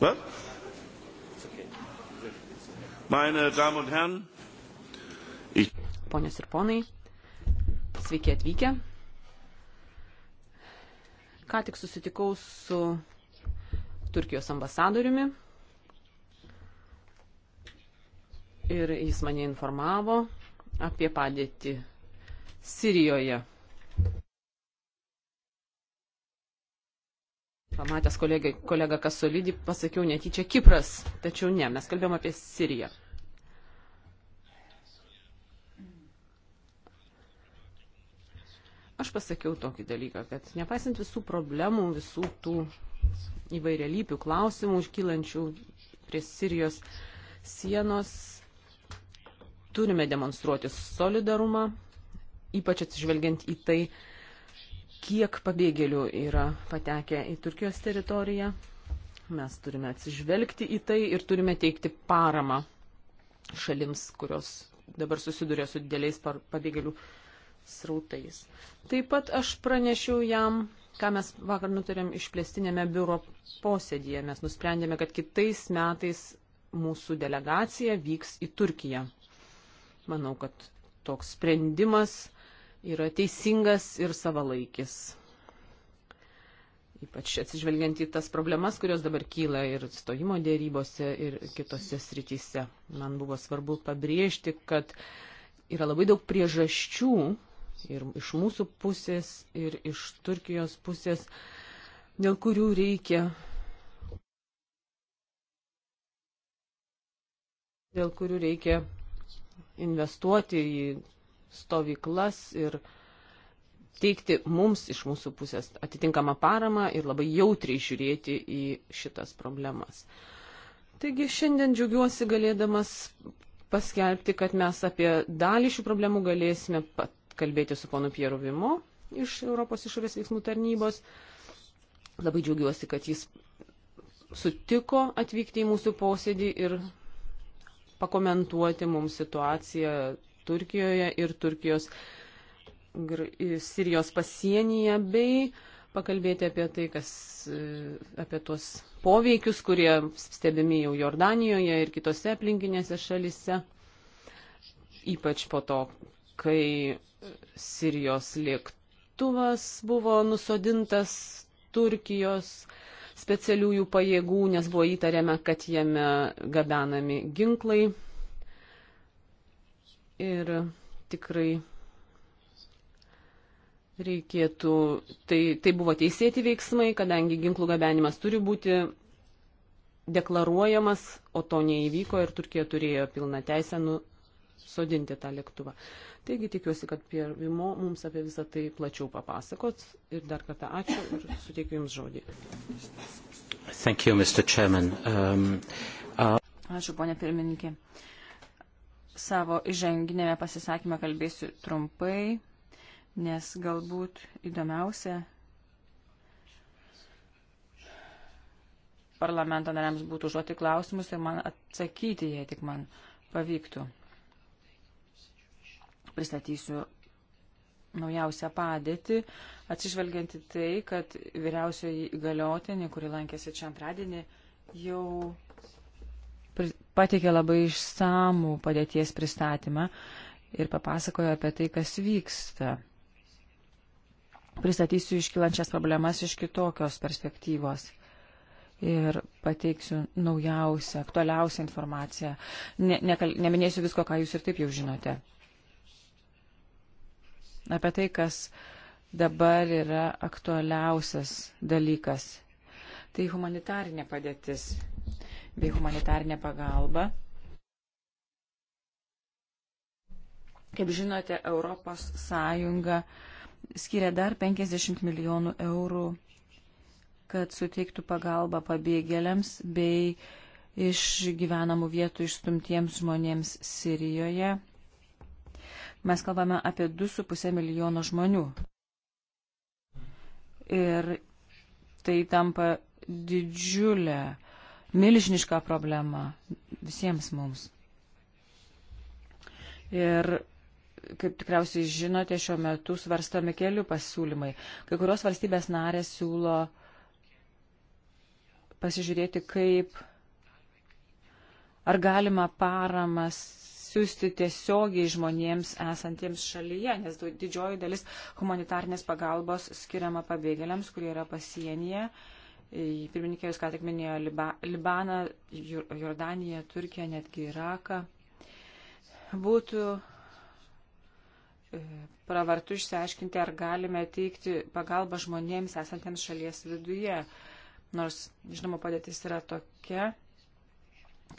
Was? Meine Damen und Herren, ich. Ponios ir ponai, sveiki atvykę. Ką tik susitikau su Turkijos ambasadoriumi ir jis mane informavo apie padėtį Sirijoje. pamatęs kolegą, kolegą Kasolidį, pasakiau netyčia Kipras, tačiau ne, mes kalbėjom apie Siriją. Aš pasakiau tokį dalyką, kad nepaisant visų problemų, visų tų įvairialypių klausimų iškylančių prie Sirijos sienos, turime demonstruoti solidarumą, ypač atsižvelgiant į tai, kiek pabėgėlių yra patekę į Turkijos teritoriją. Mes turime atsižvelgti į tai ir turime teikti paramą šalims, kurios dabar susiduria su dideliais pabėgėlių srautais. Taip pat aš pranešiau jam, ką mes vakar nutarėm išplėstinėme biuro posėdėje. Mes nusprendėme, kad kitais metais mūsų delegacija vyks į Turkiją. Manau, kad toks sprendimas yra teisingas ir savalaikis. Ypač atsižvelgiant į tas problemas, kurios dabar kyla ir stojimo dėrybose, ir kitose srityse. Man buvo svarbu pabrėžti, kad yra labai daug priežasčių ir iš mūsų pusės, ir iš Turkijos pusės, dėl kurių reikia dėl kurių reikia investuoti į stovyklas ir teikti mums iš mūsų pusės atitinkamą paramą ir labai jautriai žiūrėti į šitas problemas. Taigi šiandien džiaugiuosi galėdamas paskelbti, kad mes apie dalį šių problemų galėsime kalbėti su ponu Pieru Vimo iš Europos išorės veiksmų tarnybos. Labai džiaugiuosi, kad jis sutiko atvykti į mūsų posėdį ir pakomentuoti mums situaciją Turkijoje ir Turkijos Sirijos pasienyje, bei pakalbėti apie tai, kas, e, apie tuos poveikius, kurie stebimi jau Jordanijoje ir kitose aplinkinėse šalise, ypač po to, kai Sirijos lėktuvas buvo nusodintas Turkijos specialiųjų pajėgų, nes buvo įtariama, kad jame gabenami ginklai Ir tikrai reikėtų, tai, tai buvo teisėti veiksmai, kadangi ginklų gabenimas turi būti deklaruojamas, o to neįvyko ir Turkija turėjo pilną teisę nusodinti tą lėktuvą. Taigi tikiuosi, kad Piervimo mums apie visą tai plačiau papasakot ir dar kartą ačiū ir suteikiu Jums žodį. Thank you, Mr. Chairman. Um, uh... Ačiū, ponė pirmininkė. Uh, savo įženginėme pasisakymę kalbėsiu trumpai, nes galbūt įdomiausia parlamento nariams būtų užduoti klausimus ir man atsakyti, jei tik man pavyktų. Pristatysiu naujausią padėtį, atsižvelgianti tai, kad vyriausioji įgaliotinė, kuri lankėsi čia antradienį, jau pateikė labai išsamų padėties pristatymą ir papasakojo apie tai, kas vyksta. Pristatysiu iškilančias problemas iš kitokios perspektyvos ir pateiksiu naujausią, aktualiausią informaciją. Ne, ne, neminėsiu visko, ką jūs ir taip jau žinote. Apie tai, kas dabar yra aktualiausias dalykas. Tai humanitarinė padėtis bei humanitarnė pagalba. Kaip žinote, Europos Sąjunga skiria dar 50 milijonų eurų, kad suteiktų pagalbą pabėgėliams bei iš gyvenamų vietų išstumtiems žmonėms Sirijoje. Mes kalbame apie 2,5 milijono žmonių. Ir tai tampa didžiulė milžiniška problema visiems mums. Ir kaip tikriausiai žinote, šiuo metu svarstami kelių pasiūlymai. Kai kurios valstybės narės siūlo pasižiūrėti, kaip ar galima paramas siūsti tiesiogiai žmonėms esantiems šalyje, nes didžioji dalis humanitarnės pagalbos skiriama pabėgėliams, kurie yra pasienyje. Uh, Pirmininkė, jūs ką tik minėjo Liba, Libaną, Jordaniją, Turkiją, netgi Iraką. Būtų e, pravartu išsiaiškinti, ar galime teikti pagalbą žmonėms esantiems šalies viduje. Nors, žinoma, padėtis yra tokia,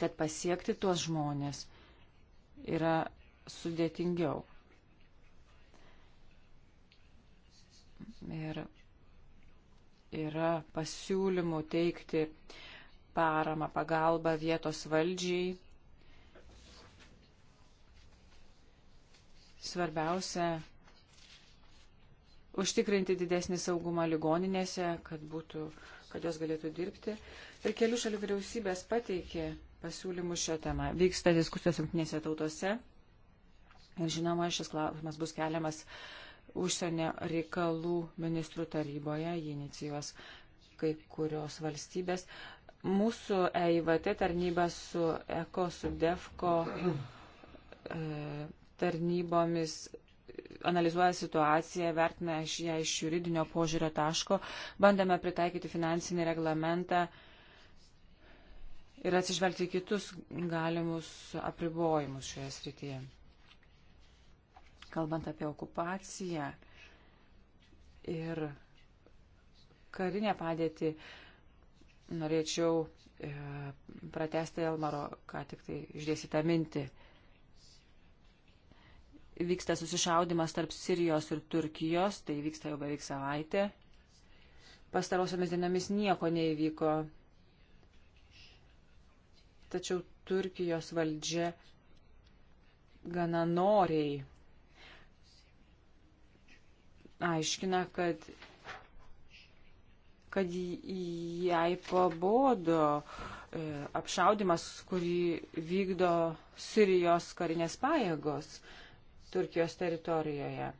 kad pasiekti tuos žmonės yra sudėtingiau. Ir yra pasiūlymų teikti paramą, pagalbą vietos valdžiai. Svarbiausia užtikrinti didesnį saugumą ligoninėse, kad, būtų, kad jos galėtų dirbti. Ir kelių šalių vyriausybės pateikė pasiūlymus šią temą. Vyksta diskusijos jungtinėse tautose. Ir žinoma, šis klausimas bus keliamas uh, užsienio reikalų ministrų taryboje, jį inicijuos kai kurios valstybės. Mūsų EIVT tarnyba su ECO, su DEFCO e, tarnybomis analizuoja situaciją, vertina ją iš juridinio požiūrio taško, bandome pritaikyti finansinį reglamentą ir atsižvelgti kitus galimus apribojimus šioje srityje kalbant apie okupaciją ir karinę padėtį, norėčiau e, pratesti Elmaro, ką tik tai išdėsitą mintį. Vyksta susišaudimas tarp Sirijos ir Turkijos, tai vyksta jau beveik savaitę. Pastarosiomis dienomis nieko neįvyko. Tačiau Turkijos valdžia gana noriai aiškina, kad, kad jai pabodo e, apšaudimas, kurį vykdo Sirijos karinės pajėgos Turkijos teritorijoje.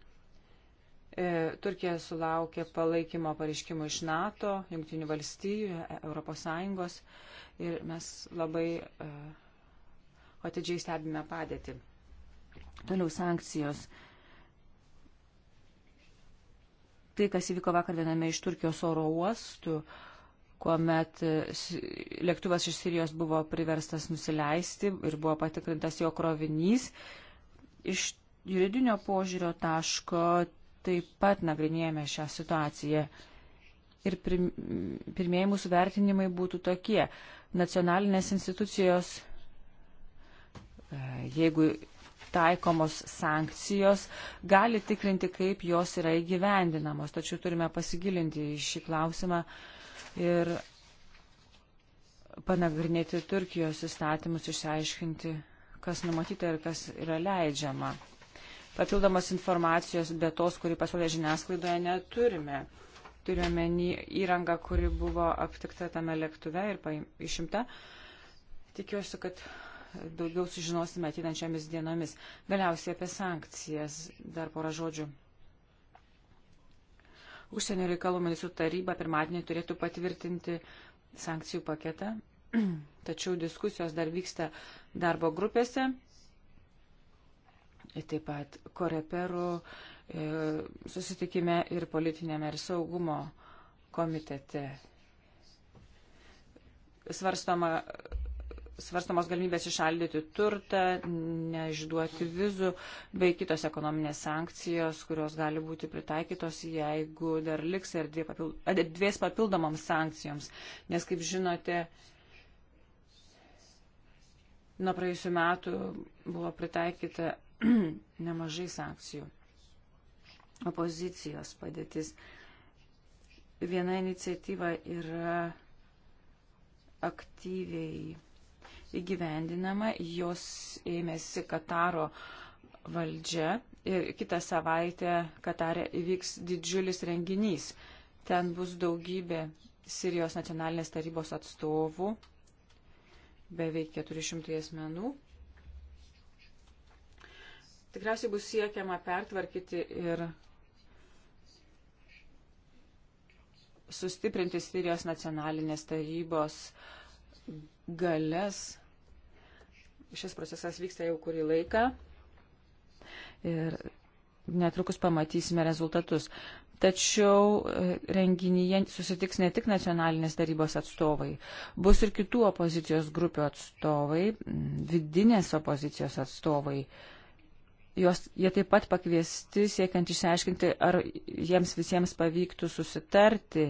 E, Turkija sulaukė palaikymo pareiškimų iš NATO, Junktinių valstybių, ES ir mes labai e, atidžiai stebime padėtį. Toliau sankcijos. Uh, tai, kas įvyko vakar viename iš Turkijos oro uostų, kuomet e, lėktuvas iš Sirijos buvo priverstas nusileisti ir buvo patikrintas jo krovinys. Iš juridinio požiūrio taško taip pat nagrinėjame šią situaciją. Ir prim, pirmieji mūsų vertinimai būtų tokie. Nacionalinės institucijos, e, jeigu taikomos sankcijos gali tikrinti, kaip jos yra įgyvendinamos. Tačiau turime pasigilinti į šį klausimą ir panagrinėti Turkijos įstatymus, išsiaiškinti, kas numatyta ir kas yra leidžiama. Papildomos informacijos be tos, kurį pasiūlė žiniasklaidoje, neturime turiuomenį įrangą, kuri buvo aptikta tame lėktuve ir išimta. Tikiuosi, kad daugiau sužinosime ateinančiamis dienomis. Galiausiai apie sankcijas dar porą žodžių. Užsienio reikalų ministrų taryba pirmadienį turėtų patvirtinti sankcijų paketą, tačiau diskusijos dar vyksta darbo grupėse, taip pat koreperų e, susitikime ir politinėme ir saugumo komitete svarstoma svarstamos galimybės išaldyti turtą, neišduoti vizų, bei kitos ekonominės sankcijos, kurios gali būti pritaikytos, jeigu dar liks erdvės papildomoms sankcijoms. Nes, kaip žinote, nuo praėjusių metų buvo pritaikyta nemažai sankcijų. Opozicijos padėtis. Viena iniciatyva yra aktyviai įgyvendinama. Jos ėmėsi Kataro valdžia ir kitą savaitę Katare įvyks didžiulis renginys. Ten bus daugybė Sirijos nacionalinės tarybos atstovų, beveik 400 asmenų. Tikriausiai bus siekiama pertvarkyti ir sustiprinti Sirijos nacionalinės tarybos galės Šis procesas vyksta jau kurį laiką ir netrukus pamatysime rezultatus. Tačiau e, renginyje susitiks ne tik nacionalinės tarybos atstovai, bus ir kitų opozicijos grupių atstovai, vidinės opozicijos atstovai. Jos, jie taip pat pakviesti siekiant išsiaiškinti, ar jiems visiems pavyktų susitarti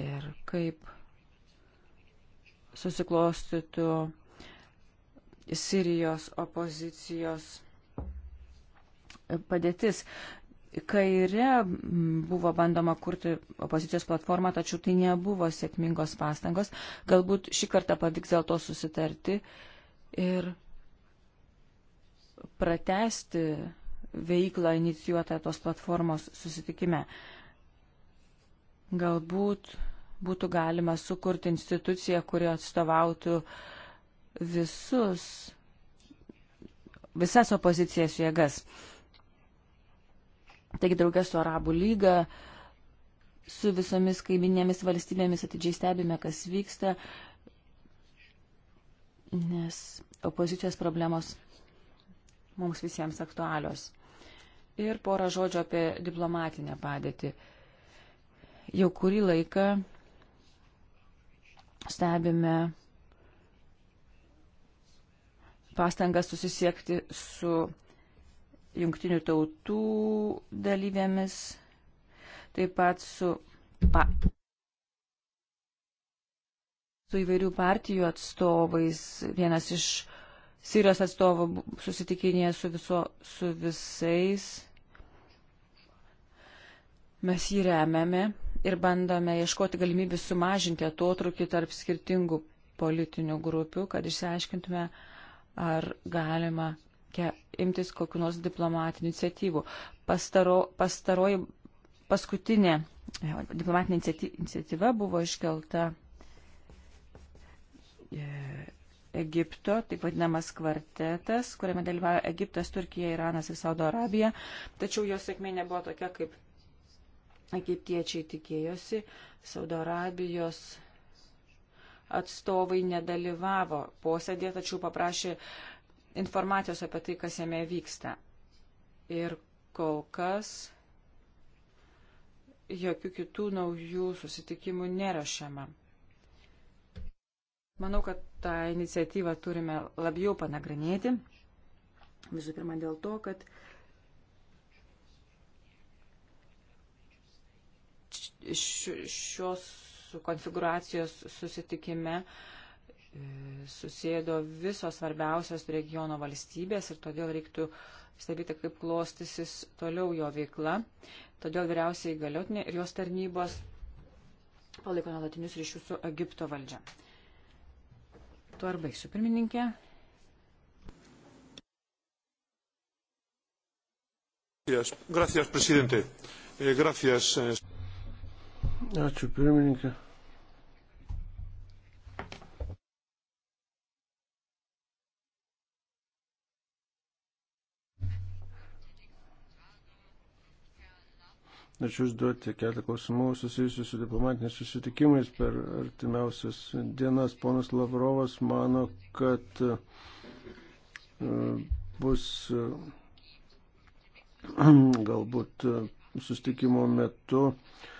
ir kaip susiklostytų Sirijos opozicijos padėtis. Kaire buvo bandoma kurti opozicijos platformą, tačiau tai nebuvo sėkmingos pastangos. Galbūt šį kartą pavyks dėl to susitarti ir pratesti veiklą inicijuotą tos platformos susitikime. Galbūt būtų galima sukurti instituciją, kuri atstovautų visus, visas opozicijos jėgas. Taigi draugės su Arabų lyga, su visomis kaiminėmis valstybėmis atidžiai stebime, kas vyksta, nes opozicijos problemos mums visiems aktualios. Ir porą žodžių apie diplomatinę padėtį. Jau kurį laiką Stebime pastangas susisiekti su jungtinių tautų dalyvėmis, taip pat su, pa, su įvairių partijų atstovais. Vienas iš Sirijos atstovų susitikinėje su, viso, su visais. Mes jį remiame ir bandome ieškoti galimybių sumažinti atotrukį tarp skirtingų politinių grupių, kad išsiaiškintume, ar galima imtis kokiu nors diplomatinių iniciatyvų. Pastaro, pastaroji paskutinė e, diplomatinė iniciatyva buvo iškelta e, Egipto, taip vadinamas kvartetas, kuriame dalyvavo Egiptas, Turkija, Iranas ir Saudo Arabija, tačiau jos sėkmė nebuvo tokia, kaip egiptiečiai tikėjosi, Saudo Arabijos atstovai nedalyvavo posėdė, tačiau paprašė informacijos apie tai, kas jame vyksta. Ir kol kas jokių kitų naujų susitikimų nerašama. Manau, kad tą iniciatyvą turime labiau panagrinėti. Visų pirma, dėl to, kad šios konfiguracijos susitikime e, susėdo visos svarbiausios regiono valstybės ir todėl reiktų stebėti, kaip klostysis toliau jo veikla. Todėl vyriausiai galiotinė ir jos tarnybos palaiko nuolatinius ryšius su Egipto valdžia. Tuo ir baigsiu, pirmininkė. Gracias, presidente. Eh, gracias. Eh, Ačiū pirmininkė. Ačiū užduoti keletą klausimų susijusių su diplomatiniais susitikimais per artimiausias dienas. Ponas Lavrovas mano, kad e, bus e, galbūt e, sustikimo metu uh,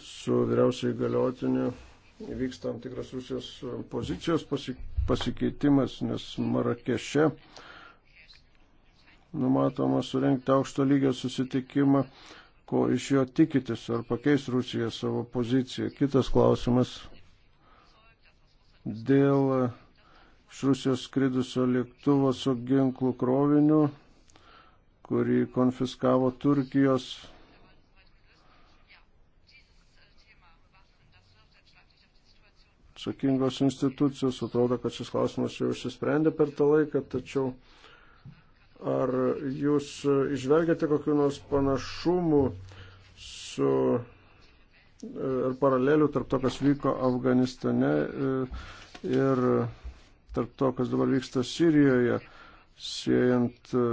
su vyriausiai galiotinė vyksta tam tikras Rusijos pozicijos pasikeitimas, nes Marakeše numatoma surenkti aukšto lygio susitikimą, ko iš jo tikitis, ar pakeis Rusija savo poziciją. Kitas klausimas dėl e, iš Rusijos skridusio lėktuvo su ginklų kroviniu, kurį konfiskavo Turkijos atsakingos institucijos. Atrodo, kad šis klausimas jau išsisprendė per tą laiką, tačiau ar jūs išvelgiate kokiu nors panašumu su ir e, paralelių tarp to, kas vyko Afganistane e, ir tarp to, kas dabar vyksta Sirijoje, siejant e,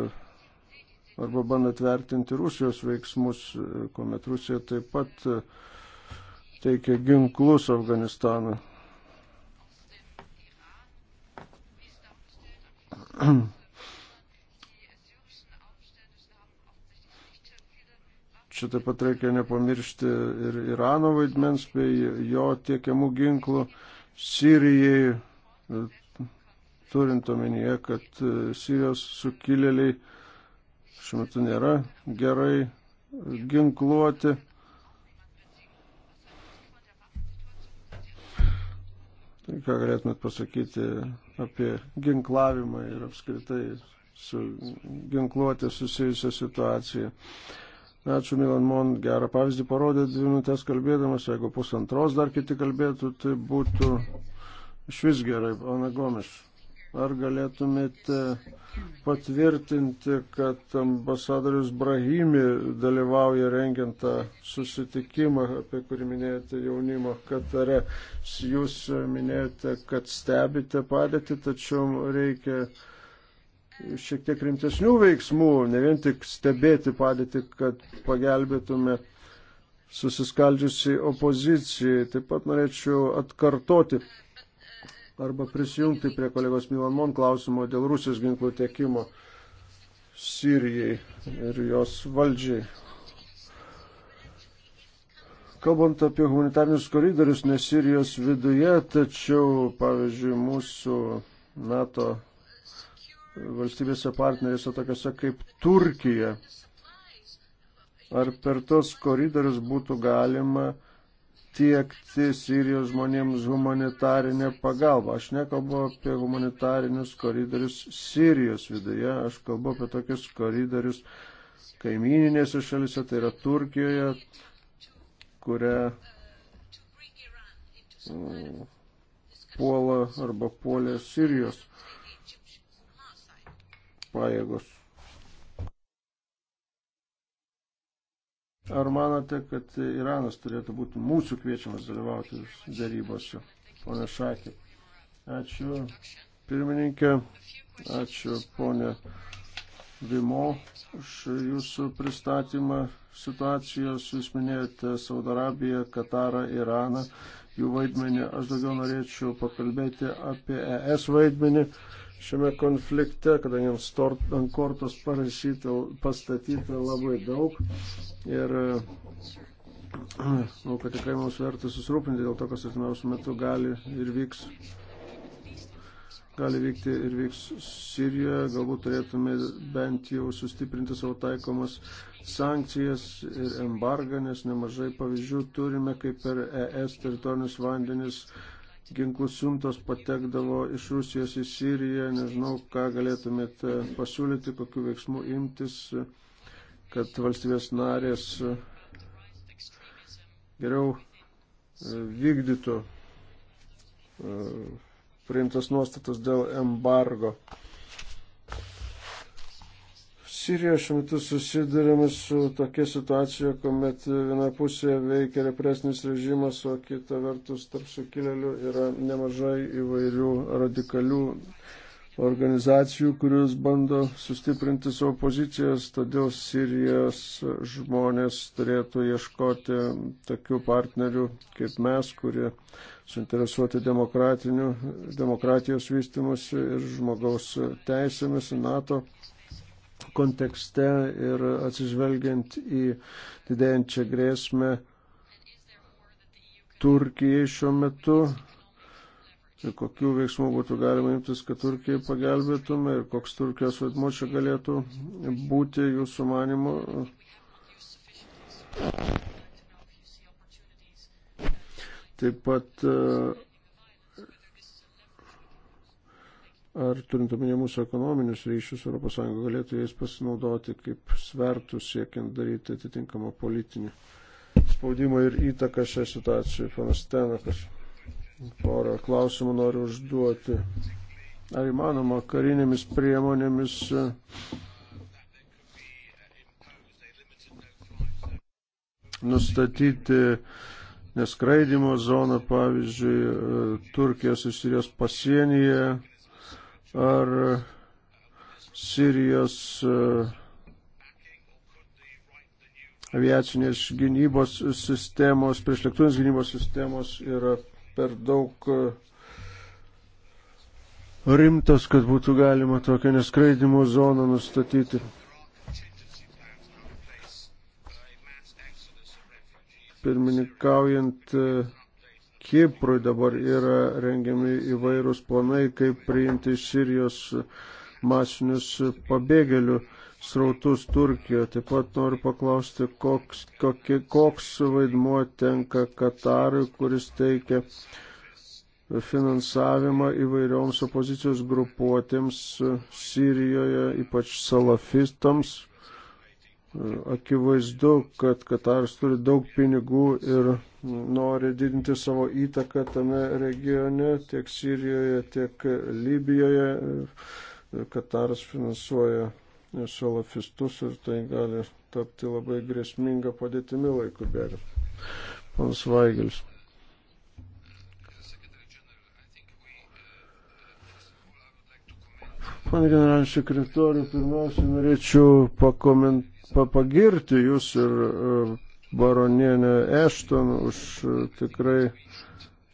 arba bandant vertinti Rusijos veiksmus, kuomet Rusija taip pat teikia ginklus Afganistanui. Čia taip pat reikia nepamiršti ir Irano vaidmens bei jo tiekiamų ginklų Sirijai, turint omenyje, kad e, Sirijos sukilėliai šiuo metu nėra gerai ginkluoti. Ką galėtumėt pasakyti apie ginklavimą ir apskritai su ginkluotė susijusią situaciją? Ačiū Milan Mon, gerą pavyzdį parodė dvi minutės kalbėdamas, jeigu pusantros dar kiti kalbėtų, tai būtų iš vis gerai, Ana Gomiš. Ar galėtumėte patvirtinti, kad ambasadorius Brahimi dalyvauja rengiant tą susitikimą, apie kurį minėjote jaunimo Katare? Jūs minėjote, kad stebite padėtį, tačiau reikia šiek tiek rimtesnių veiksmų, ne vien tik stebėti padėtį, kad pagelbėtume susiskaldžiusiai opozicijai. Taip pat norėčiau atkartoti arba prisijungti prie kolegos Milamon klausimo dėl Rusijos ginklų tiekimo Sirijai ir jos valdžiai. Kalbant apie humanitarnius koridorius, ne Sirijos viduje, tačiau, pavyzdžiui, mūsų NATO valstybėse partnerėse, tokiuose kaip Turkija, ar per tos koridorius būtų galima uh, tiekti Sirijos žmonėms humanitarinę pagalbą. Aš nekalbu apie humanitarinius koridorius Sirijos viduje, aš kalbu apie tokius koridorius kaimininėse šalise, tai yra Turkijoje, kurią mm, puola arba puolė Sirijos pajėgos. Ar manote, kad Iranas turėtų būti mūsų kviečiamas dalyvauti darybose? Pone Šakė. Ačiū pirmininkė, ačiū ponė Vimo už jūsų pristatymą situacijos. Jūs minėjote Saudarabiją, Katarą, Iraną, jų vaidmenį. Aš daugiau norėčiau pakalbėti apie ES vaidmenį šiame konflikte, kadangi ant kortos parašyta, pastatyta labai daug ir manau, kad tikrai mums verta susirūpinti dėl to, kas atimiausiu metu gali ir vyks gali vykti ir vyks Sirijoje, galbūt turėtume bent jau sustiprinti savo taikomas sankcijas ir embargą, nes nemažai pavyzdžių turime, kaip per ES teritorinius vandenis ginklų siuntos patekdavo iš Rusijos į Siriją. Nežinau, ką galėtumėte pasiūlyti, kokiu veiksmu imtis, kad valstybės narės geriau e, vykdytų e, priimtas nuostatas dėl embargo. Sirijoje šiuo metu susidurėme su tokia situacija, kuomet viena pusė veikia represinis režimas, o kita vertus tarp sukilėlių yra nemažai įvairių radikalių organizacijų, kurios bando sustiprinti savo pozicijas, todėl Sirijos žmonės turėtų ieškoti tokių partnerių kaip mes, kurie suinteresuoti demokratijos vystimusi ir žmogaus teisėmis NATO kontekste ir atsižvelgiant į didėjančią grėsmę Turkijai šiuo metu ir kokių veiksmų būtų galima imtis, kad Turkijai pagelbėtume ir koks Turkijos vaidmo čia galėtų būti jūsų manimo. Taip pat uh, ar turint omenyje mūsų ekonominius ryšius ES galėtų jais pasinaudoti kaip svertų siekiant daryti atitinkamą politinį spaudimą ir įtaką šią situaciją. Panas Tenakas, porą klausimų noriu užduoti. Ar įmanoma karinėmis priemonėmis e, nustatyti neskraidimo zoną, pavyzdžiui, e, Turkijos ir Sirijos pasienyje, ar Sirijos e, aviacinės gynybos sistemos, priešlėktuvinės gynybos sistemos yra per daug e, rimtos, kad būtų galima tokią neskraidimo zoną nustatyti. Pirmininkaujant uh, Kiprui dabar yra rengiami įvairūs planai, kaip priimti Sirijos masinius pabėgėlių srautus Turkijoje. Taip pat noriu paklausti, koks, kokie, koks vaidmuo tenka Katarui, kuris teikia finansavimą įvairioms opozicijos grupuotėms Sirijoje, ypač salafistams. Akivaizdu, kad Kataras turi daug pinigų ir nori didinti savo įtaką tame regione, tiek Sirijoje, tiek Libijoje. Kataras finansuoja salafistus ir tai gali tapti labai grėsminga padėtimi laiku bėgant. Pans Vaigelis. Pane generalinis sekretoriu, pirmiausia, norėčiau pakoment, papagirti jūs ir uh, baronienę Ešton už e, tikrai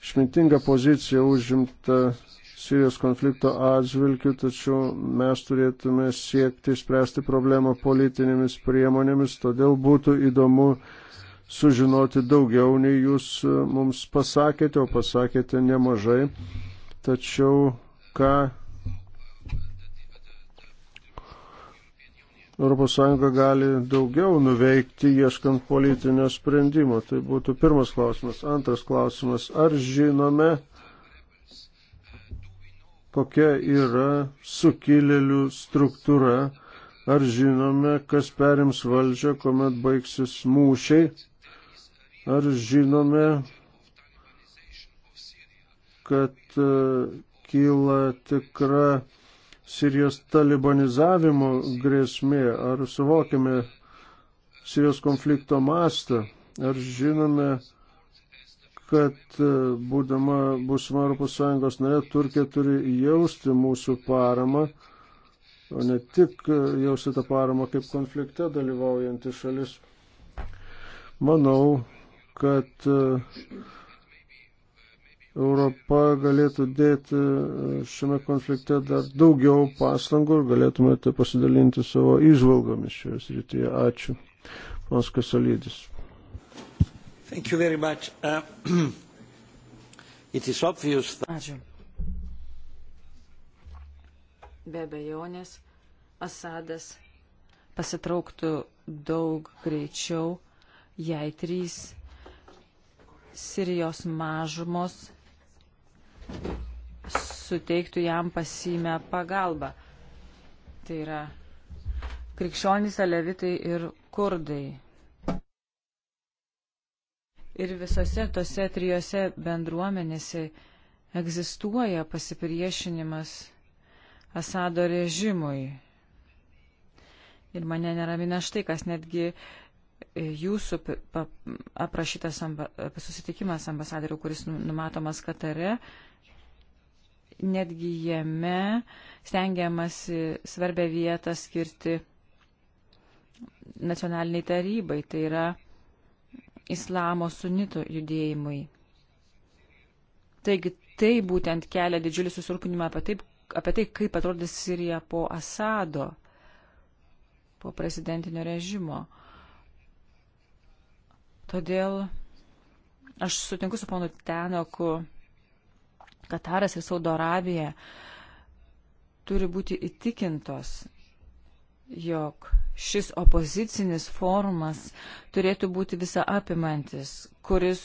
išmintingą poziciją užimtą Sirijos konflikto atžvilgių, tačiau mes turėtume siekti išspręsti problemą politinėmis priemonėmis, todėl būtų įdomu sužinoti daugiau, nei jūs e, mums pasakėte, o pasakėte nemažai. Tačiau ką ES gali daugiau nuveikti, ieškant politinio sprendimo? Tai būtų pirmas klausimas. Antras klausimas. Ar žinome, kokia yra sukilėlių struktūra? Ar žinome, kas perims valdžią, kuomet baigsis mūšiai? Ar žinome, kad e, kyla tikra Sirijos talibonizavimo grėsmė, ar suvokime Sirijos konflikto mastą, ar žinome, kad e, būdama būsima ES narė, Turkija turi jausti mūsų paramą, o ne tik e, jausti tą paramą kaip konflikte dalyvaujantį šalis. Manau, kad uh, Europa galėtų dėti e, šiame konflikte dar daugiau pastangų ir galėtumėte pasidalinti savo įžvalgomis šioje srityje. Ačiū. Ponas Kasalydis. Uh, Ačiū. Be abejonės, Asadas pasitrauktų daug greičiau, jei trys Sirijos mažumos suteiktų jam pasimę pagalbą. Tai yra krikščionys, alevitai ir kurdai. Ir visose tose trijose bendruomenėse egzistuoja pasipriešinimas Asado režimui. Ir mane neramina štai, kas netgi jūsų aprašytas amba, susitikimas ambasadorių, kuris nu- numatomas Katare, netgi jame stengiamasi svarbę vietą skirti nacionaliniai tarybai, tai yra islamo sunito judėjimui. Taigi tai būtent kelia didžiulį susirūpinimą apie, taip, apie tai, kaip atrodys Sirija po Asado, po prezidentinio režimo. Todėl aš sutinku su ponu Tenoku Kataras ir Saudo Arabija turi būti įtikintos, jog šis opozicinis forumas turėtų būti visa apimantis, kuris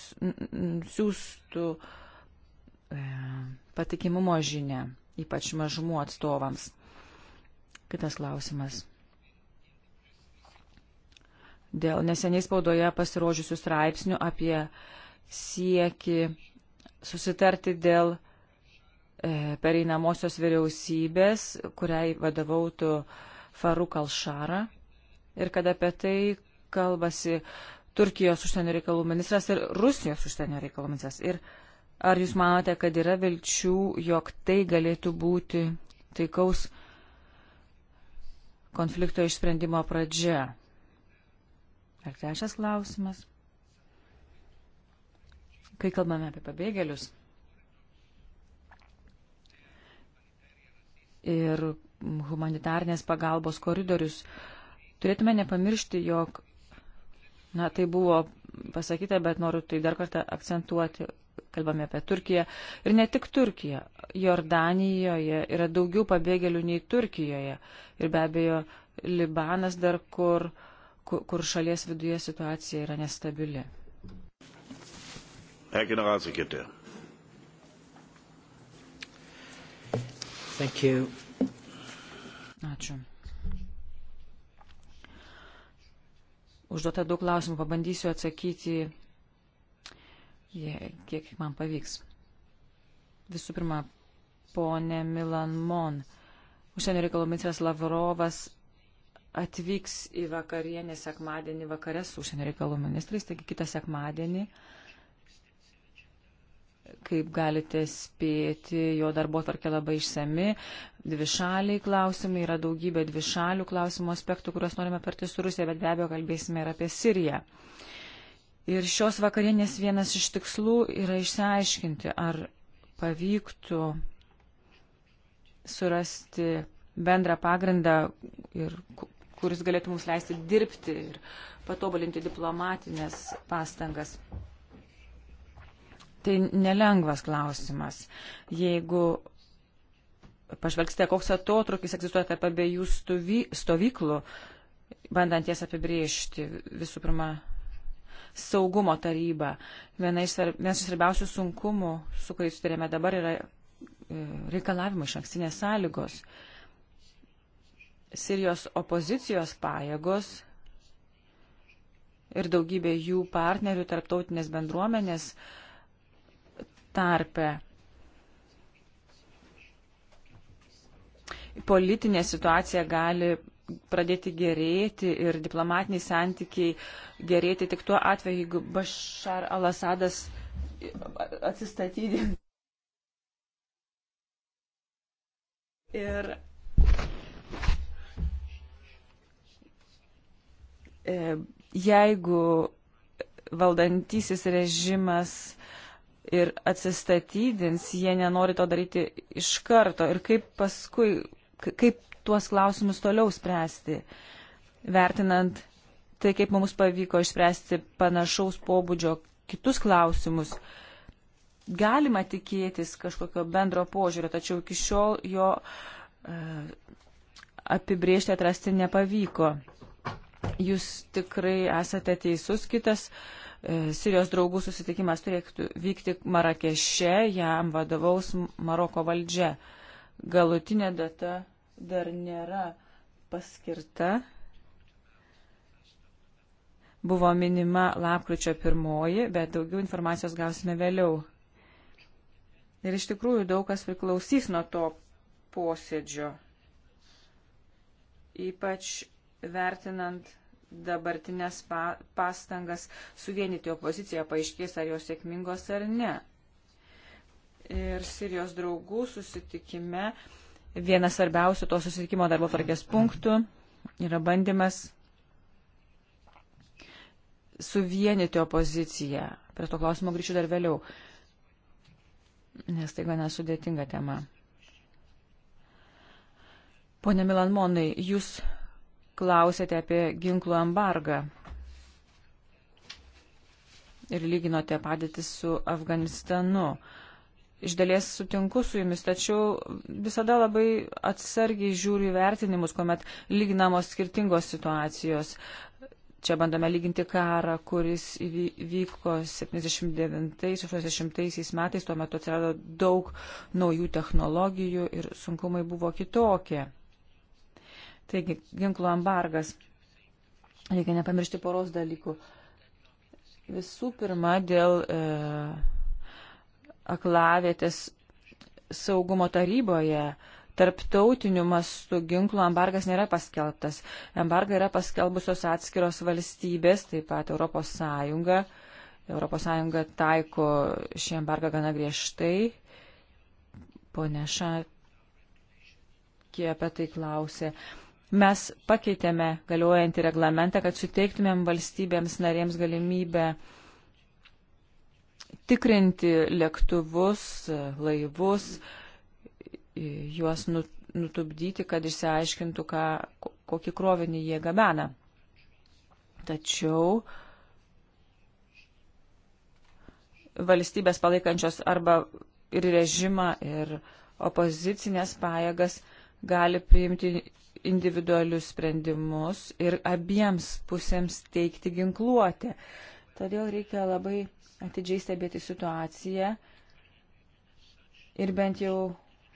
siūstų e, patikimumo žinę, ypač mažumų atstovams. Kitas klausimas. Dėl neseniai spaudoje pasirodžiusių straipsnių apie sieki susitarti dėl E, pereinamosios vyriausybės, kuriai vadovautų Faruk Alšara ir kad apie tai kalbasi Turkijos užsienio reikalų ministras ir Rusijos užsienio reikalų ministras. Ir ar jūs manote, kad yra vilčių, jog tai galėtų būti taikaus konflikto išsprendimo pradžia? Ar trečias klausimas? Kai kalbame apie pabėgėlius, ir humanitarnės pagalbos koridorius. Turėtume nepamiršti, jog, na, tai buvo pasakyta, bet noriu tai dar kartą akcentuoti, kalbame apie Turkiją. Ir ne tik Turkiją. Jordanijoje yra daugiau pabėgėlių nei Turkijoje. Ir be abejo, Libanas dar kur, kur, kur šalies viduje situacija yra nestabili. Herr Generalsekretär. Thank you. Ačiū. Užduota daug klausimų, pabandysiu atsakyti, je, kiek man pavyks. Visų pirma, ponė Milan Mon. Užsienio reikalų ministras Lavrovas atvyks į vakarienę sekmadienį vakare su užsienio reikalų ministrais, taigi kitą sekmadienį uh, kaip galite spėti, jo darbo tvarkė labai išsami, dvišaliai klausimai, yra daugybė dvišalių klausimų aspektų, kuriuos norime aptarti su Rusija, bet be abejo kalbėsime ir apie Siriją. Ir šios vakarienės vienas iš tikslų yra išsiaiškinti, ar pavyktų surasti bendrą pagrindą ir kuris galėtų mums leisti dirbti ir patobulinti diplomatinės pastangas. Tai nelengvas klausimas. Jeigu pažvelgsite, koks atotrukis egzistuoja tarp abiejų stovyklų, bandant jas apibriežti, visų pirma, saugumo taryba. Viena iš, vienas iš svarbiausių sunkumų, su kuriais sutarėme dabar, yra e, reikalavimai iš ankstinės sąlygos. Sirijos opozicijos pajėgos ir daugybė jų partnerių tarptautinės bendruomenės uh, tarpe. Politinė situacija gali pradėti gerėti ir diplomatiniai santykiai gerėti tik tuo atveju, jeigu Bashar al-Assadas atsistatydintų. Ir e, jeigu valdantysis režimas ir atsistatydins, jie nenori to daryti iš karto ir kaip paskui, kaip tuos klausimus toliau spręsti, vertinant tai, kaip mums pavyko išspręsti panašaus pobūdžio kitus klausimus. Galima tikėtis kažkokio bendro požiūrio, tačiau iki šiol jo uh, apibriežti atrasti nepavyko. Jūs tikrai esate teisus. Kitas uh, E, Sirijos draugų susitikimas turėtų vykti Marakeše, jam vadovaus Maroko valdžia. Galutinė data dar nėra paskirta. Buvo minima lapkričio pirmoji, bet daugiau informacijos gausime vėliau. Ir iš tikrųjų daug kas priklausys nuo to posėdžio. Ypač vertinant dabartinės pa pastangas suvienyti opoziciją, paaiškės ar jos sėkmingos ar ne. Ir Sirijos draugų susitikime vienas svarbiausių to susitikimo darbo tvarkės punktų yra bandymas suvienyti opoziciją. Prie to klausimo grįšiu dar vėliau, nes tai gana sudėtinga tema. Pone Milanmonai, jūs klausėte apie ginklų embargą ir lyginote padėtį su Afganistanu. Iš dalies sutinku su jumis, tačiau visada labai atsargiai žiūriu vertinimus, kuomet lyginamos skirtingos situacijos. Čia bandome lyginti karą, kuris įvyko 79-80 metais, tuo metu atsirado daug naujų technologijų ir sunkumai buvo kitokie. Taigi, ginklų embargas. Reikia nepamiršti poros dalykų. Visų pirma, dėl e, aklavietės saugumo taryboje tarptautiniu mastu ginklų embargas nėra paskelbtas. Embargą yra paskelbusios atskiros valstybės, taip pat Europos Sąjunga. Europos Sąjunga taiko šį embargą gana griežtai. Pone Šakė apie tai klausė. Mes pakeitėme galiojantį reglamentą, kad suteiktumėm valstybėms narėms galimybę tikrinti lėktuvus, laivus, juos nu, nutupdyti, kad išsiaiškintų, ką, kokį krovinį jie gabena. Tačiau valstybės palaikančios arba ir režimą, ir opozicinės pajėgas gali priimti individualius sprendimus ir abiems pusėms teikti ginkluotę. Todėl reikia labai atidžiai stebėti situaciją ir bent jau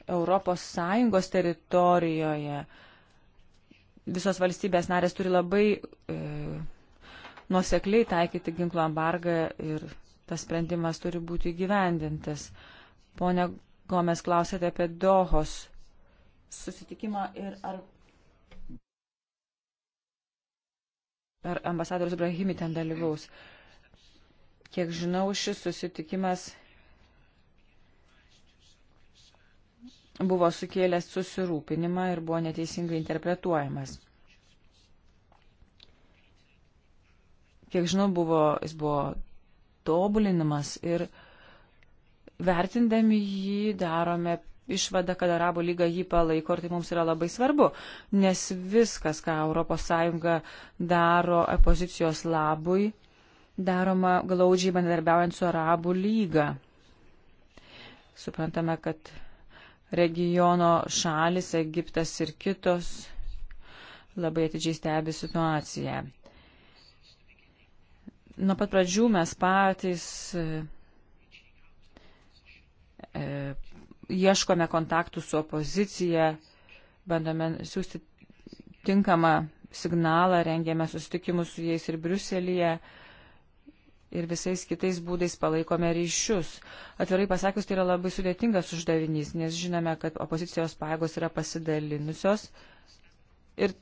ES teritorijoje visos valstybės narės turi labai e, nuosekliai taikyti ginklo embargą ir tas sprendimas turi būti įgyvendintas. Pone Gomes, klausėte apie Dohos susitikimą ir ar ar ambasadorius Brahimi ten dalyvaus. Kiek žinau, šis susitikimas buvo sukėlęs susirūpinimą ir buvo neteisingai interpretuojamas. Kiek žinau, buvo, jis buvo tobulinimas ir vertindami jį darome išvada, kad Arabų lyga jį palaiko ir tai mums yra labai svarbu, nes viskas, ką ES daro opozicijos labui, daroma glaudžiai bendarbiaujant su Arabų lyga. Suprantame, kad regiono šalis, Egiptas ir kitos labai atidžiai stebi situaciją. Nuo pat pradžių mes patys e, ieškome kontaktų su opozicija, bandome siūsti tinkamą signalą, rengėme susitikimus su jais ir Briuselėje ir visais kitais būdais palaikome ryšius. Atvirai pasakius, tai yra labai sudėtingas uždavinys, nes žinome, kad opozicijos pajėgos yra pasidalinusios ir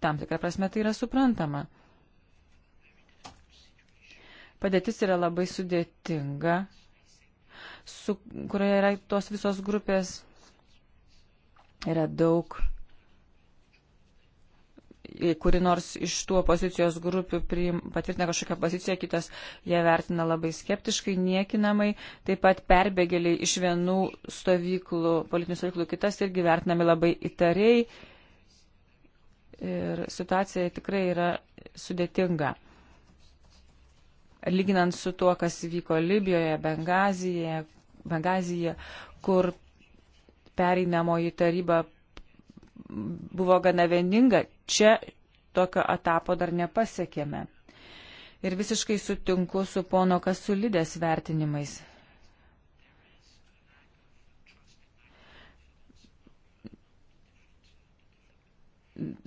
tam tikrą prasme tai yra suprantama. Padėtis yra labai sudėtinga su, kurioje yra tos visos grupės, yra daug, kuri nors iš tų opozicijos grupių priim, patvirtina kažkokią poziciją, kitas ją vertina labai skeptiškai, niekinamai, taip pat perbėgėliai iš vienų stovyklų, politinių stovyklų kitas irgi vertinami labai įtariai. Ir situacija tikrai yra sudėtinga lyginant su tuo, kas vyko Libijoje, Bengazijoje, Bengazija, kur pereinamoji taryba buvo gana vieninga, čia tokio etapo dar nepasiekėme. Ir visiškai sutinku su pono Kasulidės vertinimais.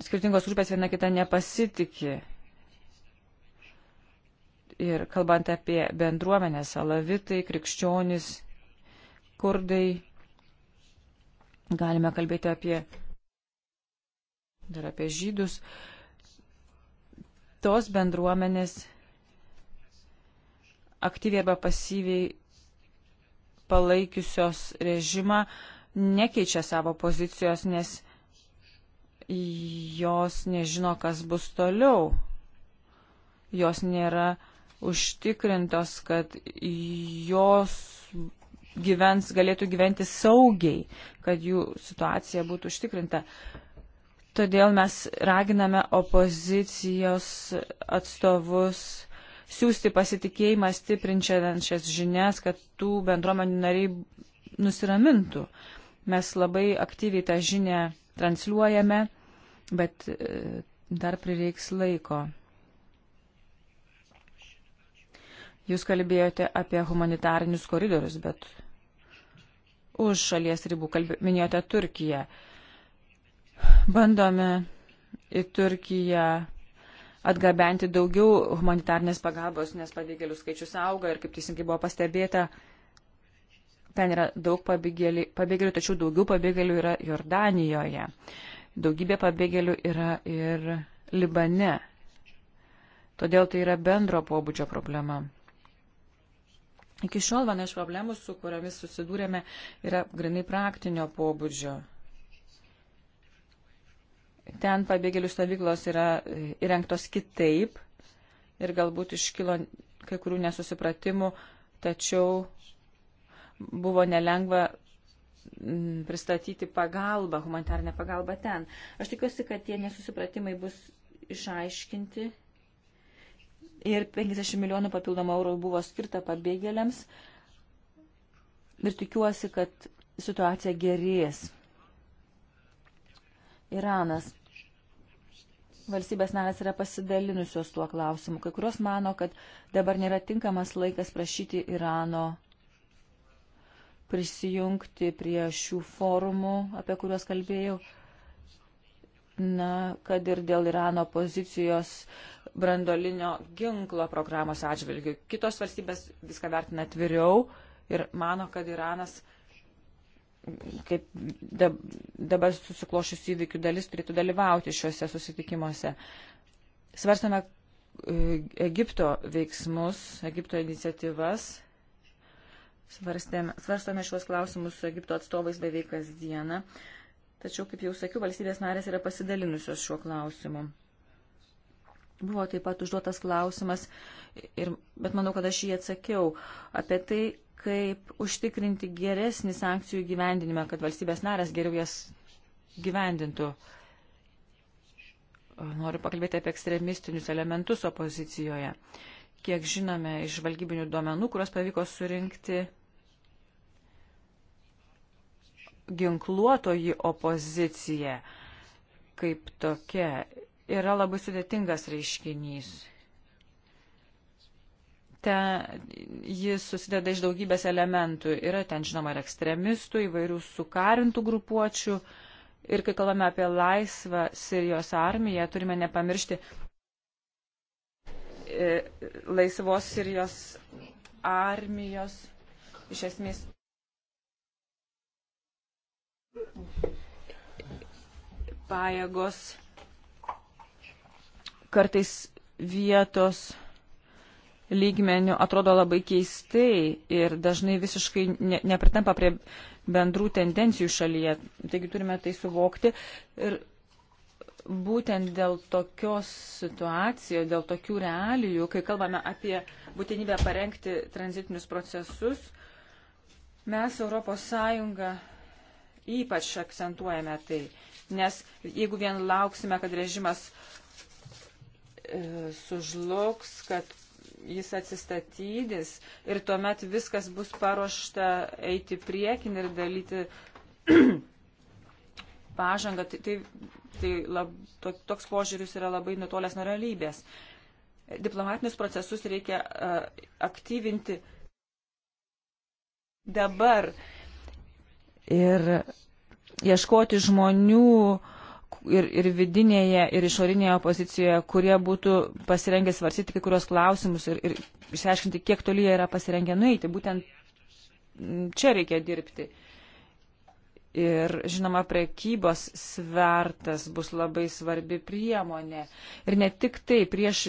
Skirtingos grupės viena kita nepasitikė. Ir kalbant apie bendruomenę, salavitai, krikščionis, kurdai. Galime kalbėti apie dar apie žydus. Tos bendruomenės aktyviai arba pasyviai palaikiusios režimą nekeičia savo pozicijos, nes jos nežino, kas bus toliau. Jos nėra užtikrintos, kad jos gyvens, galėtų gyventi saugiai, kad jų situacija būtų užtikrinta. Todėl mes raginame opozicijos atstovus siūsti pasitikėjimą stiprinčiančias žinias, kad tų bendruomenių nariai nusiramintų. Mes labai aktyviai tą žinią transliuojame, bet e, dar prireiks laiko. Jūs kalbėjote apie humanitarinius koridorius, bet už šalies ribų, kalbė, minėjote Turkiją. Bandome į Turkiją atgabenti daugiau humanitarnės pagalbos, nes pabėgėlių skaičius auga ir, kaip teisingai buvo pastebėta, ten yra daug pabėgėlių, tačiau daugiau pabėgėlių yra Jordanijoje. Daugybė pabėgėlių yra ir Libane. Todėl tai yra bendro pobūdžio problema. Iki šiol viena iš problemų, su kuriomis susidūrėme, yra grinai praktinio pobūdžio. Ten pabėgėlių stovyklos yra e, įrengtos kitaip ir galbūt iškilo kai kurių nesusipratimų, tačiau buvo nelengva pristatyti pagalbą, humanitarnę pagalbą ten. Aš tikiuosi, kad tie nesusipratimai bus išaiškinti ir 50 milijonų papildomų eurų buvo skirta pabėgėliams. Ir tikiuosi, kad situacija gerės. Iranas. Valstybės narės yra pasidalinusios tuo klausimu. Kai kurios mano, kad dabar nėra tinkamas laikas prašyti Irano prisijungti prie šių forumų, apie kuriuos kalbėjau na, kad ir dėl Irano pozicijos brandolinio ginklo programos atžvilgių. Kitos valstybės viską vertina atviriau ir mano, kad Iranas, kaip dabar susiklošius įvykių dalis, turėtų dalyvauti šiuose susitikimuose. Svarstame e, Egipto veiksmus, Egipto iniciatyvas. Svarstame šiuos klausimus su Egipto atstovais beveik kasdieną. dieną Tačiau, kaip jau sakiau, valstybės narės yra pasidalinusios šiuo klausimu. Buvo taip pat užduotas klausimas, ir, bet manau, kad aš jį atsakiau, apie tai, kaip užtikrinti geresnį sankcijų gyvendinimą, kad valstybės narės geriau jas gyvendintų. Noriu pakalbėti apie ekstremistinius elementus opozicijoje. Kiek žinome iš valgybinių duomenų, kuriuos pavyko surinkti, ginkluotoji opozicija kaip tokia yra labai sudėtingas reiškinys. Ten jis susideda iš daugybės elementų. Yra ten, žinoma, ir ekstremistų, įvairių sukarintų grupuočių. Ir kai kalbame apie laisvą Sirijos armiją, turime nepamiršti e, laisvos Sirijos armijos iš esmės Pajėgos kartais vietos lygmenių atrodo labai keistai ir dažnai visiškai ne, nepritampa prie bendrų tendencijų šalyje. Taigi turime tai suvokti. Ir būtent dėl tokios situacijos, dėl tokių realijų, kai kalbame apie būtinybę parengti tranzitinius procesus, mes ES Ypač akcentuojame tai, nes jeigu vien lauksime, kad režimas e, sužlugs, kad jis atsistatydys ir tuomet viskas bus paruošta eiti priekin ir dalyti pažangą, tai, tai, tai lab, to, toks požiūris yra labai nutolęs nuo realybės. Diplomatinius procesus reikia uh, aktyvinti dabar ir ieškoti žmonių ir, ir vidinėje, ir išorinėje opozicijoje, kurie būtų pasirengę svarsyti kai kurios klausimus ir, ir išsiaiškinti, kiek toli jie yra pasirengę nueiti. Būtent čia reikia dirbti. Ir, žinoma, prekybos svertas bus labai svarbi priemonė. Ir ne tik tai prieš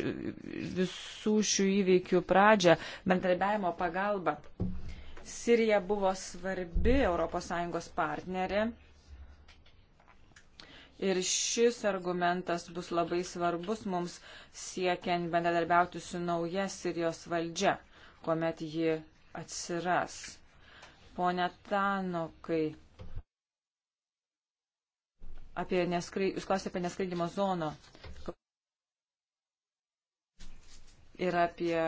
visų šių įvykių pradžią, bendradarbiavimo pagalba Sirija buvo svarbi ES partnerė. Ir šis argumentas bus labai svarbus mums siekiant bendradarbiauti su nauja Sirijos valdžia, kuomet ji atsiras. Pone Tanokai, apie neskrai, jūs klausėte apie neskraidimo zoną ir apie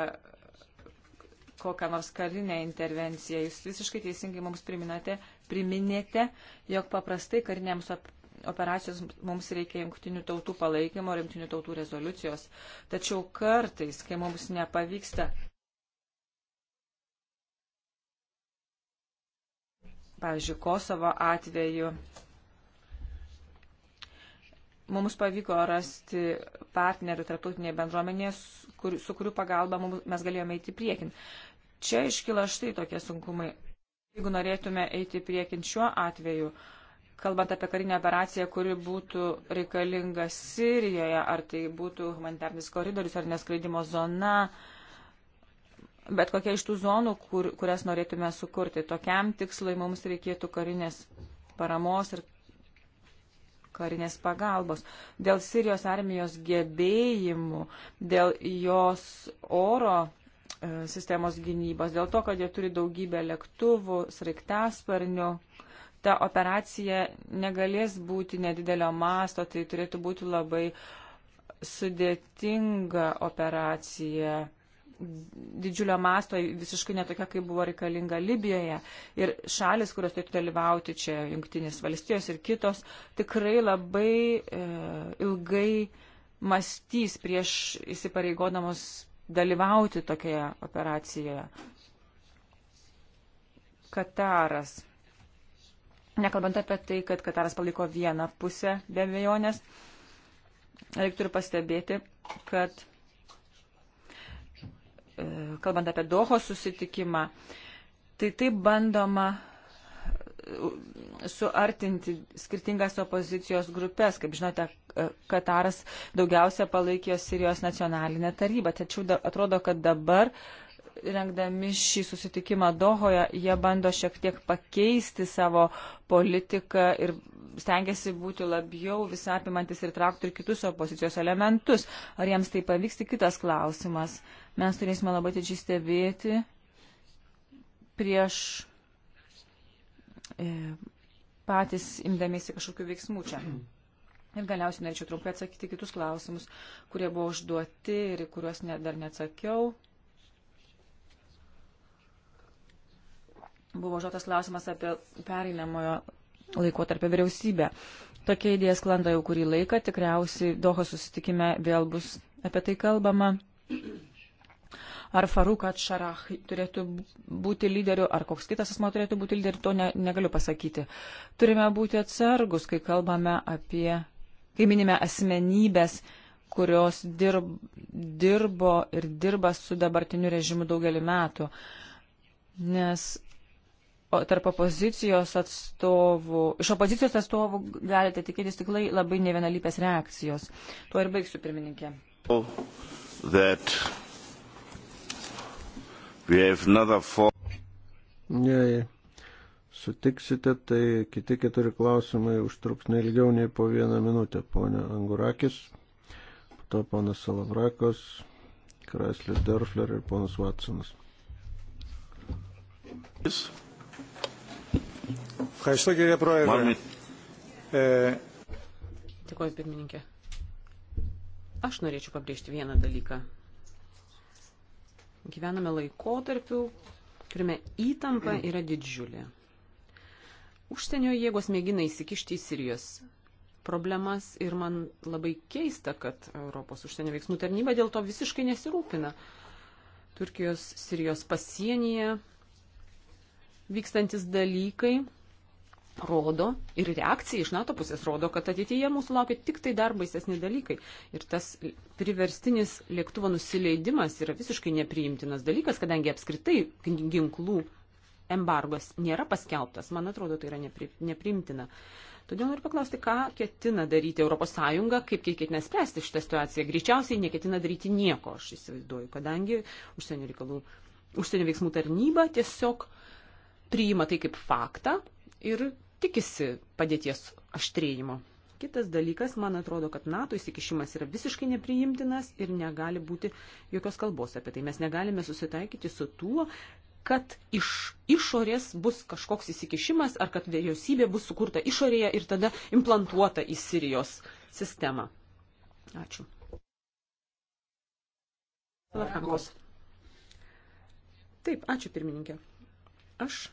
kokią nors karinę intervenciją. Jūs visiškai teisingai mums priminate, priminėte, jog paprastai kariniams op operacijos mums reikia jungtinių tautų palaikymo ir jungtinių tautų rezoliucijos. Tačiau kartais, kai mums nepavyksta pavyzdžiui, Kosovo atveju. Mums pavyko rasti partnerių tarptautinėje bendruomenėje, su kurių pagalba mes galėjome eiti priekin. Čia iškyla štai tokie sunkumai. Jeigu norėtume eiti priekin šiuo atveju, kalbant apie karinę operaciją, kuri būtų reikalinga Sirijoje, ar tai būtų humanitarnis koridorius, ar neskraidimo zona, bet kokia iš tų zonų, kur, kurias norėtume sukurti. Tokiam tikslai mums reikėtų karinės paramos ir karinės pagalbos. Dėl Sirijos armijos gebėjimų, dėl jos oro E, sistemos gynybos, dėl to, kad jie turi daugybę lėktuvų, sraigtasparnių. Ta operacija negalės būti nedidelio masto, tai turėtų būti labai sudėtinga operacija, didžiulio masto, visiškai netokia, kaip buvo reikalinga Libijoje. Ir šalis, kurios turėtų dalyvauti čia, Junktinės valstijos ir kitos, tikrai labai e, ilgai mąstys prieš įsipareigodamos dalyvauti tokioje operacijoje. Kataras. Nekalbant apie tai, kad Kataras paliko vieną pusę be abejonės, reiktų ir pastebėti, kad e, kalbant apie Doho susitikimą, tai taip bandoma suartinti skirtingas opozicijos grupės. Kaip žinote, Kataras daugiausia palaikė Sirijos nacionalinę tarybą, tačiau da, atrodo, kad dabar rengdami šį susitikimą Dohoje, jie bando šiek tiek pakeisti savo politiką ir stengiasi būti labiau visapimantis ir traukti ir kitus opozicijos elementus. Ar jiems tai pavyks, tai kitas klausimas. Mes turėsime labai atidžiai stebėti prieš E, patys imdamėsi kažkokių veiksmų čia. Ir galiausiai norėčiau trumpai atsakyti kitus klausimus, kurie buvo užduoti ir kuriuos ne, dar neatsakiau. Buvo užduotas klausimas apie pereinamojo laikotarpio vyriausybę. Tokia idėja sklando jau kurį laiką, tikriausiai Doho susitikime vėl bus apie tai kalbama ar Farukat Šarah turėtų būti lyderiu, ar koks kitas asmo turėtų būti lyderiu, to ne, negaliu pasakyti. Turime būti atsargus, kai kalbame apie, kai minime asmenybės, kurios dirb, dirbo ir dirba su dabartiniu režimu daugelį metų. Nes O tarp opozicijos atstovų, iš opozicijos atstovų galite tikėtis tik labai nevienalypės reakcijos. Tuo ir baigsiu, pirmininkė. That Jei sutiksite, tai kiti keturi klausimai užtruks neilgiau nei po vieną minutę. Pone Angurakis, po to ponas Salavrakos, Kreislis Dörfler ir ponas Watsonas. Ευχαριστώ κύριε Πρόεδρε. Ε... Dėkuoju, pirmininkė. Aš norėčiau pabrėžti vieną dalyką gyvename laikotarpiu, turime įtampa yra didžiulė. Užsienio jėgos mėgina įsikišti į Sirijos problemas ir man labai keista, kad Europos užsienio veiksmų tarnyba dėl to visiškai nesirūpina. Turkijos Sirijos pasienyje vykstantis dalykai rodo ir reakcija iš NATO pusės rodo, kad ateityje mūsų laukia tik tai dar baisesni dalykai. Ir tas priverstinis lėktuvo nusileidimas yra visiškai nepriimtinas dalykas, kadangi apskritai ginklų embargas nėra paskelbtas. Man atrodo, tai yra nepri, nepriimtina. Todėl noriu paklausti, ką ketina daryti ES, kaip ketina spręsti šitą situaciją. Greičiausiai neketina daryti nieko, aš įsivaizduoju, kadangi užsienio reikalų, užsienio veiksmų tarnyba tiesiog priima tai kaip faktą ir tikisi padėties aštrėjimo. Kitas dalykas, man atrodo, kad NATO įsikišimas yra visiškai nepriimtinas ir negali būti jokios kalbos apie tai. Mes negalime susitaikyti su tuo, kad iš išorės bus kažkoks įsikišimas ar kad vyriausybė bus sukurta išorėje ir tada implantuota į Sirijos sistemą. Ačiū. Lafrankos. Taip, ačiū pirmininkė. Aš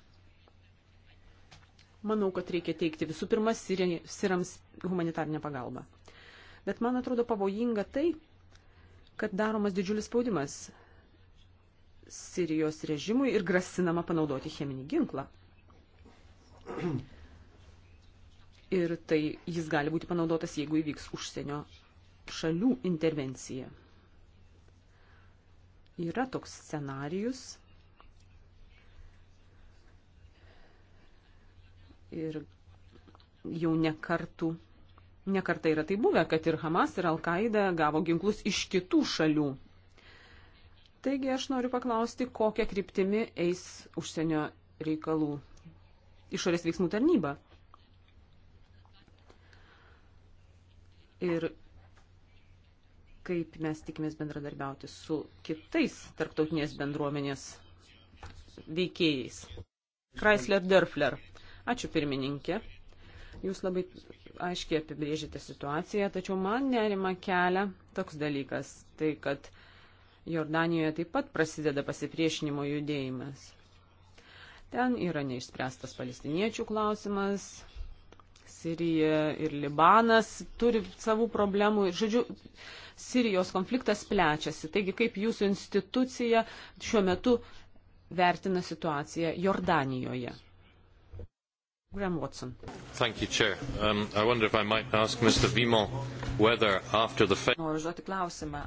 Manau, kad reikia teikti visų pirma sirams humanitarinę pagalbą. Bet man atrodo pavojinga tai, kad daromas didžiulis spaudimas Sirijos režimui ir grasinama panaudoti cheminį ginklą. Ir tai jis gali būti panaudotas, jeigu įvyks užsienio šalių intervencija. Yra toks scenarijus, Ir jau nekartų, nekartai yra tai buvę, kad ir Hamas, ir Al-Qaida gavo ginklus iš kitų šalių. Taigi aš noriu paklausti, kokią kryptimį eis užsienio reikalų išorės veiksmų tarnyba. Ir kaip mes tikimės bendradarbiauti su kitais tarptautinės bendruomenės veikėjais. Chrysler Dörfler. Ačiū pirmininkė. Jūs labai aiškiai apibrėžite situaciją, tačiau man nerima kelia toks dalykas, tai kad Jordanijoje taip pat prasideda pasipriešinimo judėjimas. Ten yra neišspręstas palestiniečių klausimas, Sirija ir Libanas turi savų problemų. Žodžiu, Sirijos konfliktas plečiasi. Taigi, kaip jūsų institucija šiuo metu vertina situaciją Jordanijoje? Graham Watson. Thank you, Chair. Um, I wonder if I might ask Mr. Vimon whether after the... Noriu užduoti klausimą.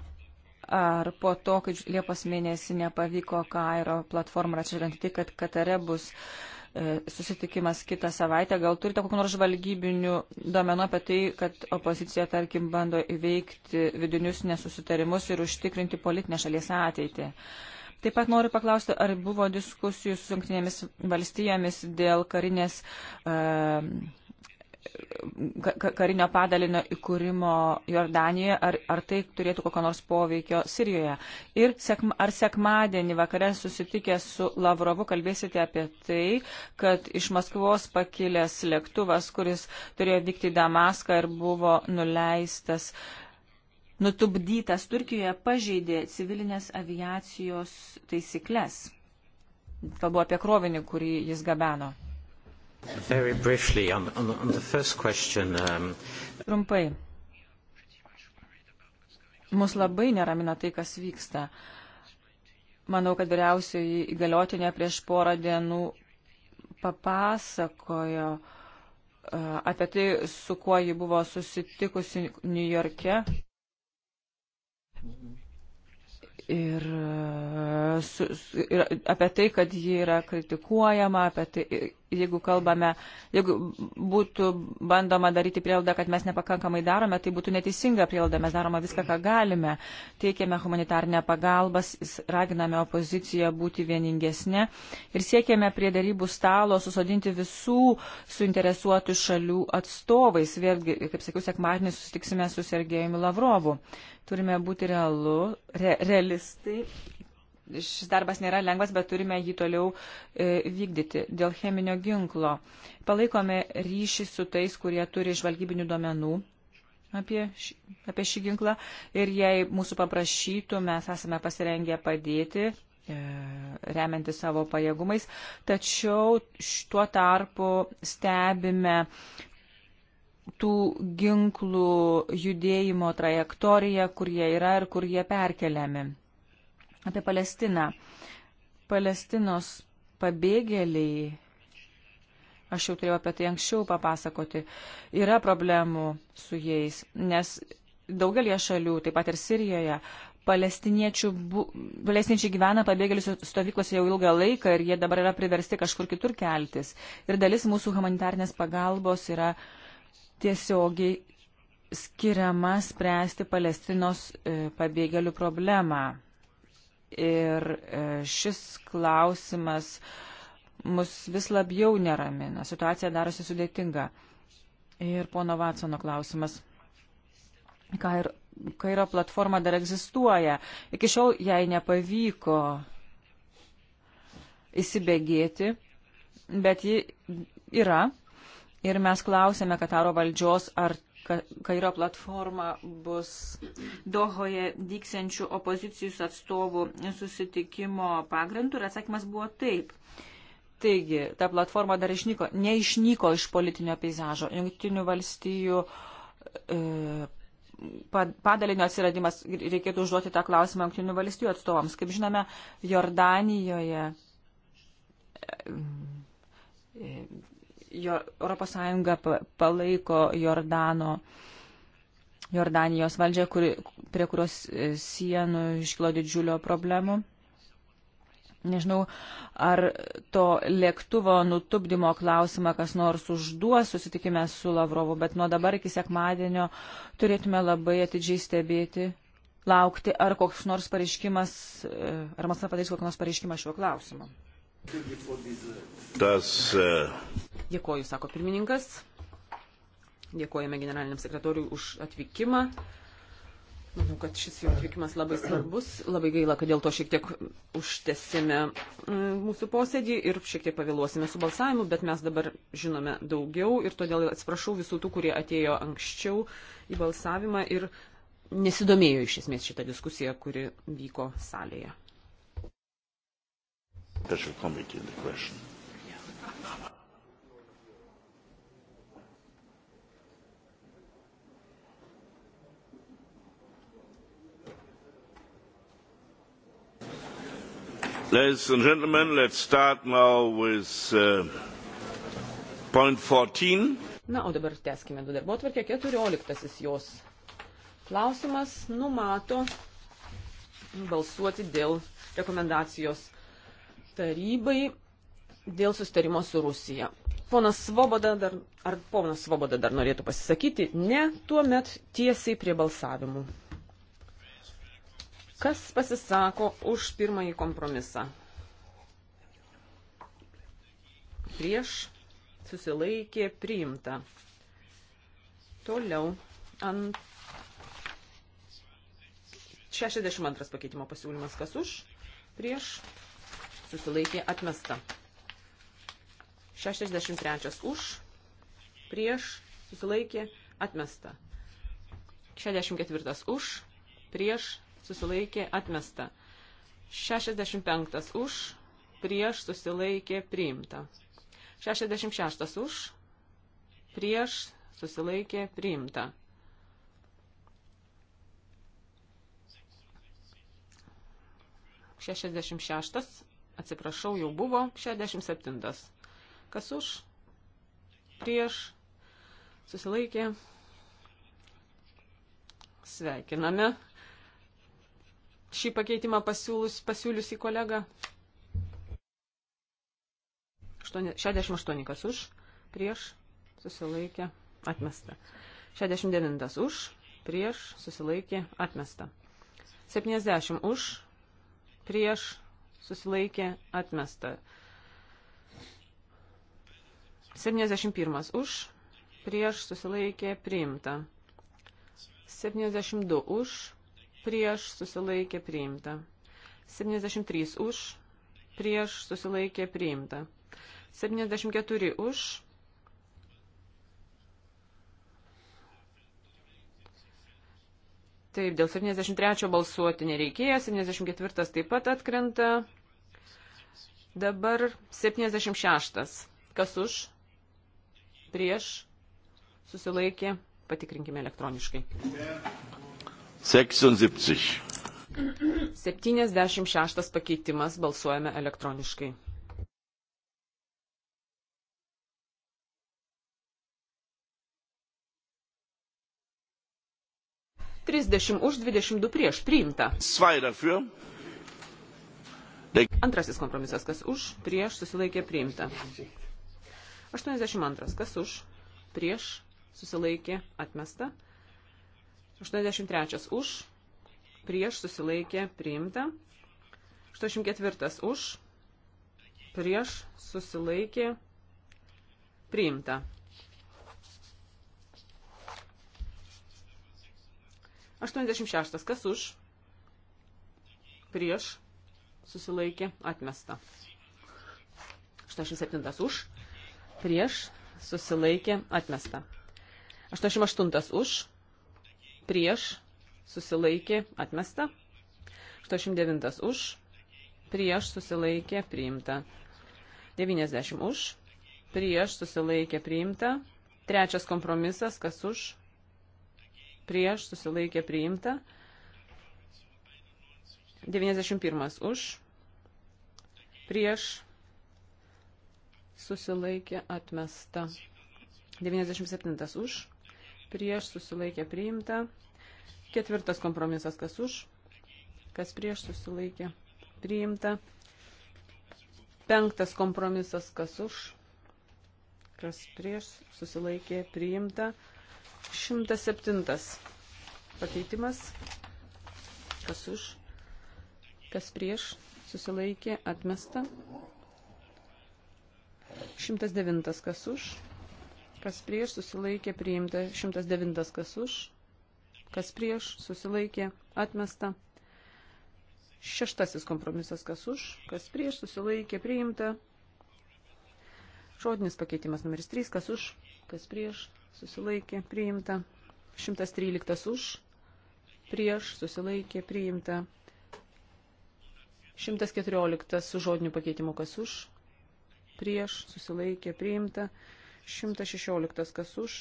Ar po to, kai Liepos mėnesį nepavyko Kairo platformą atšvelgiant tai, kad Katare bus e, susitikimas kitą savaitę, gal turite kokių nors žvalgybinių domenų apie tai, kad opozicija, tarkim, bando įveikti vidinius nesusitarimus ir užtikrinti politinę šalies ateitį? Uh, Taip pat noriu paklausti, ar buvo diskusijų su jungtinėmis valstijomis dėl karinės, e, karinio padalinio įkūrimo Jordanijoje, ar, ar tai turėtų kokio nors poveikio Sirijoje. Ir sekma, ar sekmadienį vakare susitikę su Lavrovu kalbėsite apie tai, kad iš Maskvos pakilęs lėktuvas, kuris turėjo vykti į Damaską ir buvo nuleistas. Uh, nutupdytas Turkijoje pažeidė civilinės aviacijos taisyklės. Kalbu apie krovinį, kurį jis gabeno. Briefly, on, on, on question, um... Trumpai. Mus labai neramina tai, kas vyksta. Manau, kad vyriausioji įgaliotinė prieš porą dienų papasakojo uh, apie tai, su kuo ji buvo susitikusi New York'e ir, su, su, ir apie tai, kad ji yra kritikuojama, apie tai, jeigu kalbame, jeigu būtų bandoma daryti prielaidą, kad mes nepakankamai darome, tai būtų neteisinga prielaida, mes darome viską, ką galime, teikiame humanitarnę pagalbą, raginame opoziciją būti vieningesnė ir siekiame prie darybų stalo susodinti visų suinteresuotų šalių atstovais. Vėlgi, kaip sakiau, sekmadienį susitiksime su Sergejumi Lavrovu. Turime būti realu, re, realistai. Šis darbas nėra lengvas, bet turime jį toliau e, vykdyti. Dėl cheminio ginklo palaikome ryšį su tais, kurie turi žvalgybinių duomenų apie šį, apie šį ginklą ir jei mūsų paprašytų, mes esame pasirengę padėti e, remianti savo pajėgumais, tačiau tuo tarpu stebime tų ginklų judėjimo trajektoriją, kur jie yra ir kur jie perkeliami. Apie Palestiną. Palestinos pabėgėliai, aš jau turėjau apie tai anksčiau papasakoti, yra problemų su jais, nes daugelie šalių, taip pat ir Sirijoje, palestiniečių, bu, palestiniečiai gyvena pabėgėlių stovyklose jau ilgą laiką ir jie dabar yra priversti kažkur kitur keltis. Ir dalis mūsų humanitarnės pagalbos yra uh, tiesiogiai skiriama spręsti Palestinos e, pabėgėlių problemą. Ir e, šis klausimas mus vis labiau neramina. Situacija darosi sudėtinga. Ir pono Vatsono klausimas. Ką ir Kairo platforma dar egzistuoja. Iki šiol jai nepavyko įsibėgėti, bet ji yra Ir mes klausėme Kataro valdžios, ar Kairo platforma bus Dohoje vyksiančių opozicijus atstovų susitikimo pagrindų ir atsakymas buvo taip. Taigi, ta platforma dar išnyko, neišnyko iš politinio peizažo. Junktinių valstijų e, padalinio atsiradimas, reikėtų užduoti tą klausimą Junktinių valstijų atstovams. Kaip žinome, Jordanijoje e, e, jo, Europos Sąjunga palaiko Jordano, Jordanijos valdžią, kuri, prie kurios e, sienų iškilo didžiulio problemų. Nežinau, ar to lėktuvo nutupdymo klausimą kas nors užduos, susitikime su Lavrovu, bet nuo dabar iki sekmadienio turėtume labai atidžiai stebėti, laukti, ar koks nors pareiškimas, e, ar Maskva padarys kokį nors pareiškimą šiuo klausimu. Das, uh... E, Dėkoju, sako pirmininkas. Dėkojame generaliniam sekretoriui už atvykimą. Manau, kad šis jo atvykimas labai svarbus. Labai gaila, kad dėl to šiek tiek užtesėme mm, mūsų posėdį ir šiek tiek pavėluosime su balsavimu, bet mes dabar žinome daugiau ir todėl atsiprašau visų tų, kurie atėjo anksčiau į balsavimą ir nesidomėjo iš esmės šitą diskusiją, kuri vyko salėje. Special committee in the question. Ladies and gentlemen, let's start now with uh, point 14. Na, o dabar tęskime darbo tvarkę. 14 jos klausimas numato balsuoti dėl rekomendacijos tarybai dėl sustarimo su Rusija. Ponas Svoboda dar, ar ponas Svoboda dar norėtų pasisakyti? Ne, tuomet tiesiai prie balsavimų. Kas pasisako už pirmąjį kompromisą? Prieš susilaikė priimta. Toliau ant 62 pakeitimo pasiūlymas kas už, prieš susilaikė atmesta. 63 už, prieš susilaikė atmesta. 64 už, prieš susilaikė atmesta. 65 už, prieš susilaikė priimta. 66 už, prieš susilaikė priimta. 66, atsiprašau, jau buvo 67. Kas už, prieš, susilaikė. Sveikiname šį pakeitimą pasiūlus, pasiūliusi kolega. 68 kas už, prieš, susilaikė, atmesta. 69 už, prieš, susilaikė, atmesta. 70 už, prieš, susilaikė, atmesta. 71 už, prieš, susilaikė, priimta. 72 už, prieš susilaikė priimta. 73 už, prieš susilaikė priimta. 74 už. Taip, dėl 73 balsuoti nereikėjo, 74 taip pat atkrenta. Dabar 76. Kas už? Prieš? Susilaikė? Patikrinkime elektroniškai. Yeah. 76. 76 pakeitimas balsuojame elektroniškai. Trisdešimt už, dvidešimt du prieš. Priimta. Antrasis kompromisas. Kas už, prieš, susilaikė, priimta. 82. Kas už, prieš, susilaikė, atmesta. 83 už, prieš susilaikė priimta. 84 už, prieš susilaikė priimta. 86. Kas už? Prieš. Susilaikė. Atmesta. 87. Už. Prieš. Susilaikė. Atmesta. 88. Už prieš, susilaikė, atmesta. 89 už, prieš, susilaikė, priimta. 90 už, prieš, susilaikė, priimta. Trečias kompromisas, kas už, prieš, susilaikė, priimta. 91 už, prieš, susilaikė, atmesta. 97 už prieš susilaikė priimta. Ketvirtas kompromisas, kas už, kas prieš susilaikė priimta. Penktas kompromisas, kas už, kas prieš susilaikė priimta. 107 pakeitimas, kas už, kas prieš susilaikė atmesta. 109 kas už, kas prieš susilaikė priimta, 109 kas už, kas prieš susilaikė atmesta, šeštasis kompromisas kas už, kas prieš susilaikė priimta, žodinis pakeitimas numeris 3 kas už, kas prieš susilaikė priimta, 113 už, prieš susilaikė priimta, 114 su žodiniu pakeitimu kas už, prieš susilaikė priimta, 115 116 kas už,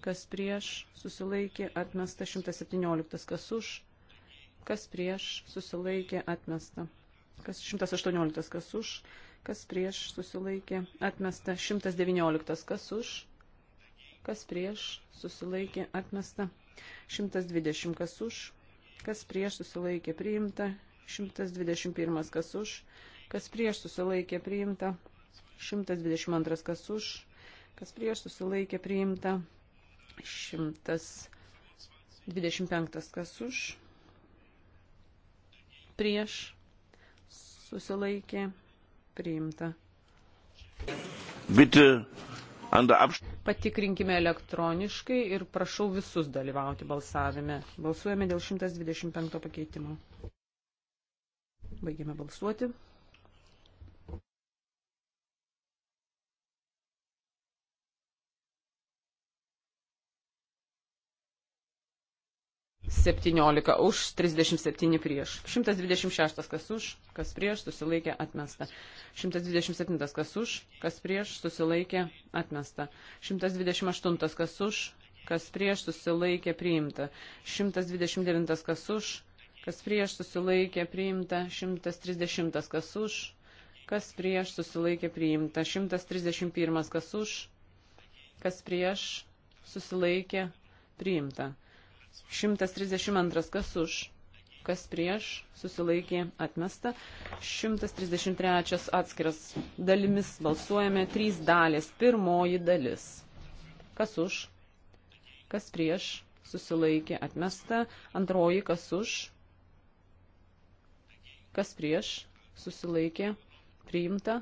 kas prieš, susilaikė, atmesta 117 kas už, kas prieš, susilaikė, atmesta. Kas 118 kas už, kas prieš, susilaikė, atmesta 119 kas už, kas prieš, susilaikė, atmesta 120 kas už, kas prieš, susilaikė, priimta 121 kas už, kas prieš, susilaikė, priimta 122 kas už kas prieš susilaikė priimta 125, kas už prieš susilaikė priimta. Bitte Patikrinkime elektroniškai ir prašau visus dalyvauti balsavime. Balsuojame dėl 125 pakeitimo. Baigėme balsuoti. 17 už, 37 prieš. 126 kas už, kas prieš, susilaikė atmesta. 127 kas už, kas prieš, susilaikė atmesta. 128 kas už, kas prieš, susilaikė priimta. 129 kas už, kas prieš, susilaikė priimta. 130 kas už, kas prieš, susilaikė priimta. 131 kas už, kas prieš, susilaikė priimta. 132 kas už, kas prieš, susilaikė atmesta. 133 atskiras dalimis balsuojame, 3 dalės, pirmoji dalis. Kas už, kas prieš, susilaikė atmesta. Antroji kas už, kas prieš, susilaikė priimta.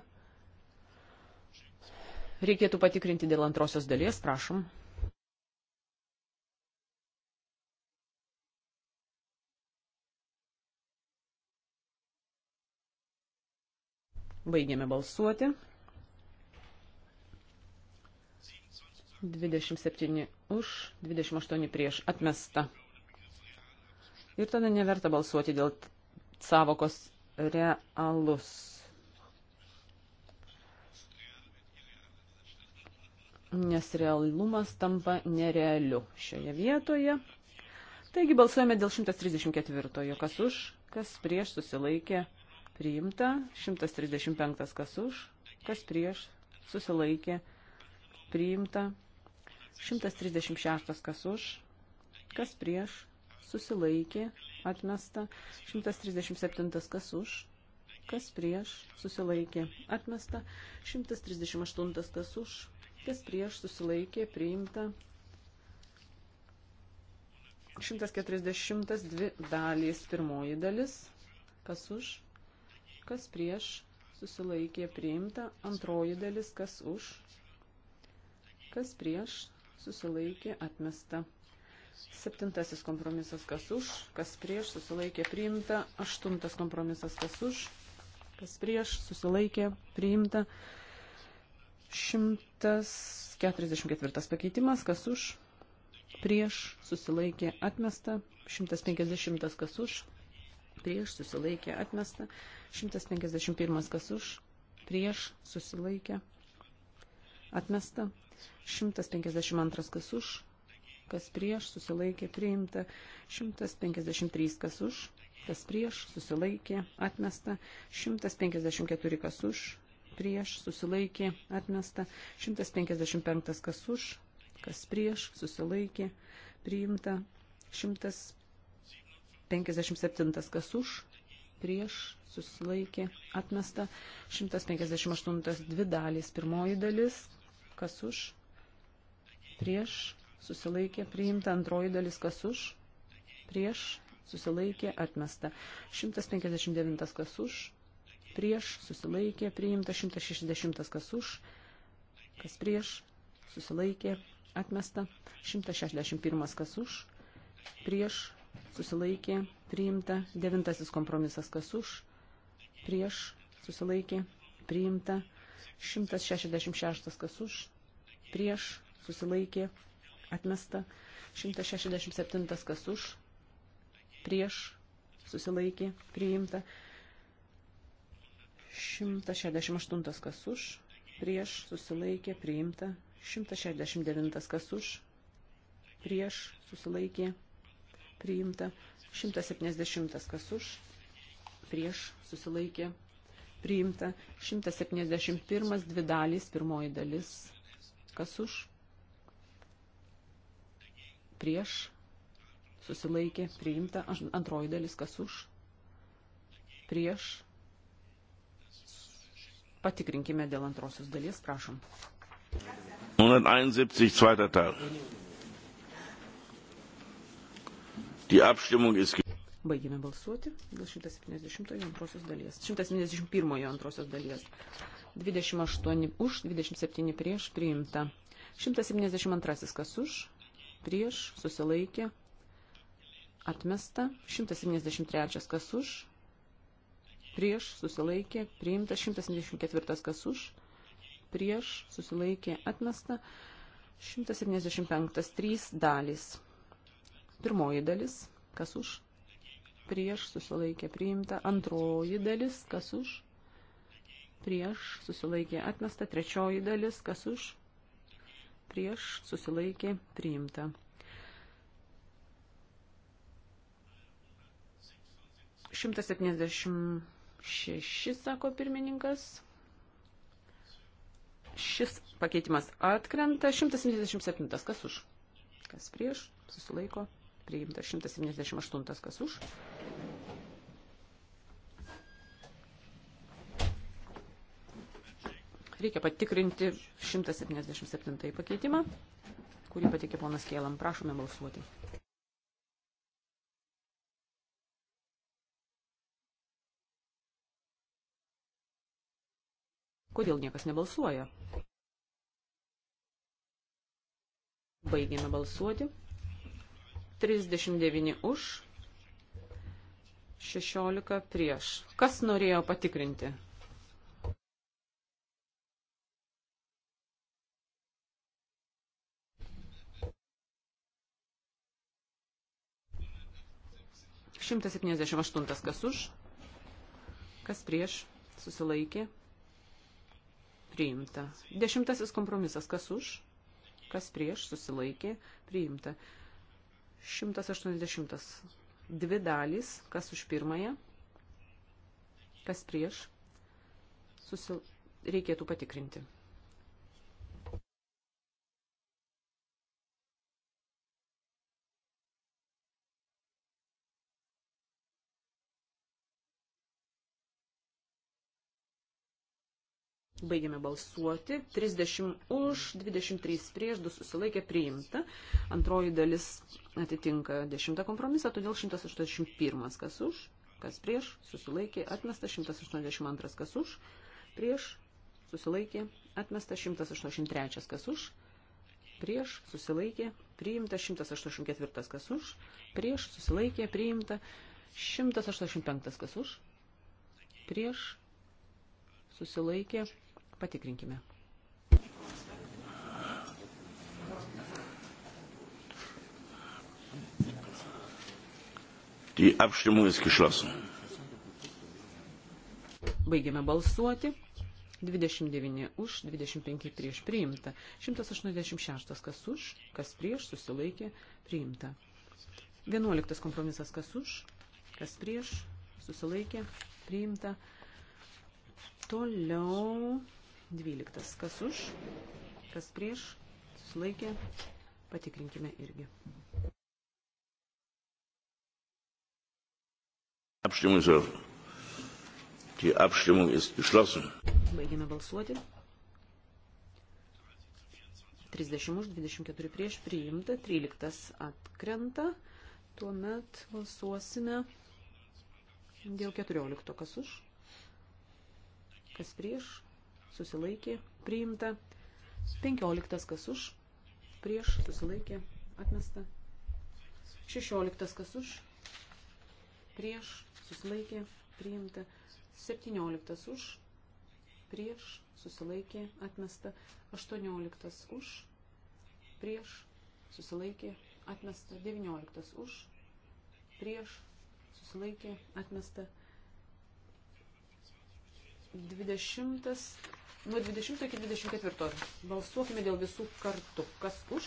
Reikėtų patikrinti dėl antrosios dalies, prašom. Baigėme balsuoti. 27 už, 28 prieš atmesta. Ir tada neverta balsuoti dėl savokos realus. Nes realumas tampa nerealiu šioje vietoje. Taigi balsuojame dėl 134. Kas už, kas prieš susilaikė priimta, 135 kas už, kas prieš, susilaikė, priimta, 136 kas už, kas prieš, susilaikė, atmesta, 137 kas už, kas prieš, susilaikė, atmesta, 138 kas už, kas prieš, susilaikė, priimta. 142 dalys, pirmoji dalis, kas už, kas prieš, susilaikė priimta, antroji dalis, kas už, kas prieš, susilaikė atmesta. Septintasis kompromisas, kas už, kas prieš, susilaikė priimta, aštuntas kompromisas, kas už, kas prieš, susilaikė priimta. 144 pakeitimas, kas už, prieš, susilaikė atmesta, 150 kas už, prieš susilaikė atmesta, 151 kas už, prieš susilaikė atmesta, 152 kas už, kas prieš susilaikė priimta, 153 kas už, kas prieš susilaikė atmesta, 154 kas už, prieš susilaikė atmesta, 155 kas už, kas prieš susilaikė priimta, 100. 157 kas už, prieš, susilaikė, atmesta. 158 dvi dalys, pirmoji dalis, kas už, prieš, susilaikė, priimta. Antroji dalis, kas už, prieš, susilaikė, atmesta. 159 kas už, prieš, susilaikė, priimta. 160 kas už, kas prieš, susilaikė, atmesta. 161 kas už, prieš, susilaikė, priimta. Devintasis kompromisas kas už, prieš, susilaikė, priimta. 166 kas už, prieš, susilaikė, atmesta. 167 kas už, prieš, susilaikė, priimta. 168 kas už, prieš, susilaikė, priimta. 169 kas už, prieš, susilaikė, priimta. 170 kas už, prieš susilaikė priimta. 171 dvi dalys, pirmoji dalis kas už, prieš susilaikė priimta. Antroji dalis kas už, prieš. Patikrinkime dėl antrosios dalies, prašom. 171 zweiter Teil. Die Abstimmung ist. Baigėme balsuoti dėl 172 dalies. 171 antrosios dalies. 28 už, 27 prieš priimta. 172 kas už, prieš, susilaikė, atmesta. 173 kas už, prieš, susilaikė, priimta. 174 kas už, prieš, susilaikė, atmesta. 175 3 dalys. Pirmoji dalis, kas už, prieš susilaikė priimta. Antroji dalis, kas už, prieš susilaikė atmesta. Trečioji dalis, kas už, prieš susilaikė priimta. 176, sako pirmininkas. Šis pakeitimas atkrenta. 177, kas už? Kas prieš? Susilaiko priimta 178 kas už. Reikia patikrinti 177 pakeitimą, kurį patikė ponas Kėlam. Prašome balsuoti. Kodėl niekas nebalsuoja? Baigėme balsuoti. 39 už, 16 prieš. Kas norėjo patikrinti? Šimtas septyniasdešimt aštuntas kas už, kas prieš, susilaikė, priimta. Dešimtasis kompromisas kas už, kas prieš, susilaikė, priimta. 180. Dvi dalys, kas už pirmąją, kas prieš, susil... reikėtų patikrinti. Baigiame balsuoti. 30 už, 23 prieš, 2 susilaikė priimta. Antroji dalis atitinka 10 kompromisą, todėl 181 kas už, kas prieš, susilaikė, atmesta 182 kas už, prieš, susilaikė, atmesta 183 kas už, prieš, susilaikė, priimta 184 kas už, prieš, susilaikė, priimta 185 kas už, prieš, susilaikė, patikrinkime. Die Abstimmung ist geschlossen. Baigiame balsuoti. 29 už, 25 prieš priimta. 186 kas už, kas prieš susilaikė priimta. 11 kompromisas kas už, kas prieš susilaikė priimta. Toliau 12. Kas už, kas prieš, susilaikė, patikrinkime irgi. Abstimmung ist offen. Die Abstimmung ist geschlossen. Baigėme balsuoti. 30 už, 24 prieš, priimta, 13 atkrenta. Tuomet balsuosime dėl 14. Kas už? Kas prieš? susilaikė, priimta. 15 kas už, prieš, susilaikė, atmesta. 16 kas už, prieš, susilaikė, priimta. 17 už, prieš, susilaikė, atmesta. 18 už, prieš, susilaikė, atmesta. 19 už, prieš, susilaikė, atmesta. 20 nuo 20 iki 24. Balsuokime dėl visų kartu. Kas už?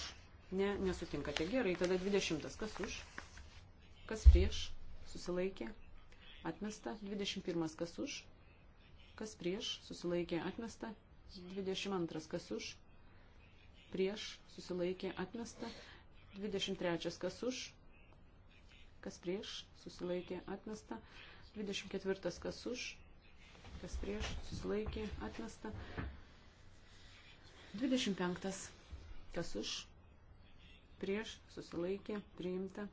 Ne, nesutinkate. Tai gerai, tada 20. Kas už? Kas prieš? Susilaikė. Atmesta. 21. Kas už? Kas prieš? Susilaikė. Atmesta. 22. Kas už? Prieš? Susilaikė. Atmesta. 23. Kas už? Kas prieš? Susilaikė. Atmesta. 24. Kas už? kas prieš, susilaikė, atmesta. 25. Kas už, prieš, susilaikė, priimta.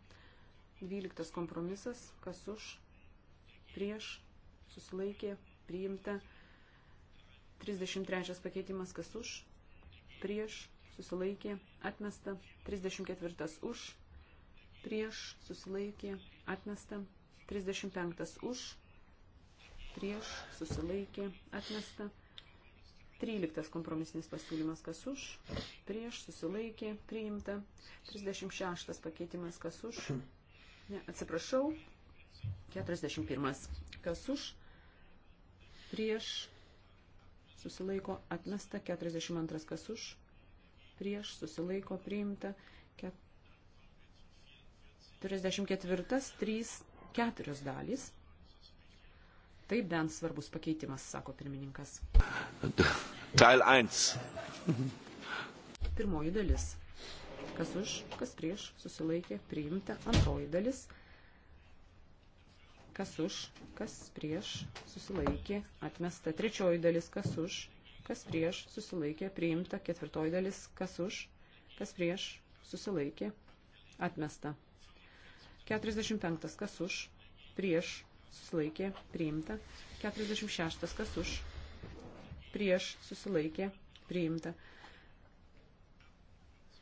12. Kompromisas, kas už, prieš, susilaikė, priimta. 33. Pakeitimas, kas už, prieš, susilaikė, atmesta. 34. Už, prieš, susilaikė, atmesta. 35. Už, prieš, susilaikė, atmesta. 13 kompromisinis pasiūlymas kas už, prieš, susilaikė, priimta. 36 pakeitimas kas už, ne, atsiprašau, 41 kas už, prieš, susilaiko, atmesta. 42 kas už, prieš, susilaiko, priimta. 34, 3, 4 dalys Tai bent svarbus pakeitimas, sako pirmininkas. Teil 1. Pirmoji dalis. Kas už, kas prieš, susilaikė, priimta. Antroji dalis. Kas už, kas prieš, susilaikė, atmesta. Trečioji dalis. Kas už, kas prieš, susilaikė, priimta. Ketvirtoji dalis. Kas už, kas prieš, susilaikė, atmesta. 45. Kas už, prieš, susilaikė, priimta. 46 kas už, prieš, susilaikė, priimta.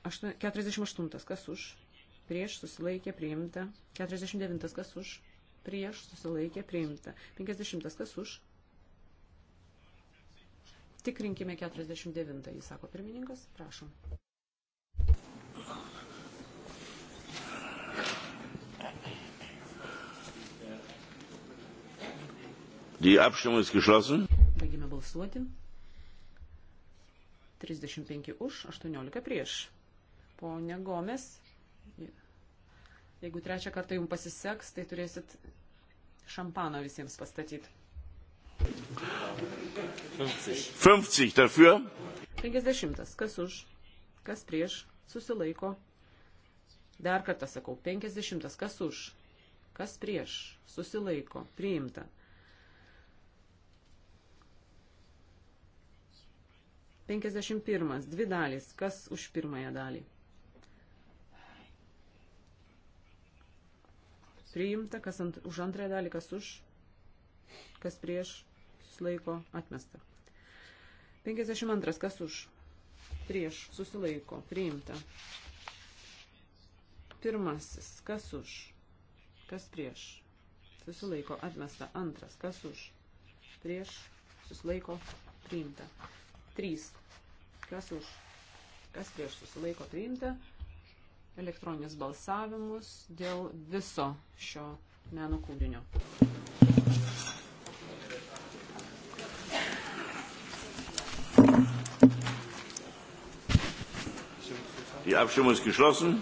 48 kas už, prieš, susilaikė, priimta. 49 kas už, prieš, susilaikė, priimta. 50 kas už. Tikrinkime 49, jis sako pirmininkas, prašom. Die Abstimmung ist geschlossen. Baigime balsuoti. 35 už, 18 prieš. Pone Gomes, jeigu trečią kartą jums pasiseks, tai turėsit šampano visiems pastatyti. 50. 50 dafür. 50. Kas už, kas prieš, susilaiko. Dar kartą sakau, 50. Kas už, kas prieš, susilaiko, priimta. 51. Dvi dalys. Kas už pirmąją dalį? Priimta. Kas ant, už antrąją dalį? Kas už? Kas prieš? Susilaiko. Atmesta. 52. Kas už? Prieš. Susilaiko. Priimta. Pirmasis. Kas už? Kas prieš? Susilaiko. Atmesta. Antras. Kas už? Prieš. Susilaiko. Priimta. 3. Kas už? Kas prieš susilaiko priimta? Elektroninis balsavimus dėl viso šio meno kūrinio. Die Abstimmung ist geschlossen.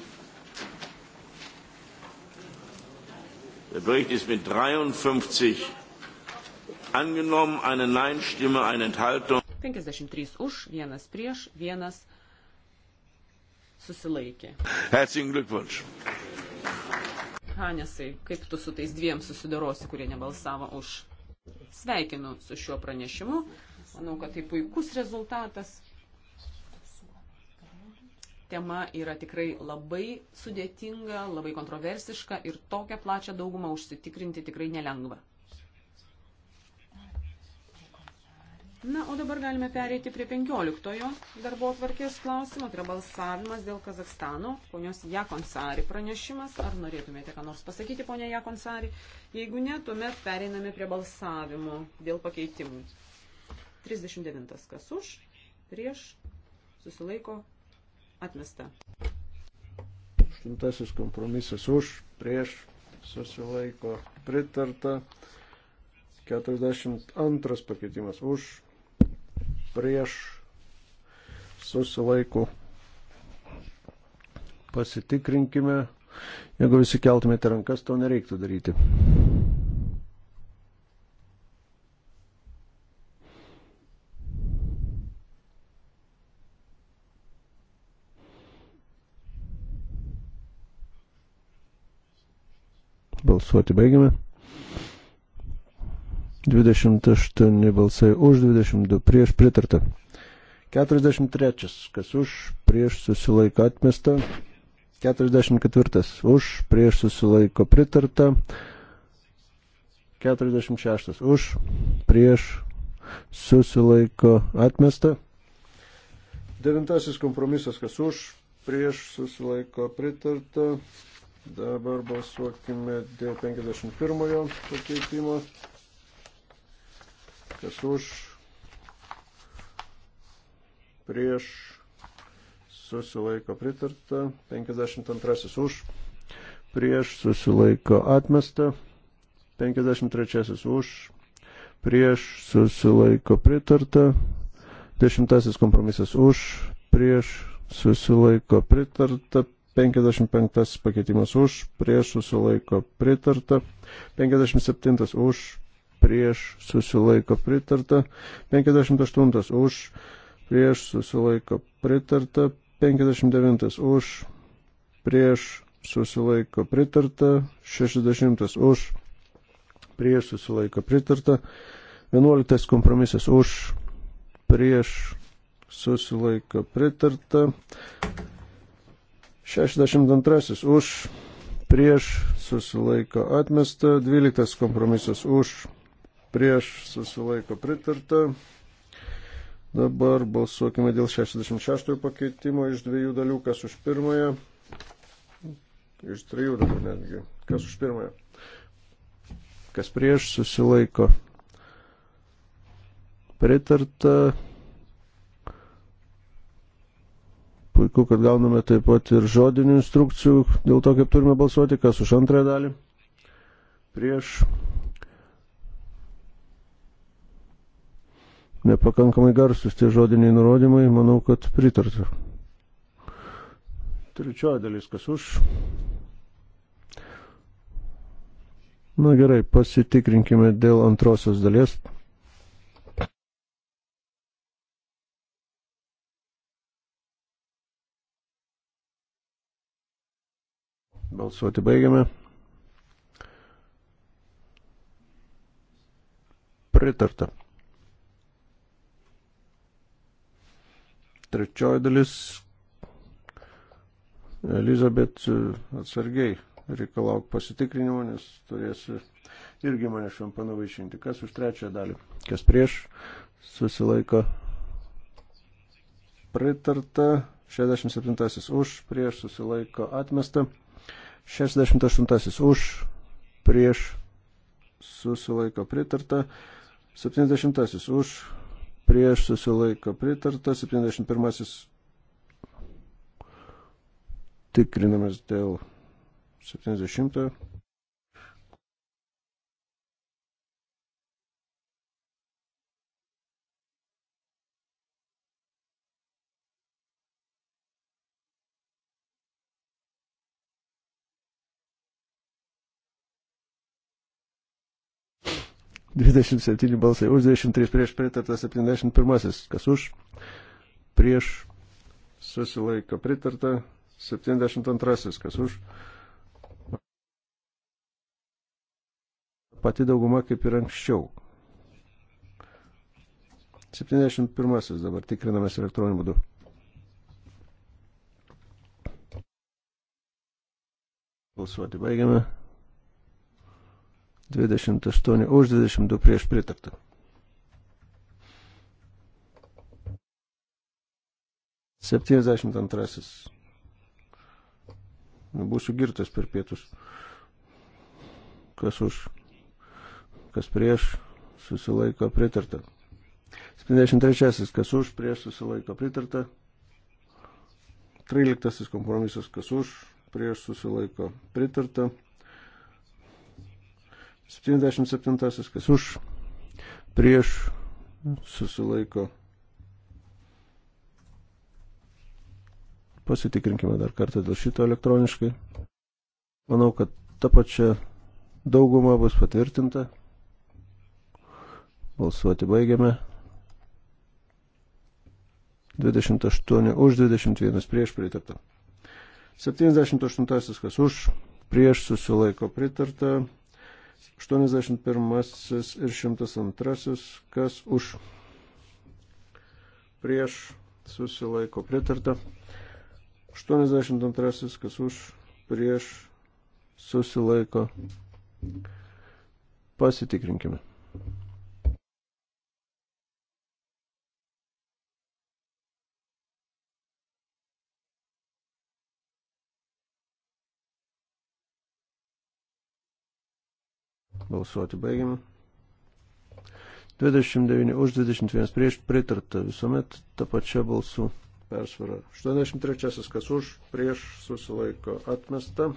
Der Bericht ist mit 53 angenommen, eine Nein-Stimme, eine Enthaltung. 53 už, vienas prieš, vienas susilaikė. Herzlichen Glückwunsch. Hanesai, kaip tu su tais dviem susidarosi, kurie nebalsavo už? Sveikinu su šiuo pranešimu. Manau, kad tai puikus rezultatas. Tema yra tikrai labai sudėtinga, labai kontroversiška ir tokią plačią daugumą užsitikrinti tikrai nelengva. Na, o dabar galime pereiti prie 15 darbo atvarkės klausimo, tai yra balsavimas dėl Kazakstano, ponios Jakonsari pranešimas. Ar norėtumėte ką nors pasakyti, ponia Jakonsari? Jeigu ne, tuomet pereiname prie balsavimo dėl pakeitimų. 39. Kas už, prieš, susilaiko, atmesta. 8. Kompromisas už, prieš, susilaiko, pritarta. 42 pakeitimas už, prieš susilaiko. Pasitikrinkime. Jeigu visi keltumėte rankas, to nereiktų daryti. Balsuoti baigiame. 28 balsai už, 22 prieš pritarta. 43. Kas už, prieš susilaiko atmesta. 44. Už, prieš susilaiko pritarta. 46. Už, prieš susilaiko atmesta. Devintasis kompromisas, kas už, prieš susilaiko pritarta. Dabar balsuokime dėl 51 pakeitimo kas už, prieš, susilaiko pritarta, 52 už, prieš, susilaiko atmesta, 53 už, prieš, susilaiko pritarta, 10 kompromisas už, prieš, susilaiko pritarta, 55 pakeitimas už, prieš susilaiko pritarta, 57 už, prieš susilaiko pritarta, 58 už, prieš susilaiko pritarta, 59 už, prieš susilaiko pritarta, 60 už, prieš susilaiko pritarta, 11 kompromisas už, prieš susilaiko pritarta, 62 už, prieš susilaiko atmesta, 12 kompromisas už, prieš susilaiko pritarta. Dabar balsuokime dėl 66 pakeitimo iš dviejų dalių, kas už pirmąją, iš trijų dalių netgi, kas už pirmąją, kas prieš susilaiko pritarta. Puiku, kad gauname taip pat ir žodinių instrukcijų dėl to, kaip turime balsuoti, kas už antrąją dalį, prieš nepakankamai garsus tie žodiniai nurodymai, manau, kad pritartų. Trečioji dalis, kas už. Na gerai, pasitikrinkime dėl antrosios dalies. Balsuoti baigiame. Pritarta. Trečioji dalis. Elizabet e, atsargiai reikalauk pasitikrinimo, nes turėsi irgi mane šampaną vaišinti. Kas už trečią dalį? Kas prieš? Susilaiko. Pritarta. 67 už, prieš susilaiko atmesta. 68 už, prieš susilaiko pritarta. 70 už, prieš susilaiko pritarta, 71 tikrinamės dėl 70. -ojo. 27 balsai už, 23 prieš pritarta, 71 kas už, prieš susilaiko pritarta, 72 kas už. Pati dauguma kaip ir anksčiau. 71 dabar tikrinamas elektroniniu būdu. Balsuoti baigiame. 28 už 22 prieš pritartą. Septyniasdešimt antrasis. Būsiu girtas per pietus. Kas už, kas prieš, susilaiko pritarta. 73. Kas už, prieš, susilaiko pritarta. 13. Kompromisas, kas už, prieš, susilaiko pritarta. 77. Kas už? Prieš susilaiko. Pasitikrinkime dar kartą dėl šito elektroniškai. Manau, kad ta pačia dauguma bus patvirtinta. Balsuoti baigiame. 28 už 21 prieš pritarta. 78 kas už prieš susilaiko pritarta. 81 ir 102, kas už prieš susilaiko pritarta. 82, kas už prieš susilaiko. Pasitikrinkime. Balsuoti baigiam. 29 už 21 prieš pritarta visuomet ta pačia balsų persvara. 83 kas už prieš susilaiko atmesta.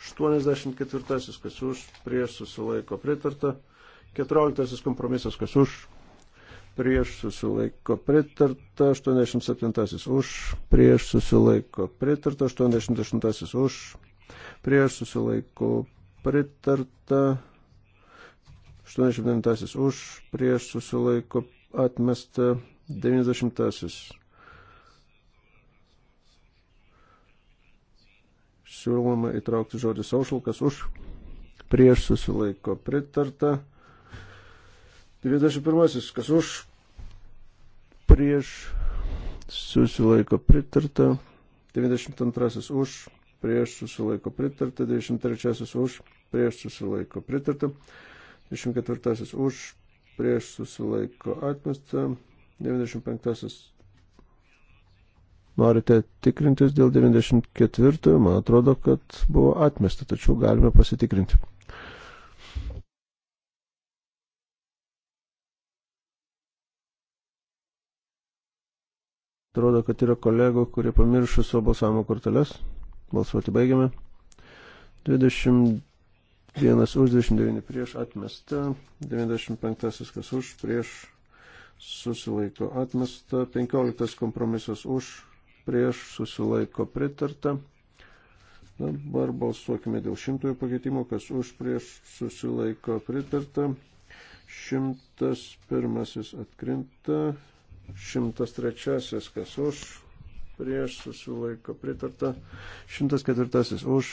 84 kas už prieš susilaiko pritarta. 14 kompromisas kas už prieš susilaiko pritarta. 87 už prieš susilaiko pritarta. 88 už prieš susilaiko pritarta, 89 už, prieš susilaiko atmesta, 90 siūloma įtraukti žodį social, kas už, prieš susilaiko pritarta, 91 kas už, prieš susilaiko pritarta, 92 už, prieš susilaiko pritarta, 23 už, prieš susilaiko pritarta, 24 už, prieš susilaiko atmesta, 95 norite tikrintis dėl 94, man atrodo, kad buvo atmesta, tačiau galime pasitikrinti. Atrodo, kad yra kolegų, kurie pamiršo savo balsavimo korteles. Balsuoti baigiame. 21 už 29 prieš atmesta. 95 kas už prieš susilaiko atmesta. 15 kompromisas už prieš susilaiko pritarta. Dabar balsuokime dėl šimtojo pakeitimo, kas už prieš susilaiko pritarta. Šimtas pirmasis atkrinta. Šimtas trečiasis kas už prieš susilaiko pritarta. 104 už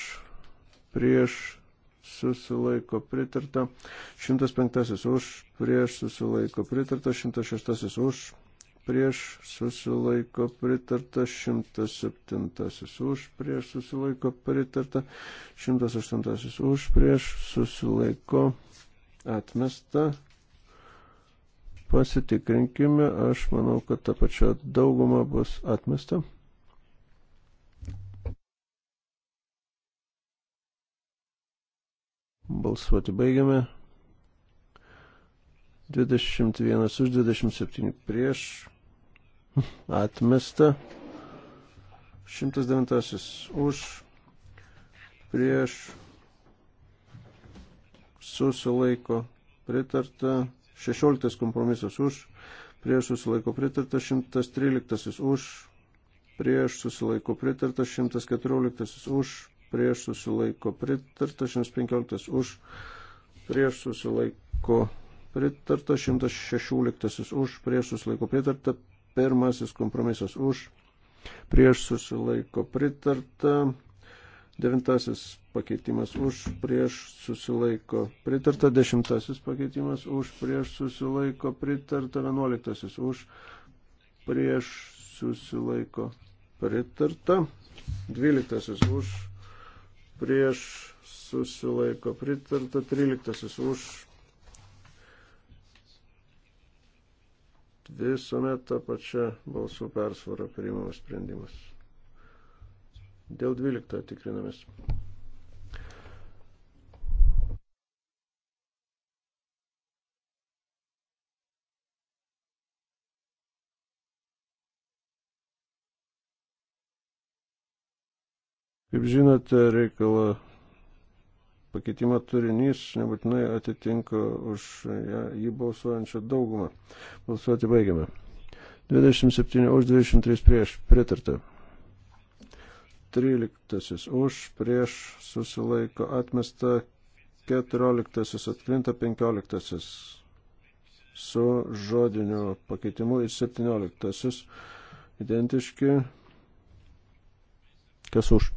prieš susilaiko pritarta. 105 už prieš susilaiko pritarta. 106 už prieš susilaiko pritarta. 107 už prieš susilaiko pritarta. 108 už prieš susilaiko atmesta. Pasitikrinkime, aš manau, kad ta pačia dauguma bus atmesta. Balsuoti baigiame. 21 už 27 prieš. Atmesta. 109 už. Prieš. Susilaiko. Pritarta. 16 kompromisas už, prieš susilaiko pritarta 113 už, prieš susilaiko pritarta 114 už, prieš susilaiko pritarta 115 už, prieš susilaiko pritarta 116 už, prieš susilaiko pritarta pirmasis kompromisas už, prieš susilaiko pritarta Devintasis pakeitimas už prieš susilaiko pritarta. Dešimtasis pakeitimas už prieš susilaiko pritarta. Vienuoliktasis už prieš susilaiko pritarta. Dvyliktasis už prieš susilaiko pritarta. Tryliktasis už visuomet tą pačią balsų persvarą priimamas sprendimas. Dėl 12 tikrinamės. Kaip žinote, reikalą pakeitimo turinys nebūtinai atitinka už ja, jį balsuojančią daugumą. Balsuoti baigiame. 27 už 23 prieš pritarta. 13 už, prieš susilaiko atmesta 14 atkrinta 15 su žodiniu pakeitimu į 17 identiški. Kas už?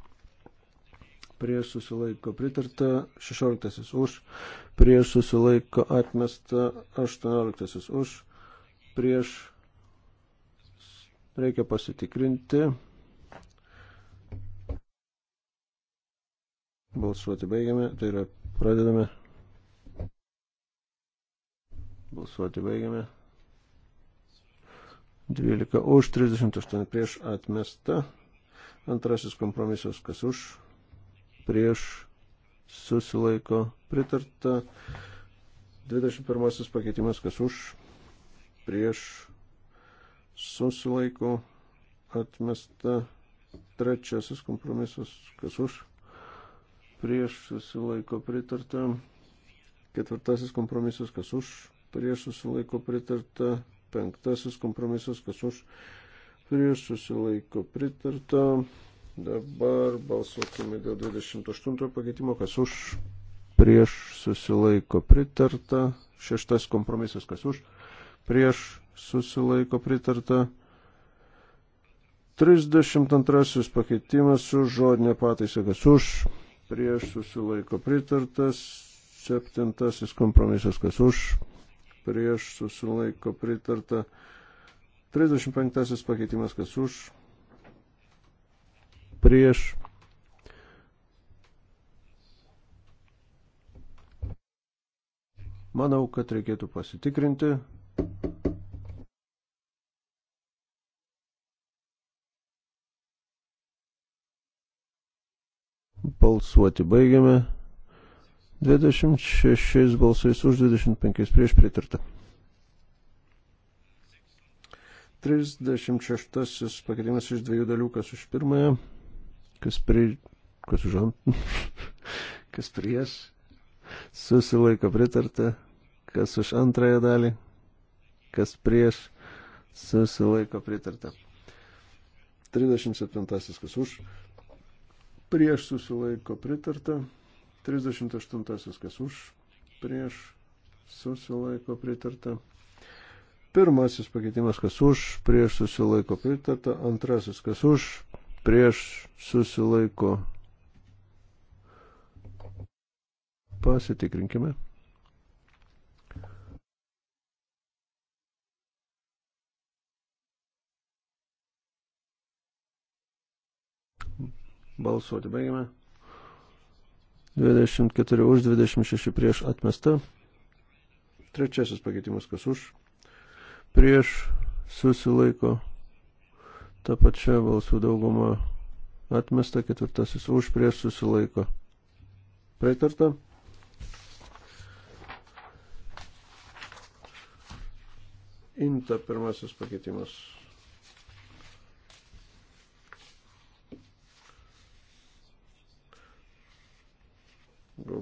Prieš susilaiko pritarta 16 už, prieš susilaiko atmesta 18 už, prieš reikia pasitikrinti. Balsuoti baigiame, tai yra pradedame. Balsuoti baigiame. 12 už, 38 prieš atmesta. Antrasis kompromisas, kas už, prieš susilaiko pritarta. 21 pakeitimas, kas už, prieš susilaiko atmesta. Trečiasis kompromisas, kas už prieš susilaiko pritarta. Ketvirtasis kompromisas, kas už, prieš susilaiko pritarta. Penktasis kompromisas, kas už, prieš susilaiko pritarta. Dabar balsuokime dėl 28 pakeitimo, kas už, prieš susilaiko pritarta. Šeštas kompromisas, kas už, prieš susilaiko pritarta. 32 pakeitimas su žodinė pataisa, kas už, prieš susilaiko pritartas, septintasis kompromisas, kas už, prieš susilaiko pritarta, 35 pakeitimas, kas už, prieš. Manau, kad reikėtų pasitikrinti. balsuoti. Baigiame 26 balsais už 25 prieš pritartą. 36 pakeitimas iš dviejų dalių, kas už pirmąją, kas, prie, kas už ant, kas prieš, susilaiko pritarta, kas už antrąją dalį, kas prieš, susilaiko pritarta. 37 kas už, prieš susilaiko pritarta, 38 kas už, prieš susilaiko pritarta. Pirmasis pakeitimas kas už, prieš susilaiko pritarta, antrasis kas už, prieš susilaiko. Pasitikrinkime. Balsuoti baigime. 24 už, 26 prieš atmesta. Trečiasis pakeitimas, kas už. Prieš susilaiko ta pačia balsų dauguma atmesta. Ketvirtasis už, prieš susilaiko. Pritarta. Inta pirmasis pakeitimas.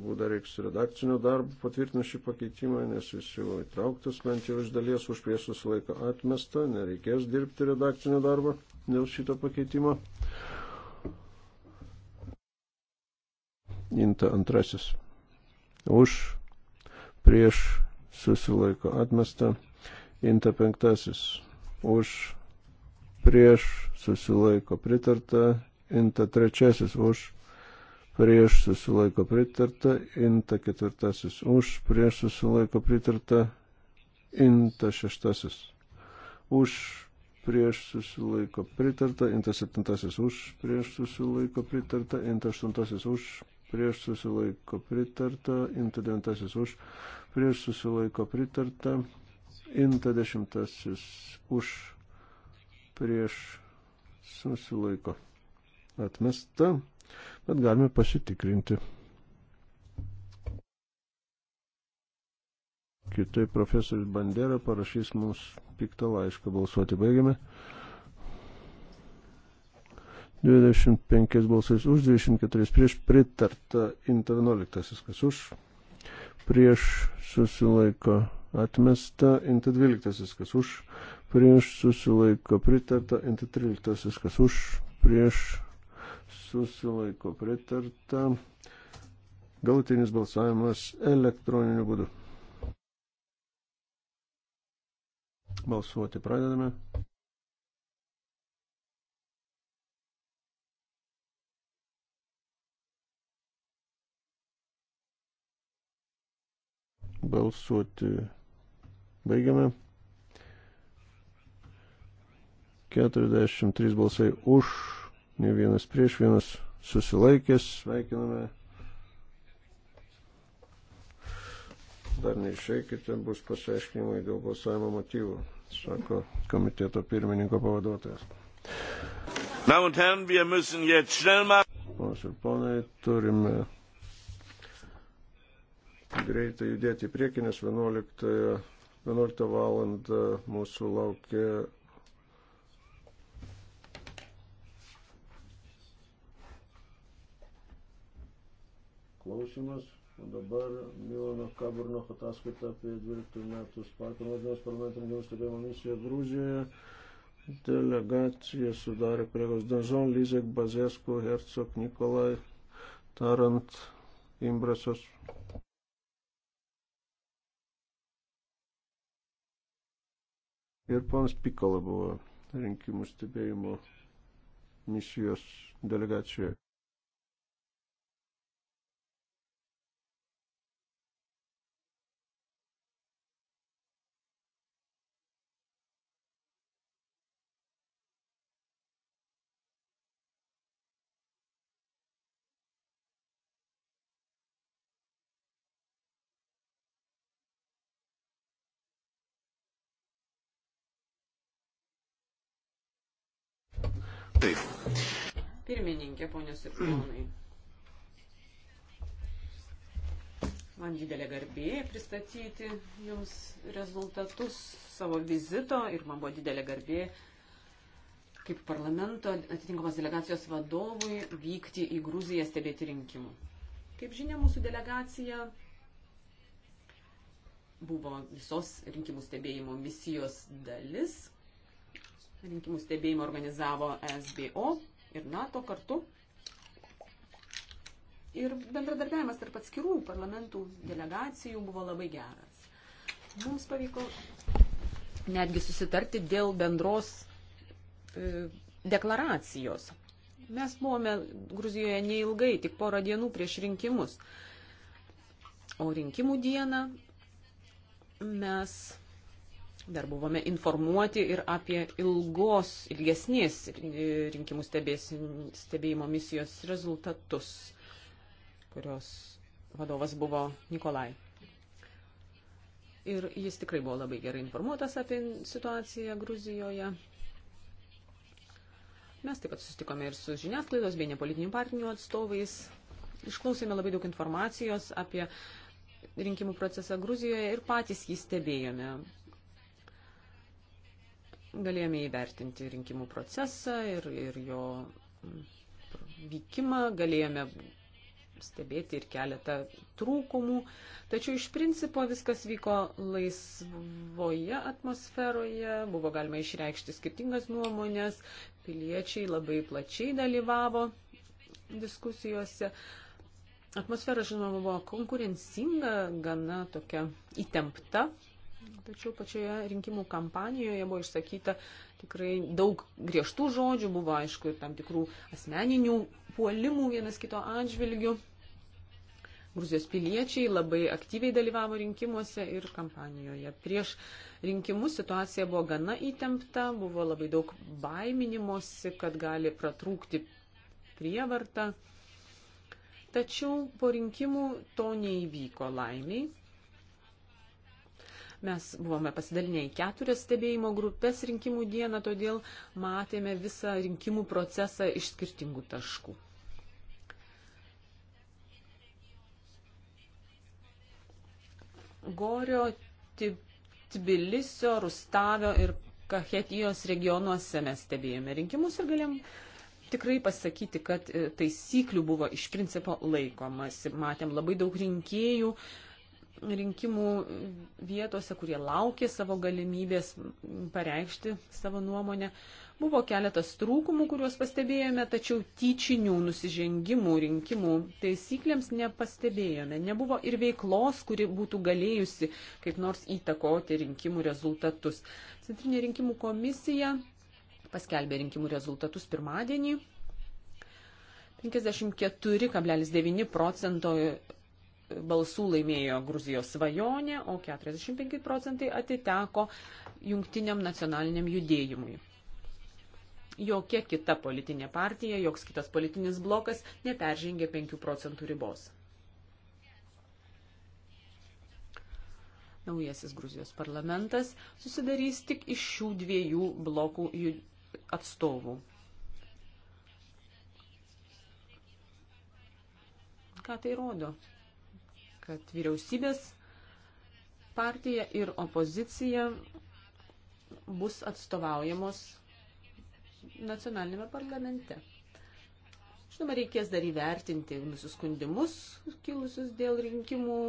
galbūt dar reiks redakcinio darbo patvirtinti šį pakeitimą, nes jis jau įtrauktas bent jau iš dalies už priešus laiką atmesta, nereikės dirbti redakcinio darbo dėl šito pakeitimo. Inta antrasis. Už prieš susilaiko atmesta. Inta penktasis. Už prieš susilaiko pritarta. Inta trečiasis. Už prieš susilaiko pritarta, inta ketvirtasis už, prieš susilaiko pritarta, inta šeštasis už, prieš susilaiko pritarta, inta septintasis už, prieš susilaiko pritarta, inta aštuntasis už, prieš susilaiko pritarta, inta devintasis už, prieš susilaiko pritarta, inta dešimtasis už, prieš susilaiko atmesta bet galime pasitikrinti. Kitai profesorius Bandera parašys mums piktą laišką balsuoti. Baigiame. 25 balsais už, 24 prieš pritarta, inta 11 kas už, prieš susilaiko atmesta, inta 12 kas už, prieš susilaiko pritarta, inta 13 kas už, prieš susilaiko pritarta. Galutinis balsavimas elektroniniu būdu. Balsuoti pradedame. Balsuoti baigiame. 43 balsai už, ne vienas prieš, vienas susilaikęs, sveikiname. Dar neišeikite, bus pasiaiškinimai dėl balsavimo motyvų, sako komiteto pirmininko pavaduotojas. Ponas ir ponai, turime greitai judėti į priekį, nes 11, 11 valandą mūsų laukia klausimas. O dabar Milano Kaburno ataskaita apie 12 metų Spartano valdžios parlamento rinkimų stebėjimo misiją Gruzijoje. Delegacija sudarė kolegos Danžon, Lizek, Bazesku, Hercog, Nikolai, Tarant, Imbrasas. Ir ponas Pikola buvo rinkimų stebėjimo misijos delegacijoje. pirmininkė, ponios ir ponai. Man didelė garbė pristatyti jums rezultatus savo vizito ir man buvo didelė garbė kaip parlamento atitinkamos delegacijos vadovui vykti į Gruziją stebėti rinkimų. Kaip žinia, mūsų delegacija buvo visos rinkimų stebėjimo misijos dalis. Rinkimų stebėjimą organizavo SBO ir NATO kartu. Ir bendradarbiavimas tarp atskirų parlamentų delegacijų buvo labai geras. Mums pavyko netgi susitarti dėl bendros e, deklaracijos. Mes buvome Gruzijoje neilgai, tik porą dienų prieš rinkimus. O rinkimų dieną mes Dar buvome informuoti ir apie ilgos, ilgesnės rinkimų stebėsim, stebėjimo misijos rezultatus, kurios vadovas buvo Nikolai. Ir jis tikrai buvo labai gerai informuotas apie situaciją Gruzijoje. Mes taip pat sustikome ir su žiniasklaidos bei nepolitinių partijų atstovais. Išklausėme labai daug informacijos apie rinkimų procesą Gruzijoje ir patys jį stebėjome Galėjome įvertinti rinkimų procesą ir, ir jo mm, vykimą, galėjome stebėti ir keletą trūkumų, tačiau iš principo viskas vyko laisvoje atmosferoje, buvo galima išreikšti skirtingas nuomonės, piliečiai labai plačiai dalyvavo diskusijose. Atmosfera, žinoma, buvo konkurencinga, gana tokia įtempta, Tačiau pačioje rinkimų kampanijoje buvo išsakyta tikrai daug griežtų žodžių, buvo aišku ir tam tikrų asmeninių puolimų vienas kito atžvilgių. Gruzijos piliečiai labai aktyviai dalyvavo rinkimuose ir kampanijoje. Prieš rinkimus situacija buvo gana įtempta, buvo labai daug baiminimosi, kad gali pratrūkti prievarta. Tačiau po rinkimų to neįvyko laimiai. Mes buvome pasidalinę į keturias stebėjimo grupės rinkimų dieną, todėl matėme visą rinkimų procesą iš skirtingų taškų. Gorio, Tbilisio, Rustavio ir Kahetijos regionuose mes stebėjome rinkimus ir galėjom tikrai pasakyti, kad e, taisyklių buvo iš principo laikomasi. Matėm labai daug rinkėjų, uh, rinkimų vietose, kurie laukė savo galimybės pareikšti savo nuomonę. Buvo keletas trūkumų, kuriuos pastebėjome, tačiau tyčinių nusižengimų rinkimų taisyklėms nepastebėjome. Nebuvo ir veiklos, kuri būtų galėjusi kaip nors įtakoti rinkimų rezultatus. Centrinė rinkimų komisija paskelbė rinkimų rezultatus pirmadienį. 54,9 procento balsų laimėjo Gruzijos svajonė, o 45 procentai atiteko jungtiniam nacionaliniam judėjimui. Jokia kita politinė partija, joks kitas politinis blokas neperžengė 5 procentų ribos. Naujasis Gruzijos parlamentas susidarys tik iš šių dviejų blokų atstovų. Ką tai rodo? kad vyriausybės partija ir opozicija bus atstovaujamos nacionalinėme parlamente. Žinoma, reikės dar įvertinti nusiskundimus kilusius dėl rinkimų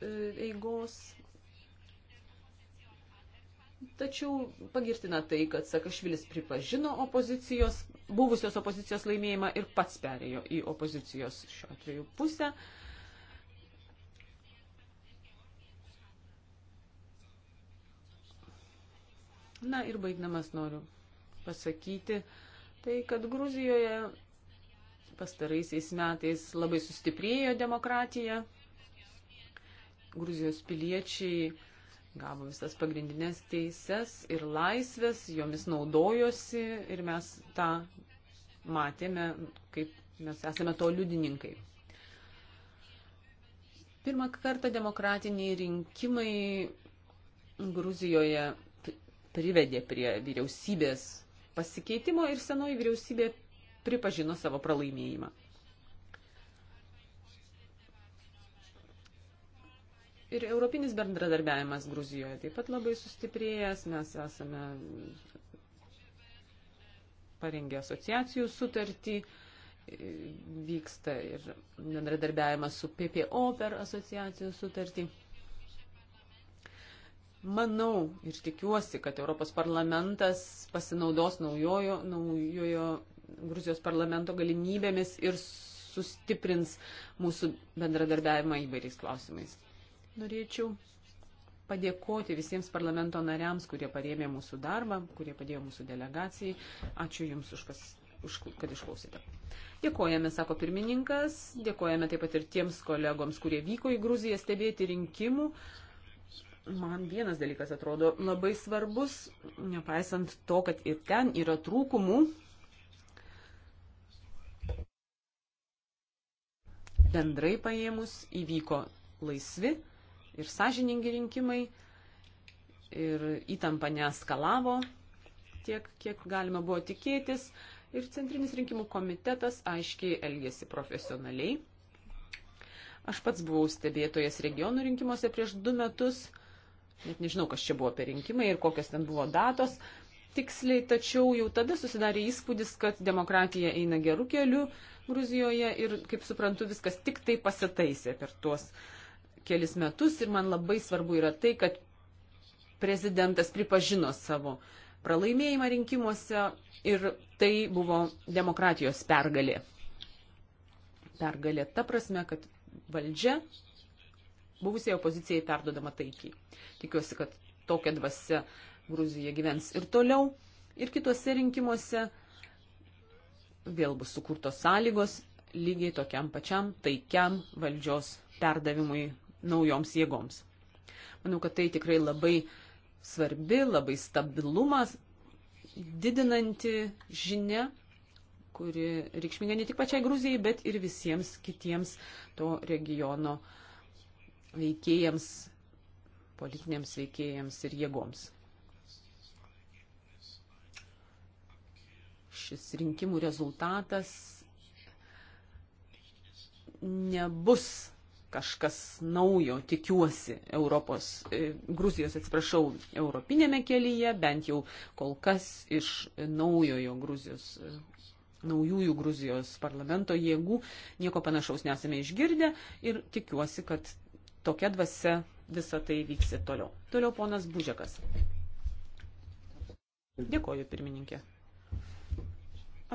e, eigos. Tačiau pagirtina tai, kad Sakašvilis pripažino opozicijos, buvusios opozicijos laimėjimą ir pats perėjo į opozicijos šiuo atveju pusę. Na ir baigdamas noriu pasakyti, tai kad Gruzijoje pastaraisiais metais labai sustiprėjo demokratija. Gruzijos piliečiai gavo visas pagrindinės teises ir laisvės, jomis naudojosi ir mes tą matėme, kaip mes esame to liudininkai. Pirmą kartą demokratiniai rinkimai Gruzijoje privedė prie vyriausybės pasikeitimo ir senoji vyriausybė pripažino savo pralaimėjimą. ir europinis bendradarbiavimas Gruzijoje taip pat labai sustiprėjęs. Mes esame parengę asociacijų sutartį, vyksta ir bendradarbiavimas su PPO per asociacijų sutartį. Manau ir tikiuosi, kad Europos parlamentas pasinaudos naujojo, naujojo Gruzijos parlamento galimybėmis ir sustiprins mūsų bendradarbiavimą įvairiais klausimais. Norėčiau padėkoti visiems parlamento nariams, kurie parėmė mūsų darbą, kurie padėjo mūsų delegacijai. Ačiū Jums už pas, už, kad išklausėte. Dėkojame, sako pirmininkas, dėkojame taip pat ir tiems kolegoms, kurie vyko į Gruziją stebėti rinkimų. Man vienas dalykas atrodo labai svarbus, nepaisant to, kad ir ten yra trūkumų. Bendrai paėmus įvyko laisvi ir sąžiningi rinkimai, ir įtampa neeskalavo tiek, kiek galima buvo tikėtis, ir Centrinis rinkimų komitetas aiškiai elgėsi profesionaliai. Aš pats buvau stebėtojas regionų rinkimuose prieš du metus, net nežinau, kas čia buvo per rinkimai ir kokios ten buvo datos, tiksliai, tačiau jau tada susidarė įspūdis, kad demokratija eina gerų kelių Gruzijoje ir, kaip suprantu, viskas tik tai pasitaisė per tuos uh, kelis metus ir man labai svarbu yra tai, kad prezidentas pripažino savo pralaimėjimą rinkimuose ir tai buvo demokratijos pergalė. Pergalė ta prasme, kad valdžia buvusiai opozicijai perdodama taikiai. Tikiuosi, kad tokia dvasia Gruzija gyvens ir toliau, ir kituose rinkimuose vėl bus sukurtos sąlygos lygiai tokiam pačiam taikiam valdžios perdavimui naujoms jėgoms. Manau, kad tai tikrai labai svarbi, labai stabilumas didinanti žinia, kuri reikšminga ne tik pačiai Gruzijai, bet ir visiems kitiems to regiono veikėjams, politiniams veikėjams ir jėgoms. Šis rinkimų rezultatas nebus kažkas naujo, tikiuosi, Europos, e, Gruzijos, atsiprašau, europinėme kelyje, bent jau kol kas iš naujojo Gruzijos, e, naujųjų Gruzijos parlamento jėgų nieko panašaus nesame išgirdę ir tikiuosi, kad tokia dvasia visą tai vyks ir toliau. Toliau ponas Bužekas. Dėkoju, pirmininkė.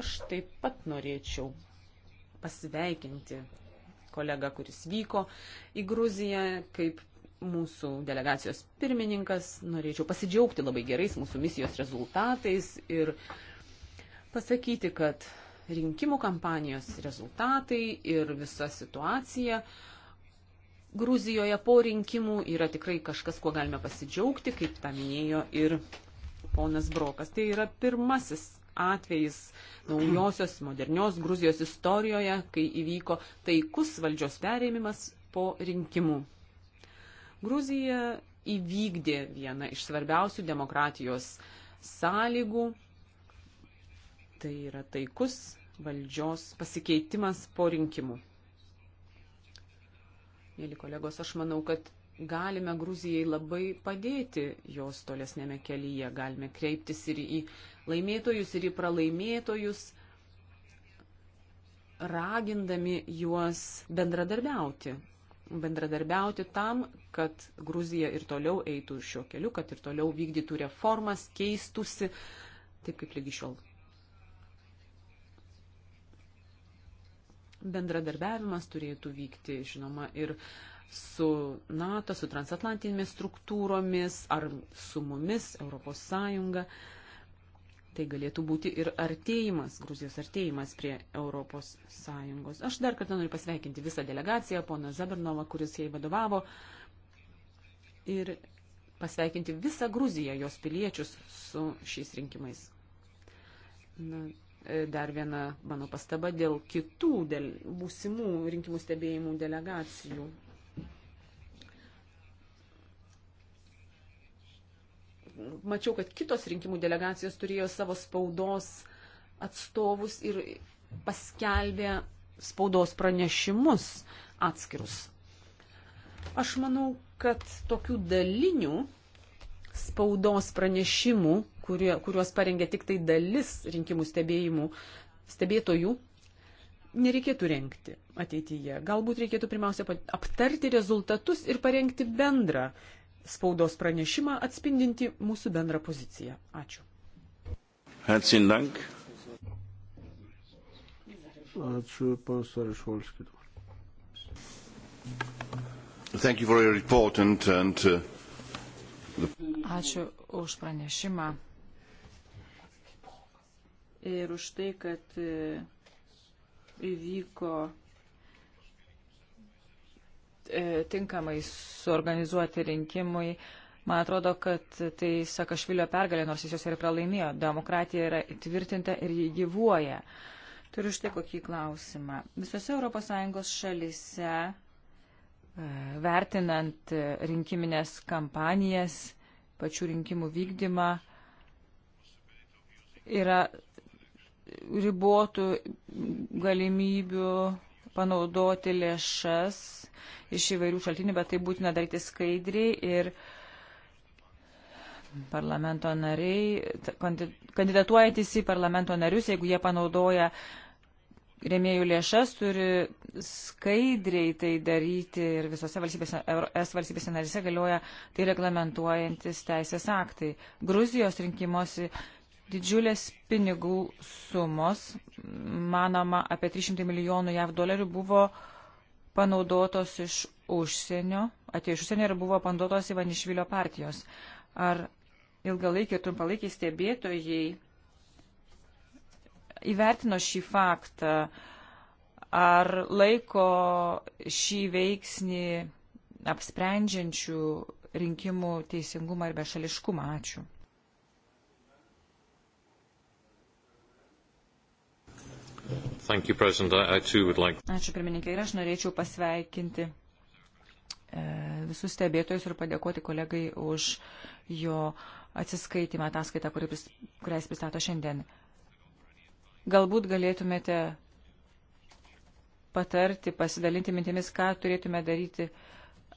Aš taip pat norėčiau pasveikinti kolega, kuris vyko į Gruziją, kaip mūsų delegacijos pirmininkas. Norėčiau pasidžiaugti labai gerais mūsų misijos rezultatais ir pasakyti, kad rinkimų kampanijos rezultatai ir visa situacija Gruzijoje po rinkimų yra tikrai kažkas, kuo galime pasidžiaugti, kaip tą minėjo ir ponas Brokas. Tai yra pirmasis atvejis naujosios, modernios Gruzijos istorijoje, kai įvyko taikus valdžios perėmimas po rinkimų. Gruzija įvykdė vieną iš svarbiausių demokratijos sąlygų. Tai yra taikus valdžios pasikeitimas po rinkimų. Mėly kolegos, aš manau, kad galime Gruzijai labai padėti jos tolesnėme kelyje. Galime kreiptis ir į laimėtojus, ir į pralaimėtojus, ragindami juos bendradarbiauti. Bendradarbiauti tam, kad Gruzija ir toliau eitų šiuo keliu, kad ir toliau vykdytų reformas, keistusi, taip kaip lygi šiol. Bendradarbiavimas turėtų vykti, žinoma, ir uh, su NATO, su transatlantinėmis struktūromis ar su mumis, Europos Sąjunga. Tai galėtų būti ir artėjimas, Gruzijos artėjimas prie Europos Sąjungos. Aš dar kartą noriu pasveikinti visą delegaciją, poną Zabernovą, kuris jai vadovavo, ir pasveikinti visą Gruziją, jos piliečius su šiais rinkimais. Na, e, dar viena mano pastaba dėl kitų dėl būsimų rinkimų stebėjimų delegacijų mačiau, kad kitos rinkimų delegacijos turėjo savo spaudos atstovus ir paskelbė spaudos pranešimus atskirus. Aš manau, kad tokių dalinių spaudos pranešimų, kurie, kuriuos parengė tik tai dalis rinkimų stebėjimų, stebėtojų, nereikėtų rengti ateityje. Galbūt reikėtų pirmiausia aptarti rezultatus ir parengti bendrą spaudos pranešimą atspindinti mūsų bendrą poziciją. Ačiū. Herzlichen Dank. Ačiū, panas Arišolskis. Thank you for your report and, and uh, the... Ačiū už pranešimą ir už tai, kad uh, įvyko uh, E, tinkamai suorganizuoti rinkimui. Man atrodo, kad tai Sakašvilio pergalė, nors jis jos ir pralaimėjo. Demokratija yra įtvirtinta ir jį gyvuoja. Turiu štai kokį klausimą. Visose ES šalise, e, vertinant rinkiminės kampanijas, pačių rinkimų vykdymą, yra ribotų galimybių panaudoti lėšas iš įvairių šaltinių, bet tai būtina daryti skaidriai ir parlamento nariai, kandidatuojantis į parlamento narius, jeigu jie panaudoja rėmėjų lėšas, turi skaidriai tai daryti ir visose valstybėse, es valstybėse narise galioja tai reglamentuojantis teisės aktai. Gruzijos rinkimuose Didžiulės pinigų sumos, manoma, apie 300 milijonų JAV dolerių buvo panaudotos iš užsienio, atėjo iš užsienio ir buvo panaudotos Ivanišvilio partijos. Ar ilgalaikiai ir trumpalaikiai stebėtojai įvertino šį faktą, ar laiko šį veiksnį apsprendžiančių rinkimų teisingumą ir bešališkumą. Ačiū. Thank you, President. I, I too would like... Ačiū pirmininkai ir aš norėčiau pasveikinti e, visus stebėtojus ir padėkoti kolegai už jo atsiskaitimą, ataskaitą, kurią jis pristato šiandien. Galbūt galėtumėte patarti, pasidalinti mintimis, ką turėtume daryti uh,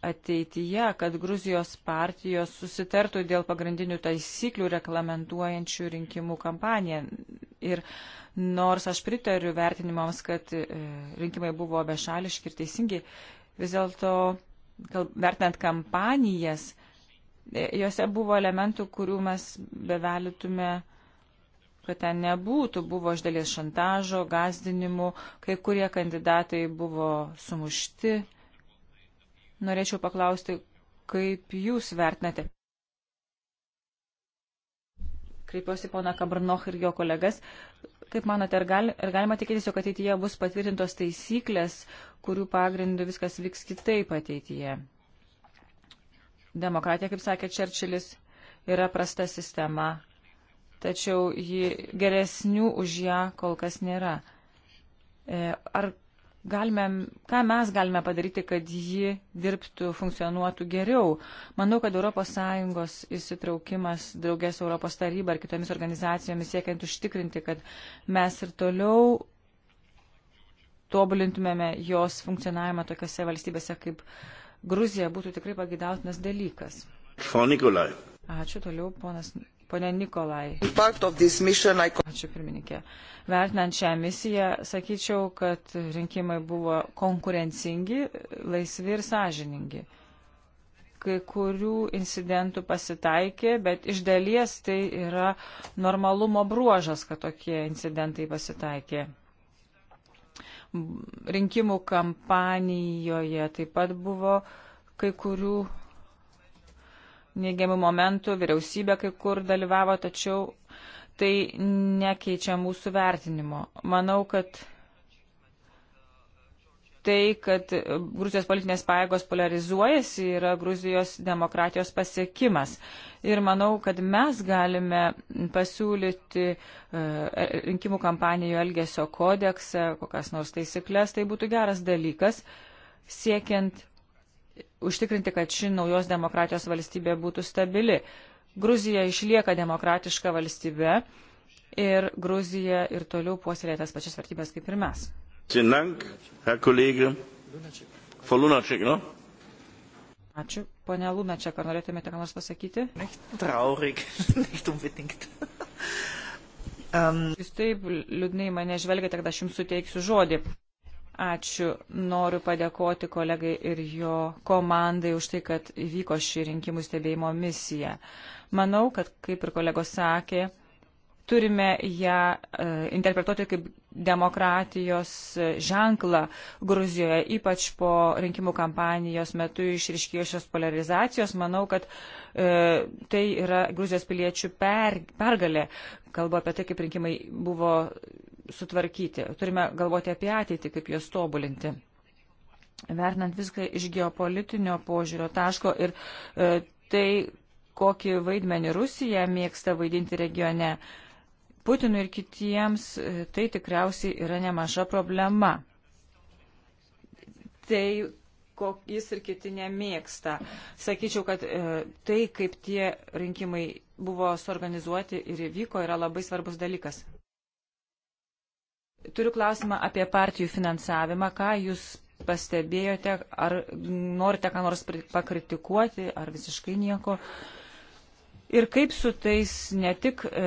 ateityje, kad Gruzijos partijos susitartų dėl pagrindinių taisyklių reglamentuojančių rinkimų kampaniją. Ir nors aš pritariu vertinimams, kad e, rinkimai buvo bešališki ir teisingi, vis dėlto vertinant kampanijas, e, juose buvo elementų, kurių mes bevelytume kad ten nebūtų, buvo iš dalies šantažo, gazdinimų, kai kurie kandidatai buvo sumušti Norėčiau paklausti, kaip jūs vertinate? Kreipiuosi pona Kabrnoch ir jo kolegas. Kaip manote, ar, gal, ar galima tikėtis, jog ateityje bus patvirtintos taisyklės, kurių pagrindu viskas vyks kitaip ateityje? Demokratija, kaip sakė Čerčilis, yra prasta sistema, tačiau ji geresnių už ją kol kas nėra. E, ar galime, ką mes galime padaryti, kad ji dirbtų, funkcionuotų geriau. Manau, kad ES įsitraukimas draugės Europos taryba ar kitomis organizacijomis siekiant užtikrinti, kad mes ir toliau tobulintumėme jos funkcionavimą tokiose valstybėse kaip Gruzija, būtų tikrai pagidautinas dalykas. Ačiū toliau, ponas Pone Nikolai. Ačiū pirmininkė. Vertinant šią misiją, sakyčiau, kad rinkimai buvo konkurencingi, laisvi ir sąžiningi. Kai kurių incidentų pasitaikė, bet iš dalies tai yra normalumo bruožas, kad tokie incidentai pasitaikė. Rinkimų kampanijoje taip pat buvo kai kurių neigiamų momentų, vyriausybė kai kur dalyvavo, tačiau tai nekeičia mūsų vertinimo. Manau, kad tai, kad Gruzijos politinės paėgos polarizuojasi, yra Gruzijos demokratijos pasiekimas. Ir manau, kad mes galime pasiūlyti e, rinkimų kampanijų elgesio kodeksą, kokias nors taisyklės, tai būtų geras dalykas, siekiant užtikrinti, kad ši naujos demokratijos valstybė būtų stabili. Gruzija išlieka demokratiška valstybė ir Gruzija ir toliau puoselėja tas pačias vertybės kaip ir mes. Ačiū. Pone Lunačiak, ar norėtumėte ką nors pasakyti? Traurig, nicht unbedingt. Um. Jūs taip liūdnai mane žvelgiate, kad aš jums suteiksiu žodį. Ačiū. Noriu padėkoti kolegai ir jo komandai už tai, kad vyko šį rinkimų stebėjimo misiją. Manau, kad, kaip ir kolegos sakė, turime ją e, interpretuoti kaip demokratijos e, ženklą Gruzijoje, ypač po rinkimų kampanijos metu išriškėjusios polarizacijos. Manau, kad e, tai yra Gruzijos piliečių per, pergalė. Kalbu apie tai, kaip rinkimai buvo sutvarkyti. Turime galvoti apie ateitį, kaip juos tobulinti. Vertinant viską iš geopolitinio požiūrio taško ir e, tai, kokį vaidmenį Rusija mėgsta vaidinti regione, Putinui ir kitiems e, tai tikriausiai yra nemaža problema. Tai, ko jis ir kiti nemėgsta. Sakyčiau, kad e, tai, kaip tie rinkimai buvo suorganizuoti ir įvyko, yra labai svarbus dalykas. Turiu klausimą apie partijų finansavimą. Ką Jūs pastebėjote, ar norite ką nors pakritikuoti, ar visiškai nieko? Ir kaip su tais ne tik e,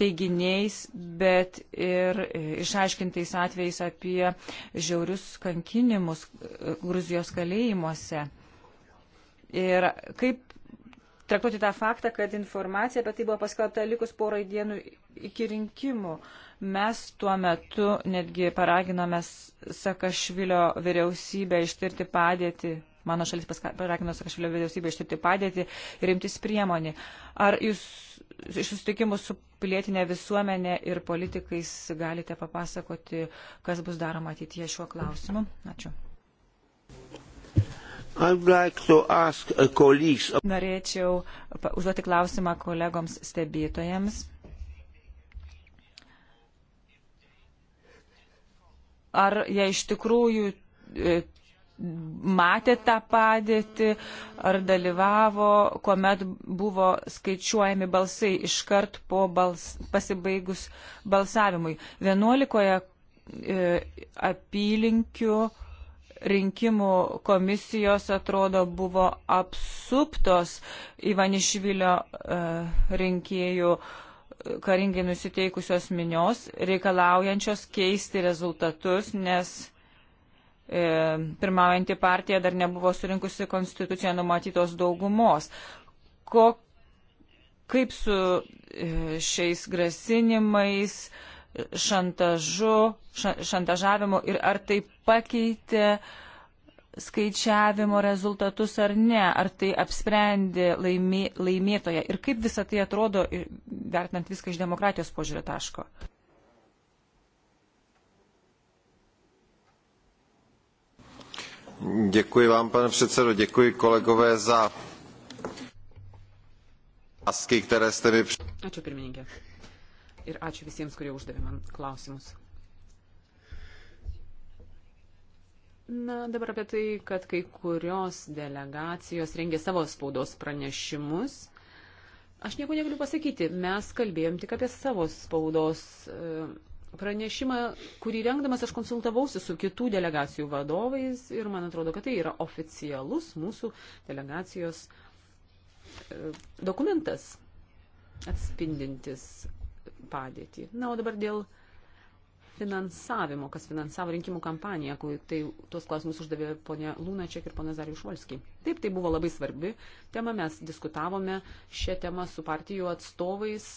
teiginiais, bet ir e, išaiškintais atvejais apie žiaurius kankinimus e, Gruzijos kalėjimuose? Ir kaip traktuoti tą faktą, kad informacija apie tai buvo paskelbta likus porai dienų iki rinkimų? E, Mes tuo metu netgi paraginome Sakašvilio vyriausybę ištirti padėtį. Mano šalis paragino Sakašvilio vyriausybę ištirti padėtį ir imtis priemonį. Ar jūs iš susitikimų su pilietinė visuomenė ir politikais galite papasakoti, kas bus daroma ateityje šiuo klausimu? Ačiū. Like uh, Norėčiau užduoti klausimą kolegoms stebėtojams ar jie iš tikrųjų e, matė tą padėtį, ar dalyvavo, kuomet buvo skaičiuojami balsai iškart po bals, pasibaigus balsavimui. 11 e, apylinkių rinkimų komisijos atrodo buvo apsuptos Ivanišvilio e, rinkėjų uh, karingai nusiteikusios minios, reikalaujančios keisti rezultatus, nes e, pirmaujanti partija dar nebuvo surinkusi konstituciją numatytos daugumos. Ko, kaip su e, šiais grasinimais, šantažu, ša, šantažavimu ir ar tai pakeitė e, skaičiavimo rezultatus ar ne, ar tai apsprendė laimė, laimėtoje ir kaip visą tai atrodo, vertinant viską iš demokratijos požiūrio taško. Děkuji vám, pane předsedo, děkuji kolegové za otázky, které jste mi... Ačiū pirmininkė. Ir ačiū visiems, kurie uždavė man klausimus. Na, dabar apie tai, kad kai kurios delegacijos rengė savo spaudos pranešimus. Aš nieko negaliu pasakyti. Mes kalbėjom tik apie savo spaudos e, pranešimą, kurį rengdamas aš konsultavausi su kitų delegacijų vadovais ir man atrodo, kad tai yra oficialus mūsų delegacijos e, dokumentas atspindintis padėtį. Na, o dabar dėl finansavimo, kas finansavo rinkimų kampaniją, kai tai tuos klausimus uždavė ponia Lūnačiak ir ponas Zarijus Švolskiai. Taip, tai buvo labai svarbi tema, mes diskutavome šią temą su partijų atstovais,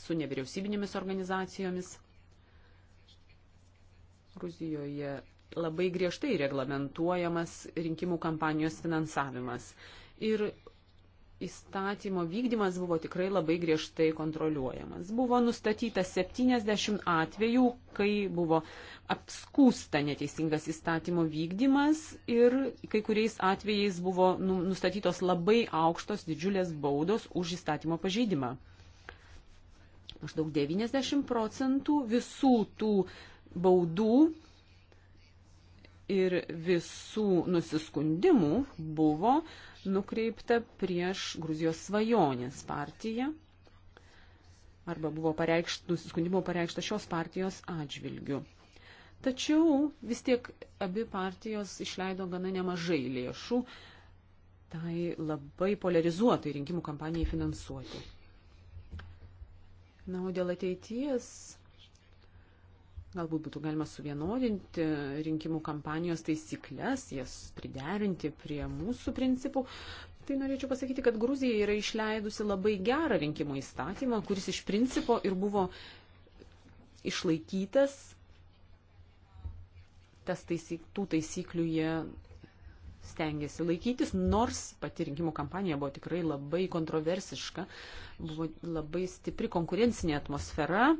su nevyriausybinėmis organizacijomis. Gruzijoje labai griežtai reglamentuojamas rinkimų kampanijos finansavimas. Ir įstatymo vykdymas buvo tikrai labai griežtai kontroliuojamas. Buvo nustatyta 70 atvejų, kai buvo apskūsta neteisingas įstatymo vykdymas ir kai kuriais atvejais buvo nu, nustatytos labai aukštos didžiulės baudos už įstatymo pažeidimą. Maždaug 90 procentų visų tų baudų ir visų nusiskundimų buvo uh, nukreipta prieš Gruzijos svajonės partiją arba buvo pareikšt, nusiskundimo pareikšta šios partijos atžvilgiu. Tačiau vis tiek abi partijos išleido gana nemažai lėšų tai labai polarizuotai rinkimų kampanijai finansuoti. Na, o dėl ateities Galbūt būtų galima suvienodinti rinkimų kampanijos taisyklės, jas priderinti prie mūsų principų. Tai norėčiau pasakyti, kad Gruzija yra išleidusi labai gerą rinkimų įstatymą, kuris iš principo ir buvo išlaikytas. Tas taisyk, tų taisyklių jie stengiasi laikytis, nors pati rinkimų kampanija buvo tikrai labai kontroversiška, buvo labai stipri konkurencinė atmosfera,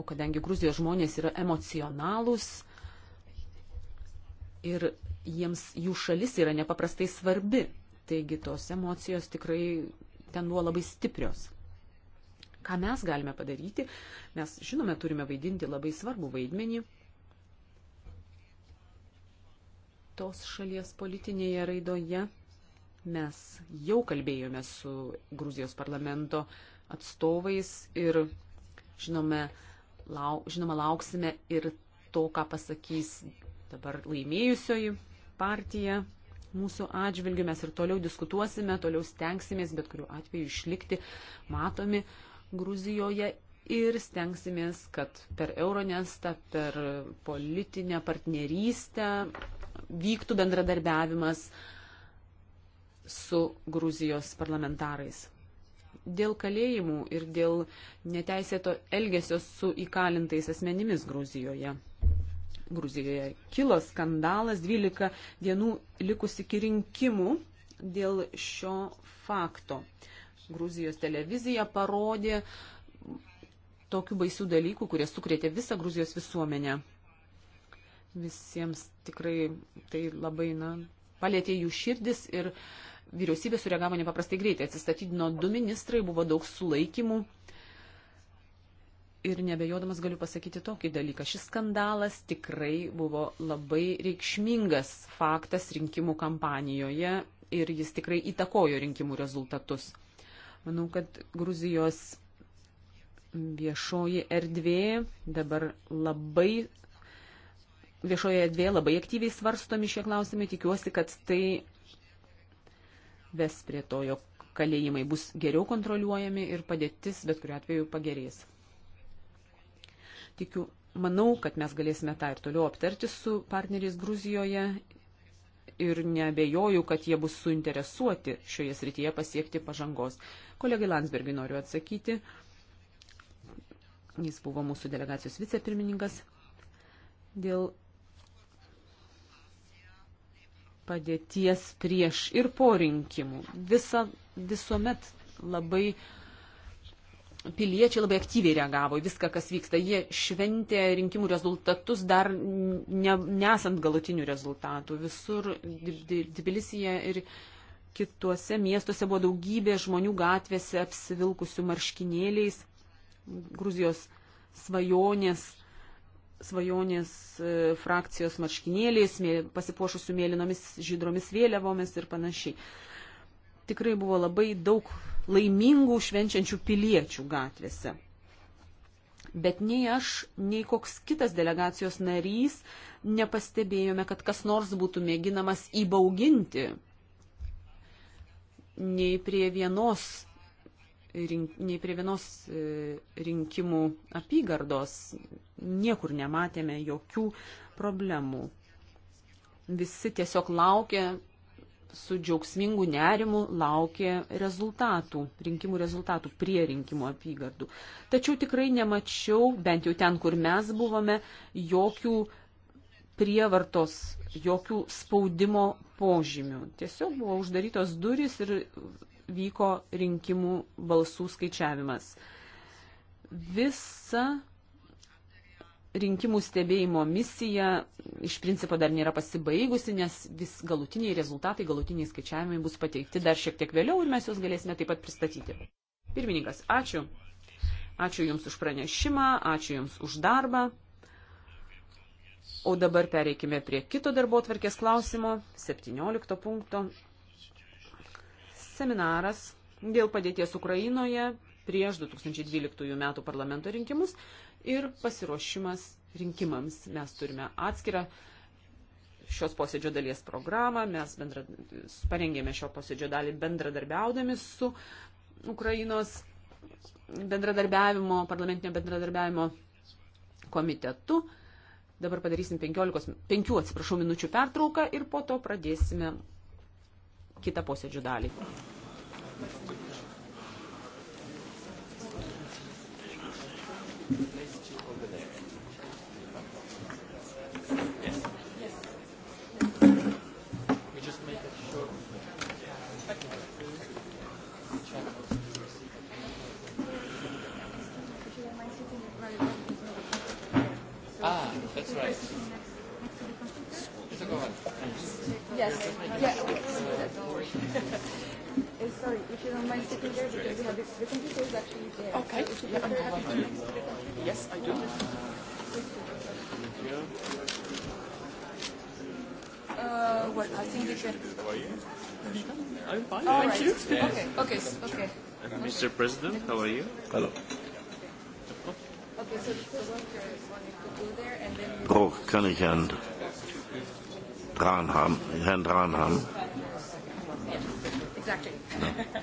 O kadangi Gruzijos žmonės yra emocionalūs ir jiems jų šalis yra nepaprastai svarbi, taigi tos emocijos tikrai ten buvo labai stiprios. Ką mes galime padaryti? Mes, žinome, turime vaidinti labai svarbų vaidmenį tos šalies politinėje raidoje. Mes jau kalbėjome su Gruzijos parlamento atstovais ir, žinome, lau, žinoma, lauksime ir to, ką pasakys dabar laimėjusioji partija mūsų atžvilgių. Mes ir toliau diskutuosime, toliau stengsimės, bet kuriuo atveju išlikti matomi Gruzijoje ir stengsimės, kad per Euronestą, per politinę partnerystę vyktų bendradarbiavimas su Gruzijos parlamentarais dėl kalėjimų ir dėl neteisėto elgesio su įkalintais asmenimis Gruzijoje. Gruzijoje kilo skandalas 12 dienų likus iki rinkimų dėl šio fakto. Gruzijos televizija parodė tokių baisių dalykų, kurie sukrėtė visą Gruzijos visuomenę. Visiems tikrai tai labai na, palėtė jų širdis ir vyriausybė sureagavo nepaprastai greitai. Atsistatydino du ministrai, buvo daug sulaikymų. Ir nebejodamas galiu pasakyti tokį dalyką. Šis skandalas tikrai buvo labai reikšmingas faktas rinkimų kampanijoje ir jis tikrai įtakojo rinkimų rezultatus. Manau, kad Gruzijos viešoji erdvė dabar labai viešoje erdvėje labai aktyviai svarstomi šie klausimai. Tikiuosi, kad tai ves prie to, jog kalėjimai bus geriau kontroliuojami ir padėtis bet kuriu atveju pagerės. Tikiu, manau, kad mes galėsime tą ir toliau aptarti su partneriais Gruzijoje ir nebejoju, kad jie bus suinteresuoti šioje srityje pasiekti pažangos. Kolegai Landsbergiai noriu atsakyti. Jis buvo mūsų delegacijos vicepirmininkas. Dėl padėties prieš ir po rinkimų. Visa, visuomet labai piliečiai labai aktyviai reagavo į viską, kas vyksta. Jie šventė rinkimų rezultatus dar ne, nesant galutinių rezultatų. Visur Tbilisyje ir kituose miestuose buvo daugybė žmonių gatvėse apsivilkusių marškinėliais, Gruzijos svajonės svajonės e, frakcijos marškinėliais, pasipuošusių mėlynomis žydromis vėliavomis ir panašiai. Tikrai buvo labai daug laimingų švenčiančių piliečių gatvėse. Bet nei aš, nei koks kitas delegacijos narys nepastebėjome, kad kas nors būtų mėginamas įbauginti. Nei prie vienos rink, nei prie vienos e, rinkimų apygardos niekur nematėme jokių problemų. Visi tiesiog laukė su džiaugsmingu nerimu laukė rezultatų, rinkimų rezultatų prie rinkimų apygardų. Tačiau tikrai nemačiau, bent jau ten, kur mes buvome, jokių prievartos, jokių spaudimo požymių. Tiesiog buvo uždarytos duris ir vyko rinkimų balsų skaičiavimas. Visa rinkimų stebėjimo misija iš principo dar nėra pasibaigusi, nes vis galutiniai rezultatai, galutiniai skaičiavimai bus pateikti dar šiek tiek vėliau ir mes juos galėsime taip pat pristatyti. Pirmininkas, ačiū. Ačiū Jums už pranešimą, ačiū Jums už darbą. O dabar pereikime prie kito darbo tvarkės klausimo, 17 punkto seminaras dėl padėties Ukrainoje prieš 2012 metų parlamento rinkimus ir pasiruošimas rinkimams. Mes turime atskirą šios posėdžio dalies programą, mes bendra, parengėme šio posėdžio dalį bendradarbiaudami su Ukrainos bendradarbiavimo, parlamentinio bendradarbiavimo komitetu. Dabar padarysim 15, 5 atsiprašau, minučių pertrauką ir po to pradėsime kitą posėdžių dalį. Yes. Yes. We just make it short. Ah, that's right. Yes. Yeah. uh, sorry, if you don't mind sitting there, because we have the, the computer is actually there. Okay. So yeah, I'm happy to. Yes, I do. Uh, what? I think you can. How are you? I'm fine. Oh, Thank right. you. Yeah. Okay. Okay. Okay. And okay. Mr. President, how are you? Hello. Okay, so the worker is wanting to go there, and then. Oh, kann ich an. Dranham, Herrn Dranham. Exactly. No.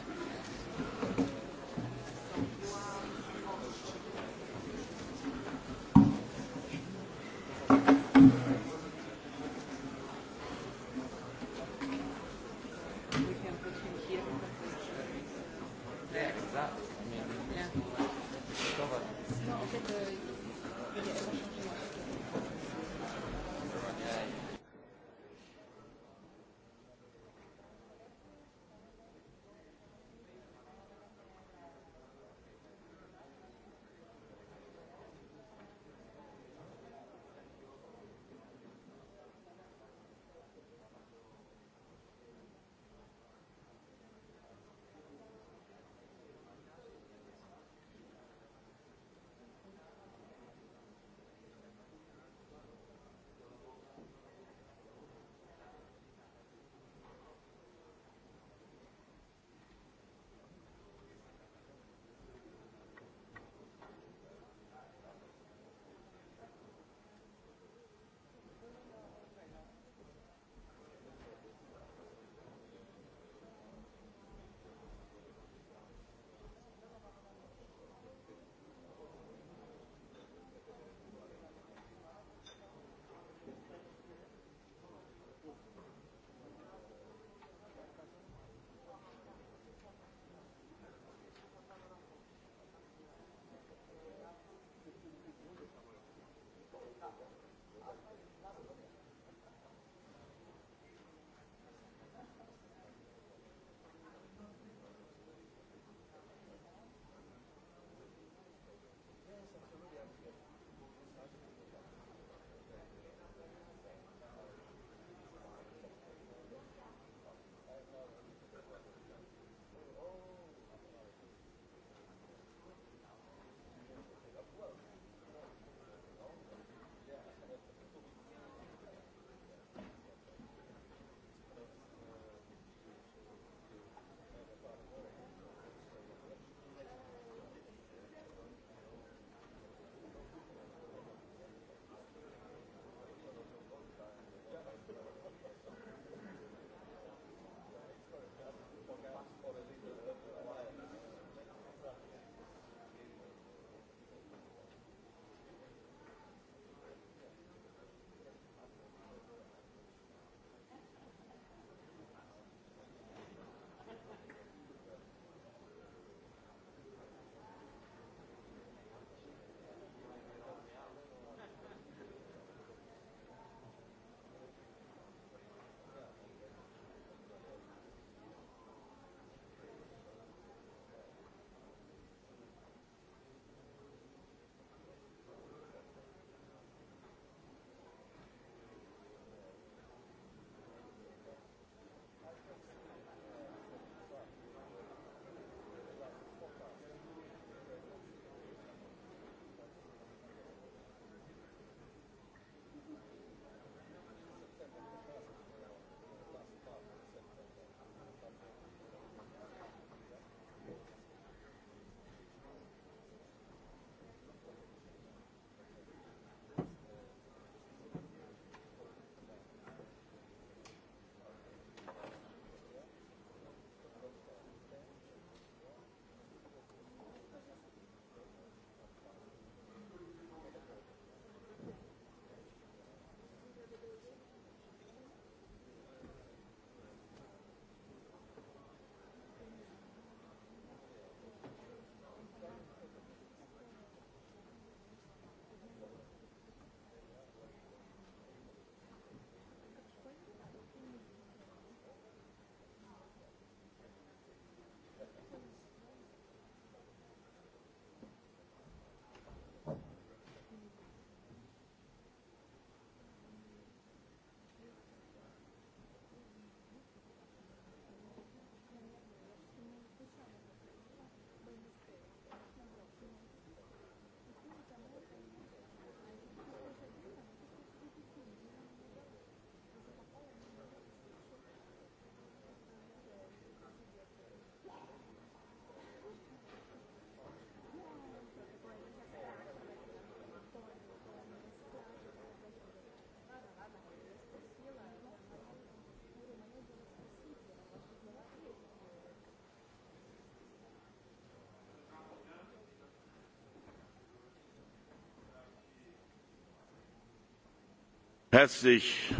herzlich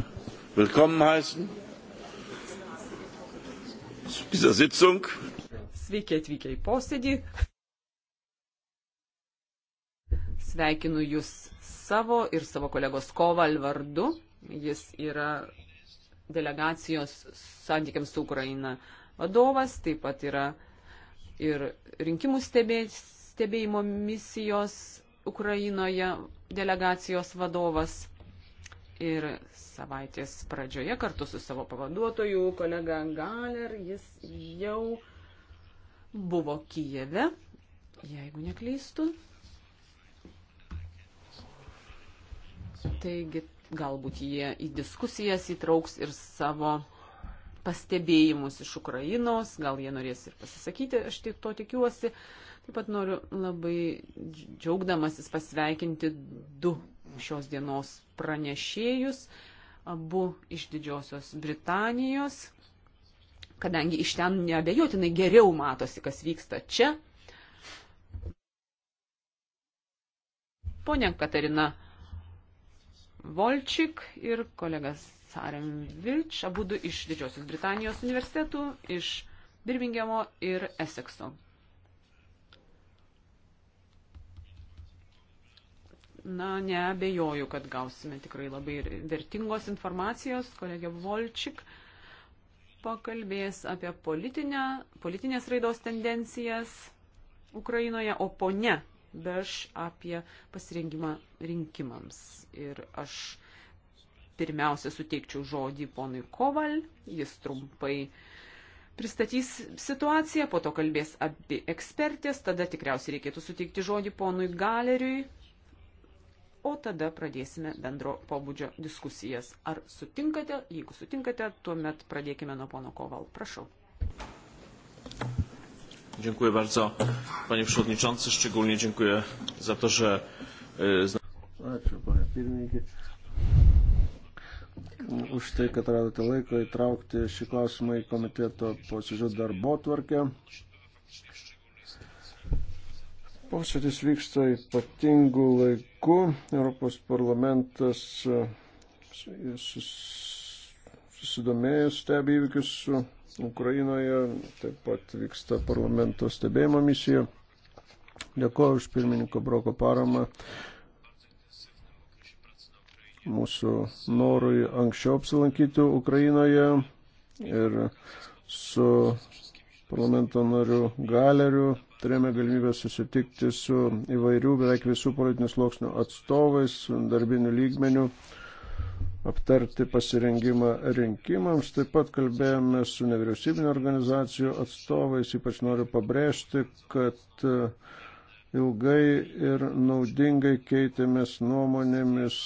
willkommen heißen zu dieser Sitzung. Sveiki atvykę į posėdį. Sveikinu Jūs savo ir savo kolegos Koval vardu. Jis yra delegacijos santykiams su Ukraina vadovas, taip pat yra ir rinkimų stebėjimo misijos Ukrainoje delegacijos vadovas. Ir savaitės pradžioje kartu su savo pavaduotoju kolega Galer jis jau buvo Kijeve, jeigu neklystu. Taigi galbūt jie į diskusijas įtrauks ir savo pastebėjimus iš Ukrainos, gal jie norės ir pasisakyti, aš tik to tikiuosi. Taip pat noriu labai džiaugdamasis pasveikinti du šios dienos pranešėjus, abu iš Didžiosios Britanijos, kadangi iš ten neabejotinai geriau matosi, kas vyksta čia. Pone Katarina Volčik ir kolegas Sarem Vilč, abu du iš Didžiosios Britanijos universitetų, iš Birmingemo ir Esekso na, neabejoju, kad gausime tikrai labai vertingos informacijos. Kolegė Volčik pakalbės apie politinę, politinės raidos tendencijas Ukrainoje, o ponia Beš apie pasirengimą rinkimams. Ir aš pirmiausia suteikčiau žodį ponui Koval, jis trumpai pristatys situaciją, po to kalbės abi ekspertės, tada tikriausiai reikėtų suteikti žodį ponui Galeriui, o tada pradėsime bendro pobūdžio diskusijas. Ar sutinkate? Jeigu sutinkate, tuomet pradėkime nuo pono Koval. Prašau. Dziękuję bardzo, panie przewodniczący. Szczególnie dziękuję za to, że. E, Ačiū, pane pirmininkė. Už tai, kad radote laiko įtraukti šį klausimą į komiteto posėdžio darbo tvarkę. Posėdis vyksta ypatingų laikų. Europos parlamentas e, susidomėjęs stebi įvykius Ukrainoje, taip pat vyksta parlamento stebėjimo misija. Dėkuoju už pirmininko Broko paramą mūsų norui anksčiau apsilankyti Ukrainoje ir su parlamento nariu Galeriu turėjome galimybę susitikti su įvairių beveik visų politinių sluoksnių atstovais, darbinių lygmenių, aptarti pasirengimą rinkimams. Taip pat kalbėjome su nevyriausybinio organizacijų atstovais, ypač noriu pabrėžti, kad e, ilgai ir naudingai keitėmės nuomonėmis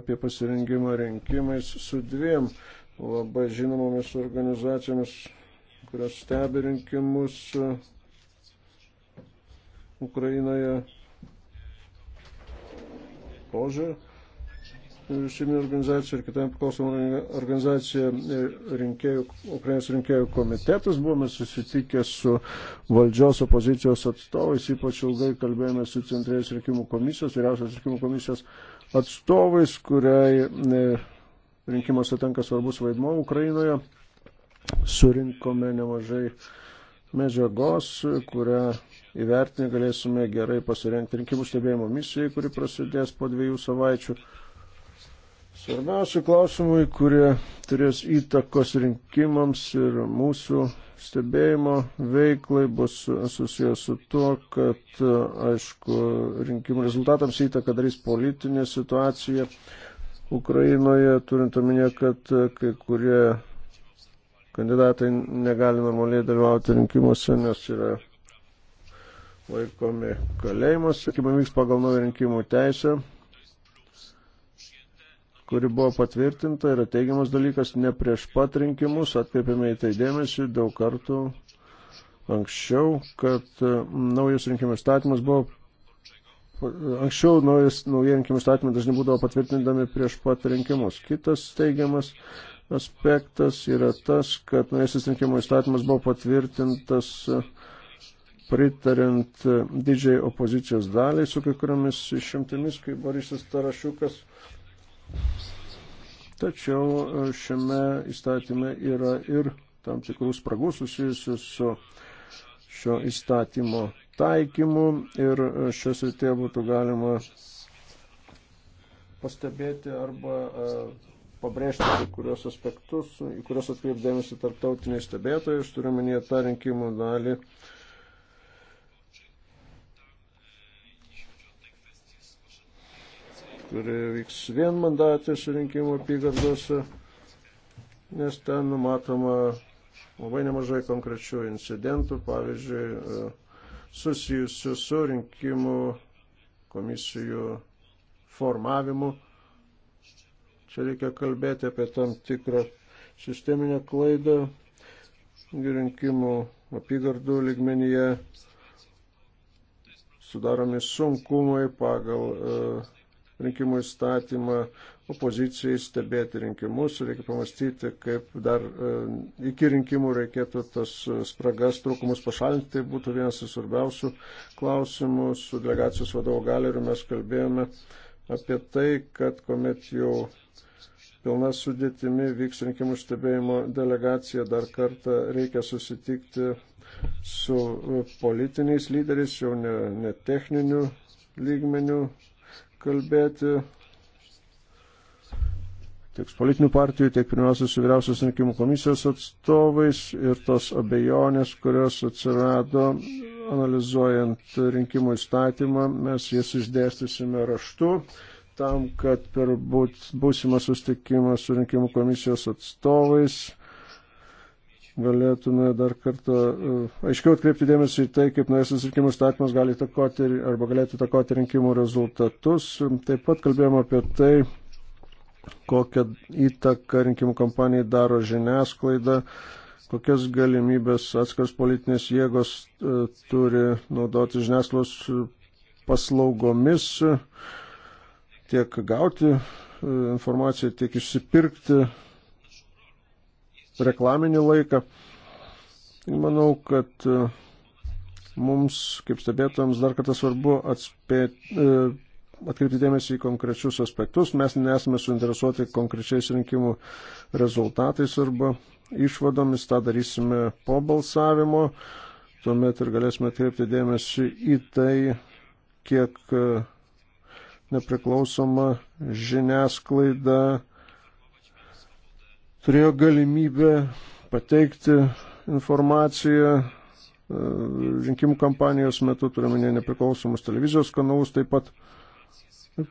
apie pasirengimą rinkimais su dviem labai žinomomis organizacijomis, kurios stebi rinkimus Ukrainoje požiūrį. Šeiminė organizacija ir kita nepriklausoma organizacija rinkėjų, Ukrainos rinkėjų komitetas buvome susitikę su valdžios opozicijos atstovais, ypač ilgai kalbėjome su Centrinės rinkimų komisijos, vyriausios rinkimų komisijos atstovais, kuriai e, rinkimuose tenka svarbus vaidmo Ukrainoje. Surinkome nemažai uh, medžiagos, kurią įvertinę galėsime gerai pasirengti rinkimų stebėjimo misijai, kuri prasidės po dviejų savaičių. Svarbiausių klausimų, kurie turės įtakos rinkimams ir mūsų stebėjimo veiklai bus susijęs su tuo, kad, aišku, rinkimų rezultatams įtaką darys politinė situacija Ukrainoje, turint omenyje, kad kai kurie kandidatai negali normaliai dalyvauti rinkimuose, nes yra laikomi kalėjimas. Sakymai vyks pagal naują rinkimų teisę, kuri buvo patvirtinta ir teigiamas dalykas ne prieš pat rinkimus, atkreipėme į tai dėmesį daug kartų anksčiau, kad e, naujas rinkimų statymas buvo Anksčiau naujas, nauji rinkimų statymai dažnai būdavo patvirtindami prieš pat rinkimus. Kitas teigiamas aspektas yra tas, kad naujasis rinkimų įstatymas buvo patvirtintas pritarint didžiai opozicijos daliai su kai kuriomis išimtimis, kaip Borisas Tarašiukas. Tačiau šiame įstatyme yra ir tam tikrų spragų susijusių su šio įstatymo taikymu ir šios rytėje būtų galima pastebėti arba pabrėžti kai kurios aspektus, į kurios atkreipdėmėsi tarptautiniai stebėtojai, aš turiu minėti tą rinkimų dalį. kuri vyks vien mandatės rinkimų apygardose, nes ten numatoma labai nemažai konkrečių incidentų, pavyzdžiui, e, susijusių su rinkimų komisijų formavimu Čia reikia kalbėti apie tam tikrą sisteminę klaidą rinkimų apygardų ligmenyje. Sudaromi sunkumai pagal uh, rinkimų įstatymą opozicijai stebėti rinkimus, reikia pamastyti, kaip dar e, iki rinkimų reikėtų tas e, spragas, trūkumus pašalinti, tai būtų vienas iš svarbiausių klausimų. Su delegacijos vadovo galeriu mes kalbėjome apie tai, kad kuomet jau pilna sudėtimi vyks rinkimų stebėjimo delegacija. Dar kartą reikia susitikti su politiniais lyderiais, jau ne, ne techniniu lygmeniu kalbėti tiek politinių partijų, tiek pirmiausia su vyriausios rinkimų komisijos atstovais ir tos abejonės, kurios atsirado analizuojant rinkimų įstatymą, mes jas išdėstysime raštu tam, kad per būsimą sustikimą su rinkimų komisijos atstovais galėtume dar kartą uh, aiškiau atkreipti dėmesį į tai, kaip naujasis rinkimų statymas gali takoti arba galėtų takoti rinkimų rezultatus. Taip pat kalbėjome apie tai, kokią įtaką rinkimų kampanijai daro žiniasklaida, kokias galimybės atskirs politinės jėgos uh, turi naudoti žiniasklaidos uh, paslaugomis. Uh, tiek gauti e, informaciją, tiek išsipirkti reklaminį laiką. Manau, kad e, mums, kaip stebėtojams, dar kartą svarbu atspėti, e, atkreipti dėmesį į konkrečius aspektus. Mes nesame suinteresuoti konkrečiais rinkimų rezultatais arba išvadomis. Ta darysime po balsavimo. Tuomet ir galėsime atkreipti dėmesį į tai, kiek nepriklausoma žiniasklaida turėjo galimybę pateikti informaciją e, rinkimų kampanijos metu, turime ne nepriklausomus televizijos kanalus taip pat.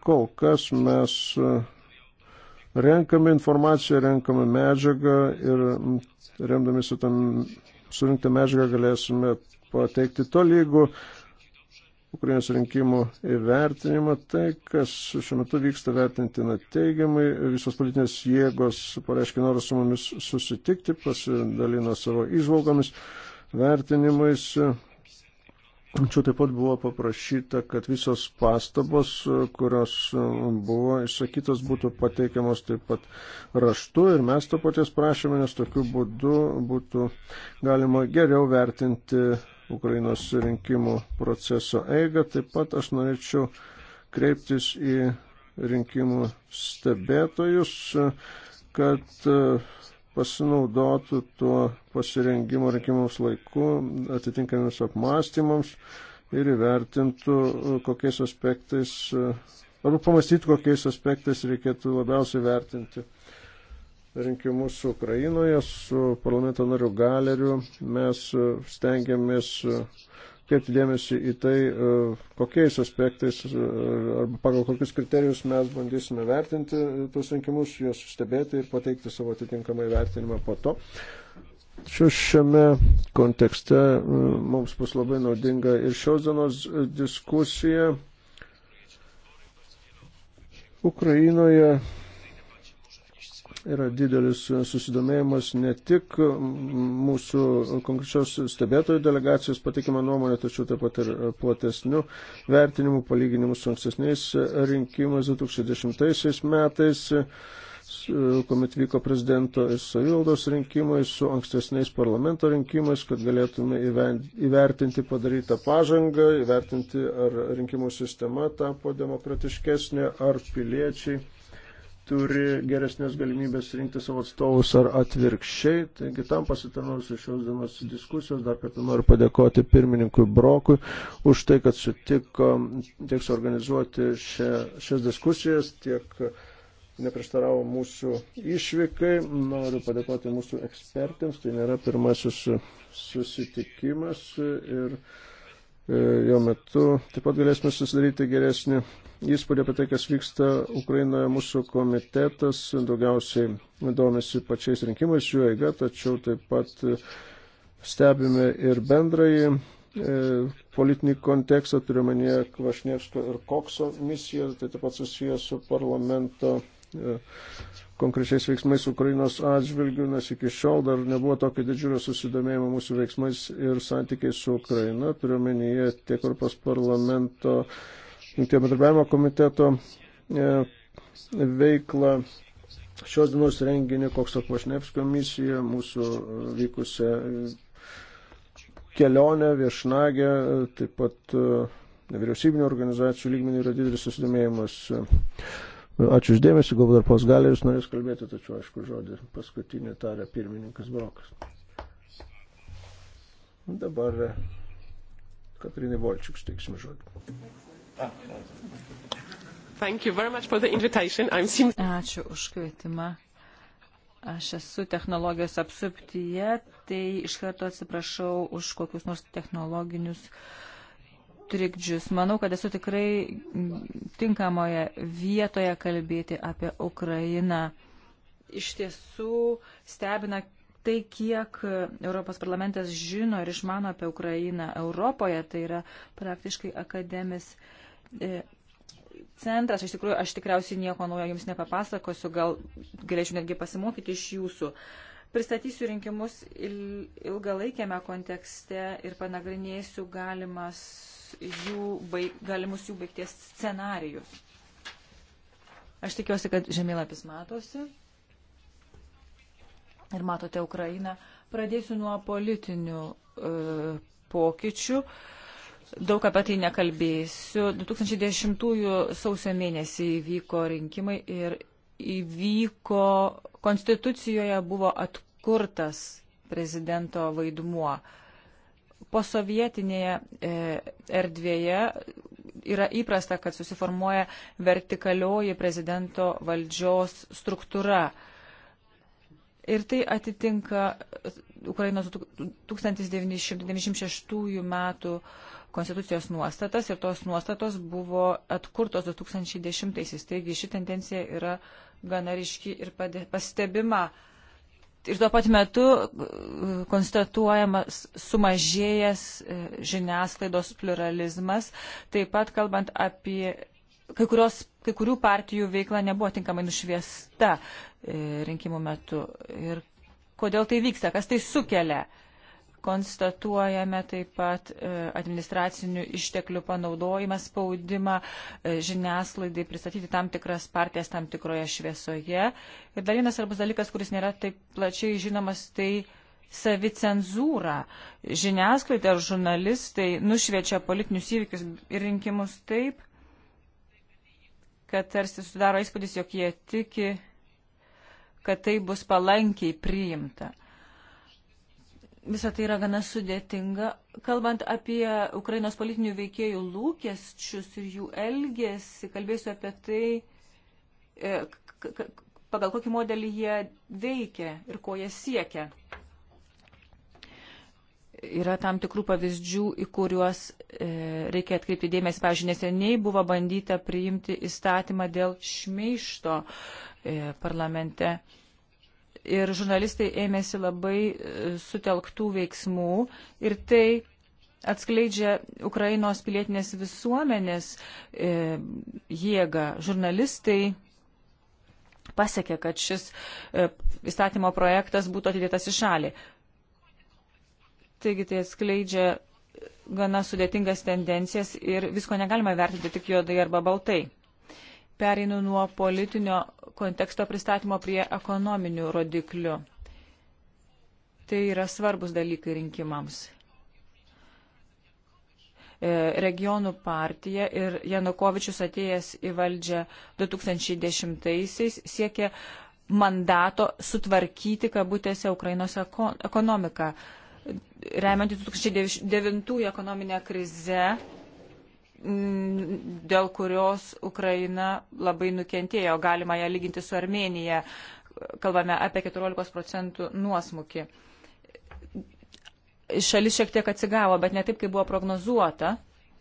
Kol kas mes e, renkame informaciją, renkame medžiagą ir remdamėsi tam surinktą medžiagą galėsime pateikti tolygų Ukrainos rinkimų įvertinimą. Tai, kas šiuo metu vyksta vertintina teigiamai, visos politinės jėgos pareiškė norą su mumis susitikti, pasidalino savo išvalgomis, vertinimais. Čia taip pat buvo paprašyta, kad visos pastabos, kurios buvo išsakytos, būtų pateikiamos taip pat raštu ir mes to paties prašėme, nes tokiu būdu būtų galima geriau vertinti Ukrainos rinkimų proceso eigą. Taip pat aš norėčiau kreiptis į rinkimų stebėtojus, kad e, pasinaudotų tuo pasirengimo rinkimams laiku atitinkamiems apmąstymams ir įvertintų, e, kokiais aspektais, e, arba pamastytų, kokiais aspektais reikėtų labiausiai vertinti rinkimus Ukrainoje su parlamento nariu Galeriu. Mes e, stengiamės e, kreipti dėmesį į tai, e, kokiais aspektais arba pagal kokius kriterijus mes bandysime vertinti tuos rinkimus, juos stebėti ir pateikti savo atitinkamą įvertinimą po to. Tačiau šiame kontekste mums bus labai naudinga ir šios dienos diskusija Ukrainoje yra didelis susidomėjimas ne tik mūsų konkrečios stebėtojų delegacijos patikimą nuomonę, tačiau taip pat ir platesnių vertinimų palyginimų su ankstesniais rinkimais 2010 metais kuomet vyko prezidento ir savivaldos rinkimai su ankstesniais parlamento rinkimais, kad galėtume įvertinti padarytą pažangą, įvertinti, ar rinkimų sistema tapo demokratiškesnė, ar piliečiai turi geresnės galimybės rinkti savo atstovus ar atvirkščiai. Taigi tam pasitarnausiu šios dienos diskusijos. Dar kartą noriu padėkoti pirmininkui Brokui už tai, kad sutiko tiek suorganizuoti šia, šias diskusijas, tiek neprieštaravo mūsų išvykai. Noriu padėkoti mūsų ekspertams. Tai nėra pirmasis susitikimas. Ir, e, jo metu taip pat galėsime susidaryti geresnį įspūdį apie tai, kas vyksta Ukrainoje. Mūsų komitetas daugiausiai domisi pačiais rinkimais, jų eiga, tačiau taip pat stebime ir bendrąjį e, politinį kontekstą, turiu manyje Kvašnievskio ir Kokso misiją, tai taip pat susijęs su parlamento e, konkrečiais veiksmais Ukrainos atžvilgių, nes iki šiol dar nebuvo tokio didžiulio susidomėjimo mūsų veiksmais ir santykiai su Ukraina, turiu menyje tiek Europos parlamento Jungtinio bendradarbiavimo komiteto e, veiklą. Šios dienos renginį Kokso Kvašnevskio misiją, mūsų e, vykusią e, kelionę, viešnagę, taip pat nevyriausybinio organizacijų lygmenį yra didelis susidomėjimas. Ačiū uždėmesi, galbūt dar pos galerius norės kalbėti, tačiau aišku žodį paskutinį tarė pirmininkas Brokas. Dabar Katrinai Volčiuk steiksime žodį. Ačiū už kvietimą. Aš esu technologijos apsuptyje, tai iš karto atsiprašau už kokius nors technologinius trikdžius. Manau, kad esu tikrai tinkamoje vietoje kalbėti apie Ukrainą. Iš tiesų stebina tai, kiek Europos parlamentas žino ir išmano apie Ukrainą Europoje, tai yra praktiškai akademis E, centras, iš tikrųjų, aš tikriausiai nieko naujo jums nepapasakosiu, gal galėčiau netgi pasimokyti iš jūsų. Pristatysiu rinkimus ilgalaikėme kontekste ir panagrinėsiu galimas jų baig, galimus jų baigties scenarius. Aš tikiuosi, kad žemėlapis matosi ir matote Ukrainą. Pradėsiu nuo politinių e, pokyčių. E, daug apie tai nekalbėsiu. 2010 sausio mėnesį įvyko rinkimai ir įvyko, konstitucijoje buvo atkurtas prezidento vaidmuo. Posovietinėje e, erdvėje yra įprasta, kad susiformuoja vertikalioji prezidento valdžios struktūra. Ir tai atitinka Ukrainos 1996 metų konstitucijos nuostatas ir tos nuostatos buvo atkurtos 2010-aisiais. Taigi ši tendencija yra gana ryški ir pastebima. Ir tuo pat metu uh, konstatuojamas sumažėjęs uh, žiniasklaidos pluralizmas, taip pat kalbant apie kai, kurios, kai kurių partijų veikla nebuvo tinkamai nušviesta uh, rinkimų metu. Ir kodėl tai vyksta, kas tai sukelia? Konstatuojame taip pat e, administracinių išteklių panaudojimą, spaudimą e, žiniaslaidai pristatyti tam tikras partijas tam tikroje šviesoje. Ir dar vienas svarbus dalykas, kuris nėra taip plačiai žinomas, tai savicenzūra. Žiniasklaida ar žurnalistai nušviečia politinius įvykius ir rinkimus taip, kad tarsi sudaro įspūdis, jog jie tiki, kad tai bus palankiai priimta. Visą tai yra gana sudėtinga. Kalbant apie Ukrainos politinių veikėjų lūkesčius ir jų elgesį, kalbėsiu apie tai, e, pagal kokį modelį jie veikia ir ko jie siekia. Yra tam tikrų pavyzdžių, į kuriuos e, reikia atkreipti dėmesį. Pavyzdžiui, neseniai buvo bandyta priimti įstatymą dėl šmeišto e, parlamente. E, ir žurnalistai ėmėsi labai e, sutelktų veiksmų ir tai atskleidžia Ukrainos pilietinės visuomenės e, jėgą. Žurnalistai pasiekė, kad šis e, įstatymo projektas būtų atidėtas į šalį. Taigi tai atskleidžia gana sudėtingas tendencijas ir visko negalima vertinti tik juodai arba baltai. Pereinu nuo politinio konteksto pristatymo prie ekonominių rodiklių. Tai yra svarbus dalykai rinkimams. E, regionų partija ir Janukovičius atėjęs į valdžią 2010-aisiais siekė mandato sutvarkyti, kabutėse, Ukrainos ekonomiką. Remiant 2009 ekonominę krizę, Mm, dėl kurios Ukraina labai nukentėjo. Galima ją lyginti su Armenija. Kalbame apie 14 procentų nuosmukį. Šalis šiek tiek atsigavo, bet ne taip, kaip buvo prognozuota,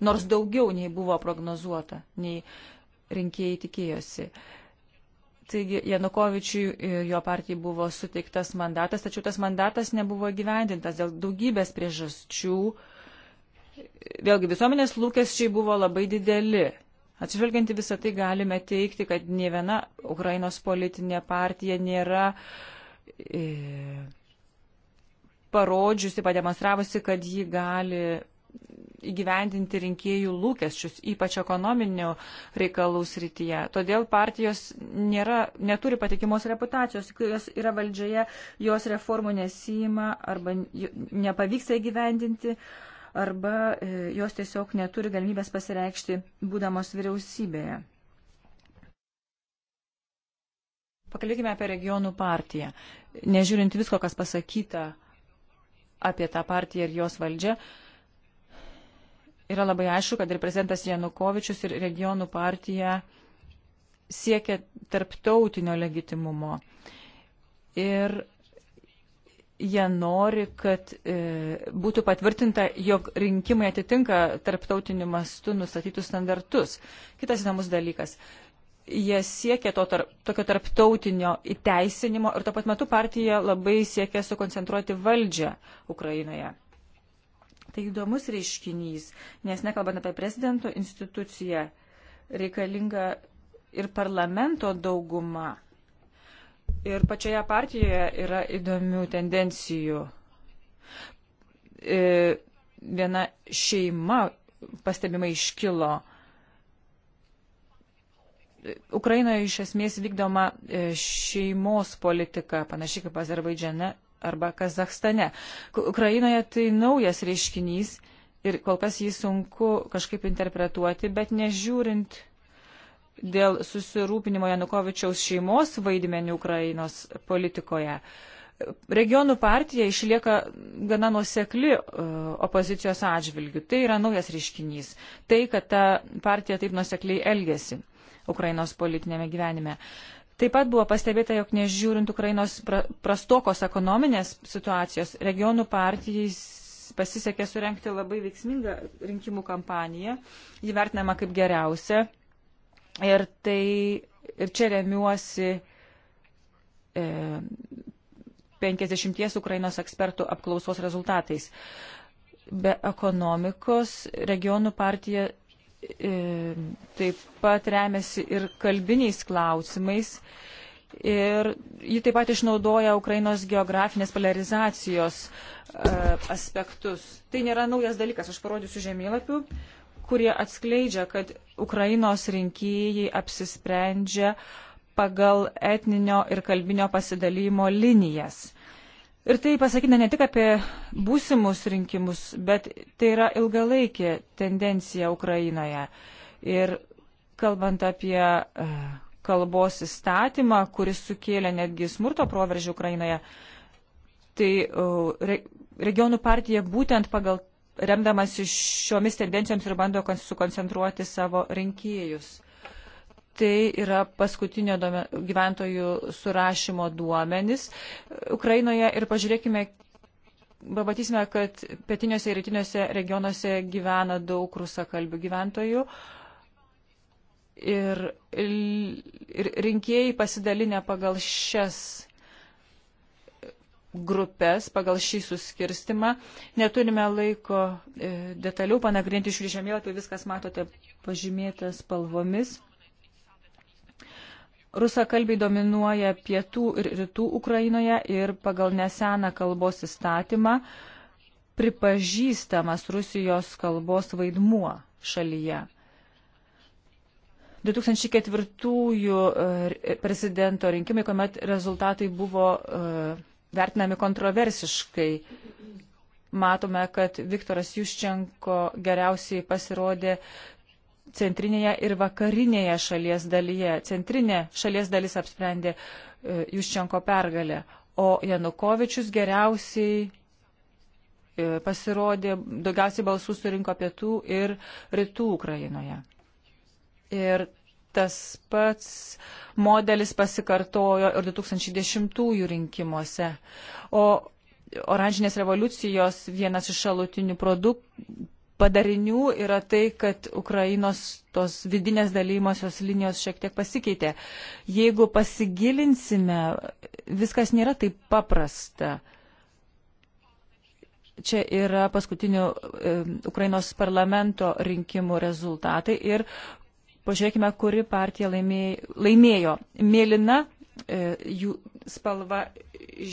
nors daugiau nei buvo prognozuota, nei rinkėjai tikėjosi. Taigi Janukovičiui ir jo partijai buvo suteiktas mandatas, tačiau tas mandatas nebuvo gyvendintas dėl daugybės priežasčių, uh, vėlgi visuomenės lūkesčiai buvo labai dideli. Atsižvelgianti visą tai galime teikti, kad ne viena Ukrainos politinė partija nėra e, parodžiusi, pademonstravusi, kad ji gali įgyvendinti rinkėjų lūkesčius, ypač ekonominių reikalų srityje. Todėl partijos nėra, neturi patikimos reputacijos, jos yra valdžioje, jos reformų nesima arba nepavyksta įgyvendinti. Uh, arba e, jos tiesiog neturi galimybės pasireikšti būdamos vyriausybėje. Pakalbėkime apie regionų partiją. Nežiūrint visko, kas pasakyta apie tą partiją ir jos valdžią, yra labai aišku, kad ir prezidentas Janukovičius ir regionų partija siekia tarptautinio legitimumo. Ir jie nori, kad e, būtų patvirtinta, jog rinkimai atitinka tarptautiniu mastu nustatytus standartus. Kitas įdomus dalykas. Jie siekia to tarp, tokio tarptautinio įteisinimo ir tuo pat metu partija labai siekia sukoncentruoti valdžią Ukrainoje. Tai įdomus reiškinys, nes nekalbant apie prezidento instituciją, reikalinga ir parlamento dauguma Ir pačioje partijoje yra įdomių tendencijų. E, viena šeima pastebimai iškilo. Ukrainoje iš esmės vykdoma e, šeimos politika, panašiai kaip Azerbaidžiane arba Kazahstane. Ukrainoje tai naujas reiškinys ir kol kas jį sunku kažkaip interpretuoti, bet nežiūrint dėl susirūpinimo Janukovičiaus šeimos vaidmenį Ukrainos politikoje. Regionų partija išlieka gana nuosekli e, opozicijos atžvilgių. Tai yra naujas reiškinys. Tai, kad ta partija taip nuosekliai elgesi Ukrainos politinėme gyvenime. Taip pat buvo pastebėta, jog nežiūrint Ukrainos prastokos ekonominės situacijos, regionų partijai pasisekė surenkti labai veiksmingą rinkimų kampaniją, jį vertinama kaip geriausia Ir, tai, ir čia remiuosi e, 50 Ukrainos ekspertų apklausos rezultatais. Be ekonomikos regionų partija e, taip pat remiasi ir kalbiniais klausimais. Ir ji taip pat išnaudoja Ukrainos geografinės polarizacijos e, aspektus. Tai nėra naujas dalykas. Aš parodysiu žemėlapių kurie atskleidžia, kad Ukrainos rinkėjai apsisprendžia pagal etninio ir kalbinio pasidalymo linijas. Ir tai pasakyta ne tik apie būsimus rinkimus, bet tai yra ilgalaikė tendencija Ukrainoje. Ir kalbant apie e, kalbos įstatymą, kuris sukėlė netgi smurto proveržį Ukrainoje, tai e, regionų partija būtent pagal remdamas šiomis tendencijoms ir bando sukoncentruoti savo rinkėjus. Tai yra paskutinio gyventojų surašymo duomenis Ukrainoje ir pažiūrėkime, pamatysime, kad pietiniuose ir rytiniuose regionuose gyvena daug rusakalbių gyventojų. Ir, ir rinkėjai pasidalinę pagal šias grupės pagal šį suskirstimą. Neturime laiko e, detaliau panagrinti šių žemėlapių, viskas matote pažymėtas spalvomis. Rusakalbiai dominuoja pietų ir rytų Ukrainoje ir pagal neseną kalbos įstatymą pripažįstamas Rusijos kalbos vaidmuo šalyje. 2004 e, prezidento rinkimai, kuomet rezultatai buvo uh, vertinami kontroversiškai. Matome, kad Viktoras Juščenko geriausiai pasirodė centrinėje ir vakarinėje šalies dalyje. Centrinė šalies dalis apsprendė e, Juščenko pergalę, o Janukovičius geriausiai e, pasirodė, daugiausiai balsų surinko pietų ir rytų Ukrainoje. Ir tas pats modelis pasikartojo ir 2010 rinkimuose. O oranžinės revoliucijos vienas iš šalutinių produktų padarinių yra tai, kad Ukrainos tos vidinės dalymosios linijos šiek tiek pasikeitė. Jeigu pasigilinsime, viskas nėra taip paprasta. Čia yra paskutinių e, Ukrainos parlamento rinkimų rezultatai ir Pažiūrėkime, kuri partija laimėjo. Mėlyna e, jų spalva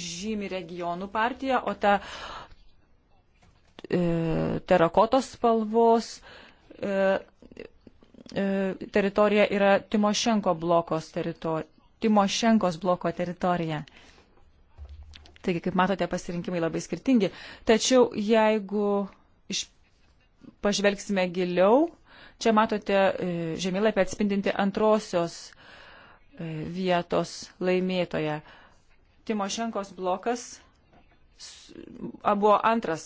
žymi regionų partiją, o ta e, terakotos spalvos e, teritorija yra Timošenko blokos teritorija. Timošenkos bloko teritorija. Taigi, kaip matote, pasirinkimai labai skirtingi. Tačiau jeigu iš, pažvelgsime giliau, Čia matote e, žemėlapį atspindinti antrosios e, vietos laimėtoje. Timošenkos blokas buvo antras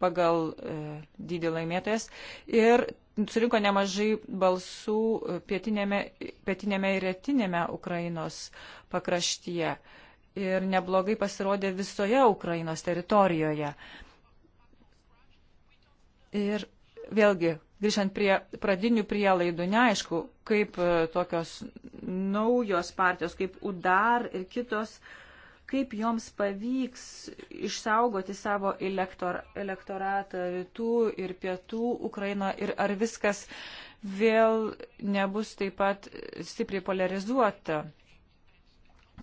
pagal e, dydį laimėtojas ir surinko nemažai balsų pietinėme, pietinėme ir retinėme Ukrainos pakraštyje ir neblogai pasirodė visoje Ukrainos teritorijoje. Ir vėlgi, grįžtant prie pradinių prielaidų, neaišku, kaip e, tokios naujos partijos, kaip UDAR ir kitos, kaip joms pavyks išsaugoti savo elektor, elektoratą rytų ir pietų Ukraino ir ar viskas vėl nebus taip pat stipriai polarizuota.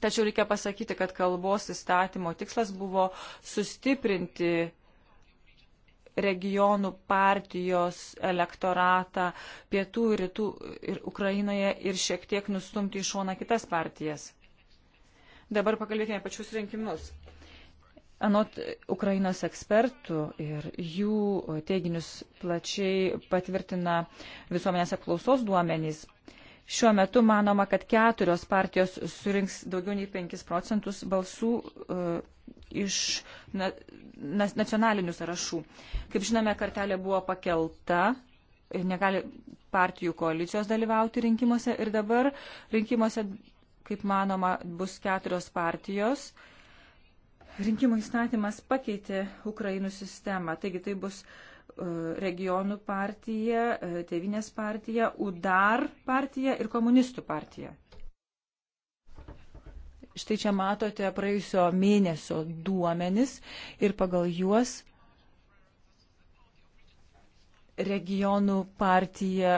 Tačiau reikia pasakyti, kad kalbos įstatymo tikslas buvo sustiprinti regionų partijos elektoratą pietų ir rytų ir Ukrainoje ir šiek tiek nustumti į šoną kitas partijas. Dabar pakalbėkime pačius rinkimus. Anot Ukrainos ekspertų ir jų teiginius plačiai patvirtina visuomenės apklausos duomenys. Šiuo metu manoma, kad keturios partijos surinks daugiau nei 5 procentus balsų uh, iš na, na, nacionalinių sąrašų. Kaip žinome, kartelė buvo pakelta ir negali partijų koalicijos dalyvauti rinkimuose ir dabar rinkimuose, kaip manoma, bus keturios partijos. Rinkimų įstatymas pakeitė Ukrainų sistemą, taigi tai bus uh, E, regionų partija, e, Tevinės partija, UDAR partija ir komunistų partija. Štai čia matote praėjusio mėnesio duomenis ir pagal juos regionų partija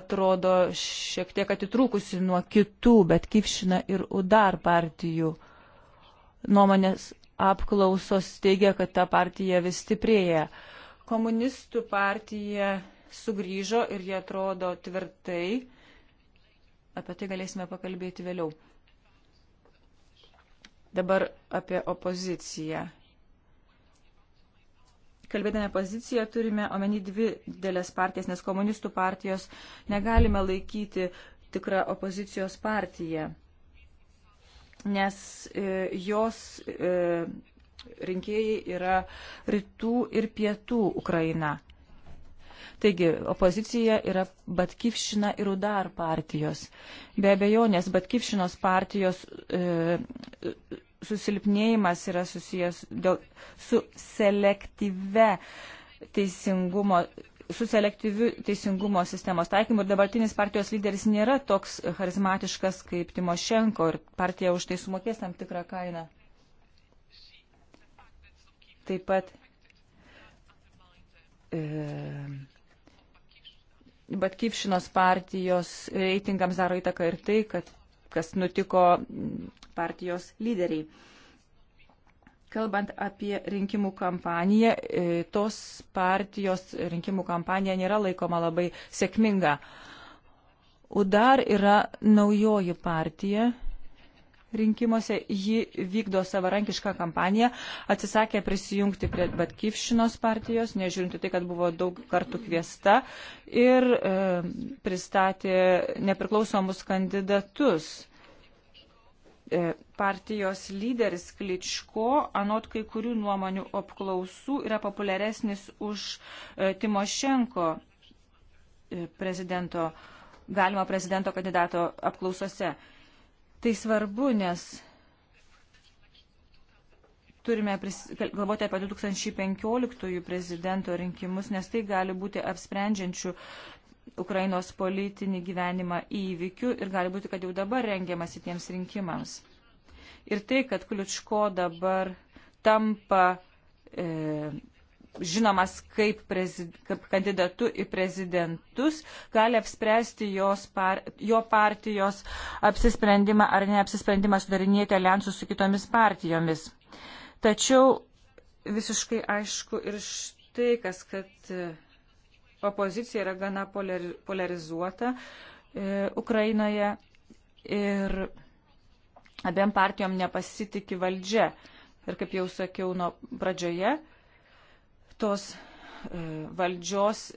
atrodo šiek tiek atitrūkusi nuo kitų, bet Kipšina ir Udar partijų nuomonės apklausos teigia, kad ta partija vis stiprėja. Uh, Komunistų partija sugrįžo ir jie atrodo tvirtai. Apie tai galėsime pakalbėti vėliau. Dabar apie opoziciją. Kalbėdami poziciją turime omeny dvi dėlės partijas, nes komunistų partijos negalime laikyti tikrą opozicijos partiją, nes e, jos e, rinkėjai yra rytų ir pietų Ukraina. Taigi, opozicija yra Batkivšina ir Udar partijos. Be abejonės, Batkivšinos partijos e, susilpnėjimas yra susijęs dėl, su selektyve teisingumo su selektyviu teisingumo sistemos taikymu ir dabartinis partijos lyderis nėra toks charizmatiškas kaip Timošenko ir partija už tai sumokės tam tikrą kainą. Taip pat e, Batkypšinos partijos reitingams daro įtaką ir tai, kad kas nutiko partijos lyderiai. Kalbant apie rinkimų kampaniją, e, tos partijos rinkimų kampanija nėra laikoma labai sėkminga. Udar yra naujoji partija, rinkimuose. Ji vykdo savarankišką kampaniją, atsisakė prisijungti prie Batkivšinos partijos, nežiūrinti tai, kad buvo daug kartų kviesta ir e, pristatė nepriklausomus kandidatus. E, partijos lyderis Kličko, anot kai kurių nuomonių apklausų, yra populiaresnis už e, Timošenko e, prezidento, galimo prezidento kandidato apklausose. E, Tai svarbu, nes turime pris, galvoti apie 2015 prezidento rinkimus, nes tai gali būti apsprendžiančių Ukrainos politinį gyvenimą įvykių ir gali būti, kad jau dabar rengiamasi tiems rinkimams. Ir tai, kad Kliučko dabar tampa e, žinomas kaip, prezid, kaip kandidatu į prezidentus, gali apspręsti par, jo partijos apsisprendimą ar neapsisprendimą sudarinėti aliansus su kitomis partijomis. Tačiau visiškai aišku ir štai kas, kad e, opozicija yra gana polarizuota e, Ukrainoje ir abiem partijom nepasitikė valdžia. Ir kaip jau sakiau nuo pradžioje, tos e, valdžios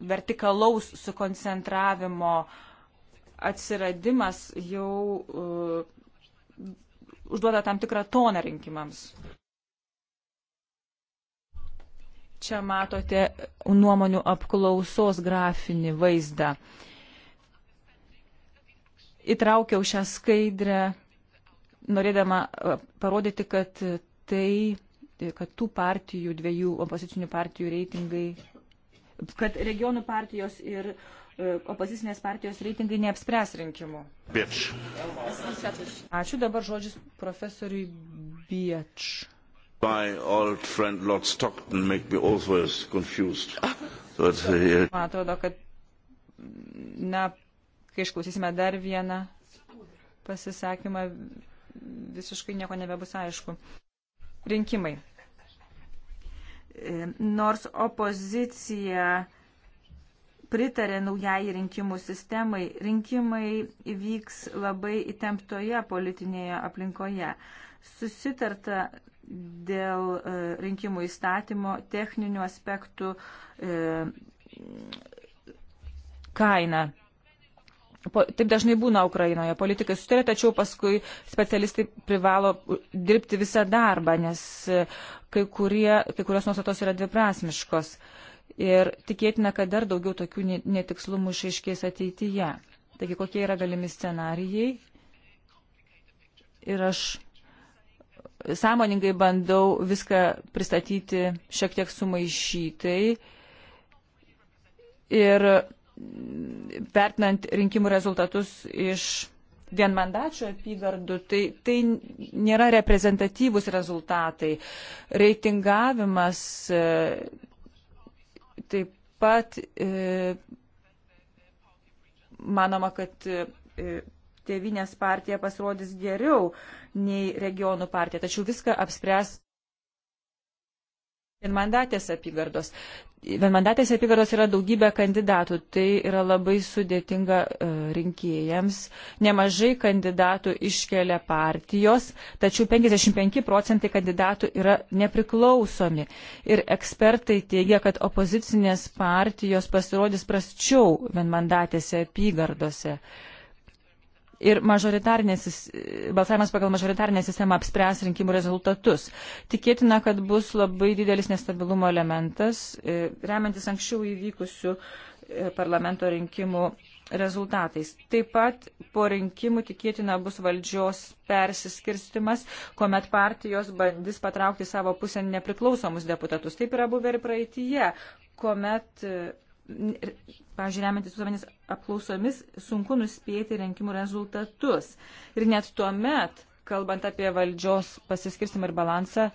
vertikalaus sukoncentravimo atsiradimas jau uh, užduoda tam tikrą toną rinkimams. Čia matote nuomonių apklausos grafinį vaizdą. Įtraukiau šią skaidrę, norėdama e, parodyti, kad tai kad tų partijų, dviejų opozicinių partijų reitingai, kad regionų partijos ir e, opozicinės partijos reitingai neapspręs rinkimų. Bieč. Ačiū dabar žodžius profesoriui Bieč. My old friend Lord Stockton make me always confused. But, uh, Man atrodo, kad, na, kai išklausysime dar vieną pasisakymą, visiškai nieko nebebus aišku. Rinkimai. Nors opozicija pritarė naujai rinkimų sistemai, rinkimai vyks labai įtemptoje politinėje aplinkoje. Susitarta dėl e, rinkimų įstatymo techninių aspektų e, kaina po, taip dažnai būna Ukrainoje. Politikai sutarė, tačiau paskui specialistai privalo dirbti visą darbą, nes e, kai, kurie, kai kurios nuostatos yra dviprasmiškos. Ir tikėtina, kad dar daugiau tokių netikslumų išaiškės ateityje. Taigi, kokie yra galimi scenarijai. Ir aš sąmoningai bandau viską pristatyti šiek tiek sumaišytai. Ir vertinant rinkimų rezultatus iš vienmandačių apygardų, tai, tai nėra reprezentatyvus rezultatai. Reitingavimas e, taip pat e, manoma, kad e, Tevinės partija pasirodys geriau nei regionų partija, tačiau viską apspręs vienmandatės apygardos. Vienmandatės apygardos yra daugybė kandidatų, tai yra labai sudėtinga e, rinkėjams. Nemažai kandidatų iškelia partijos, tačiau 55 procentai kandidatų yra nepriklausomi. Ir ekspertai teigia, kad opozicinės partijos pasirodys prasčiau vienmandatėse apygardose. Uh, ir balsavimas pagal mažoritarinę sistemą apspręs rinkimų rezultatus. Tikėtina, kad bus labai didelis nestabilumo elementas, e, remiantis anksčiau įvykusių e, parlamento rinkimų rezultatais. Taip pat po rinkimų tikėtina bus valdžios persiskirstimas, kuomet partijos bandys patraukti savo pusę nepriklausomus deputatus. Taip yra buvę ir praeitie, kuomet e, pavyzdžiui, remiantis visuomenės apklausomis, sunku nuspėti rinkimų rezultatus. Ir net tuo met, kalbant apie valdžios pasiskirstimą ir balansą,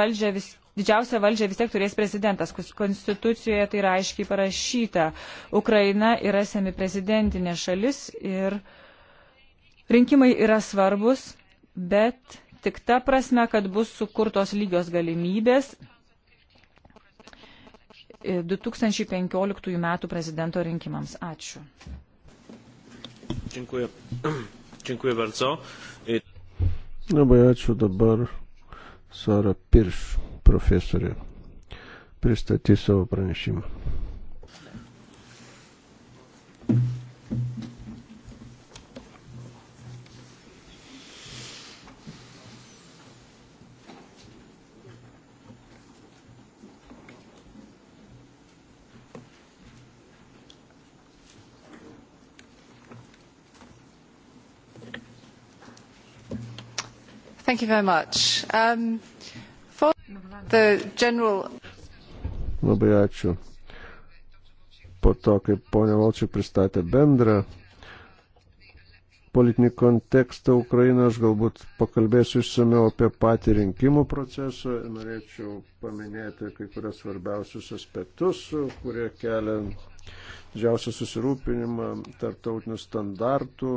valdžia vis, didžiausią valdžią vis tiek turės prezidentas. Konstitucijoje tai yra aiškiai parašyta. Ukraina yra semiprezidentinė šalis ir rinkimai yra svarbus, bet tik ta prasme, kad bus sukurtos lygios galimybės 2015 e, m. prezidento rinkimams. Ačiū. Dziękuję. Dziękuję bardzo. Labai ačiū dabar Sara Pirš, profesorė. Pristatys savo pranešimą. Thank you very much. Um, for the general... Labai ačiū. Po to, kaip ponia Valčiai pristatė bendrą politinį kontekstą Ukrainą, aš galbūt pakalbėsiu išsameu apie patį rinkimų procesą ir norėčiau paminėti kai kurias svarbiausius aspektus, kurie kelia didžiausią susirūpinimą tarptautinių standartų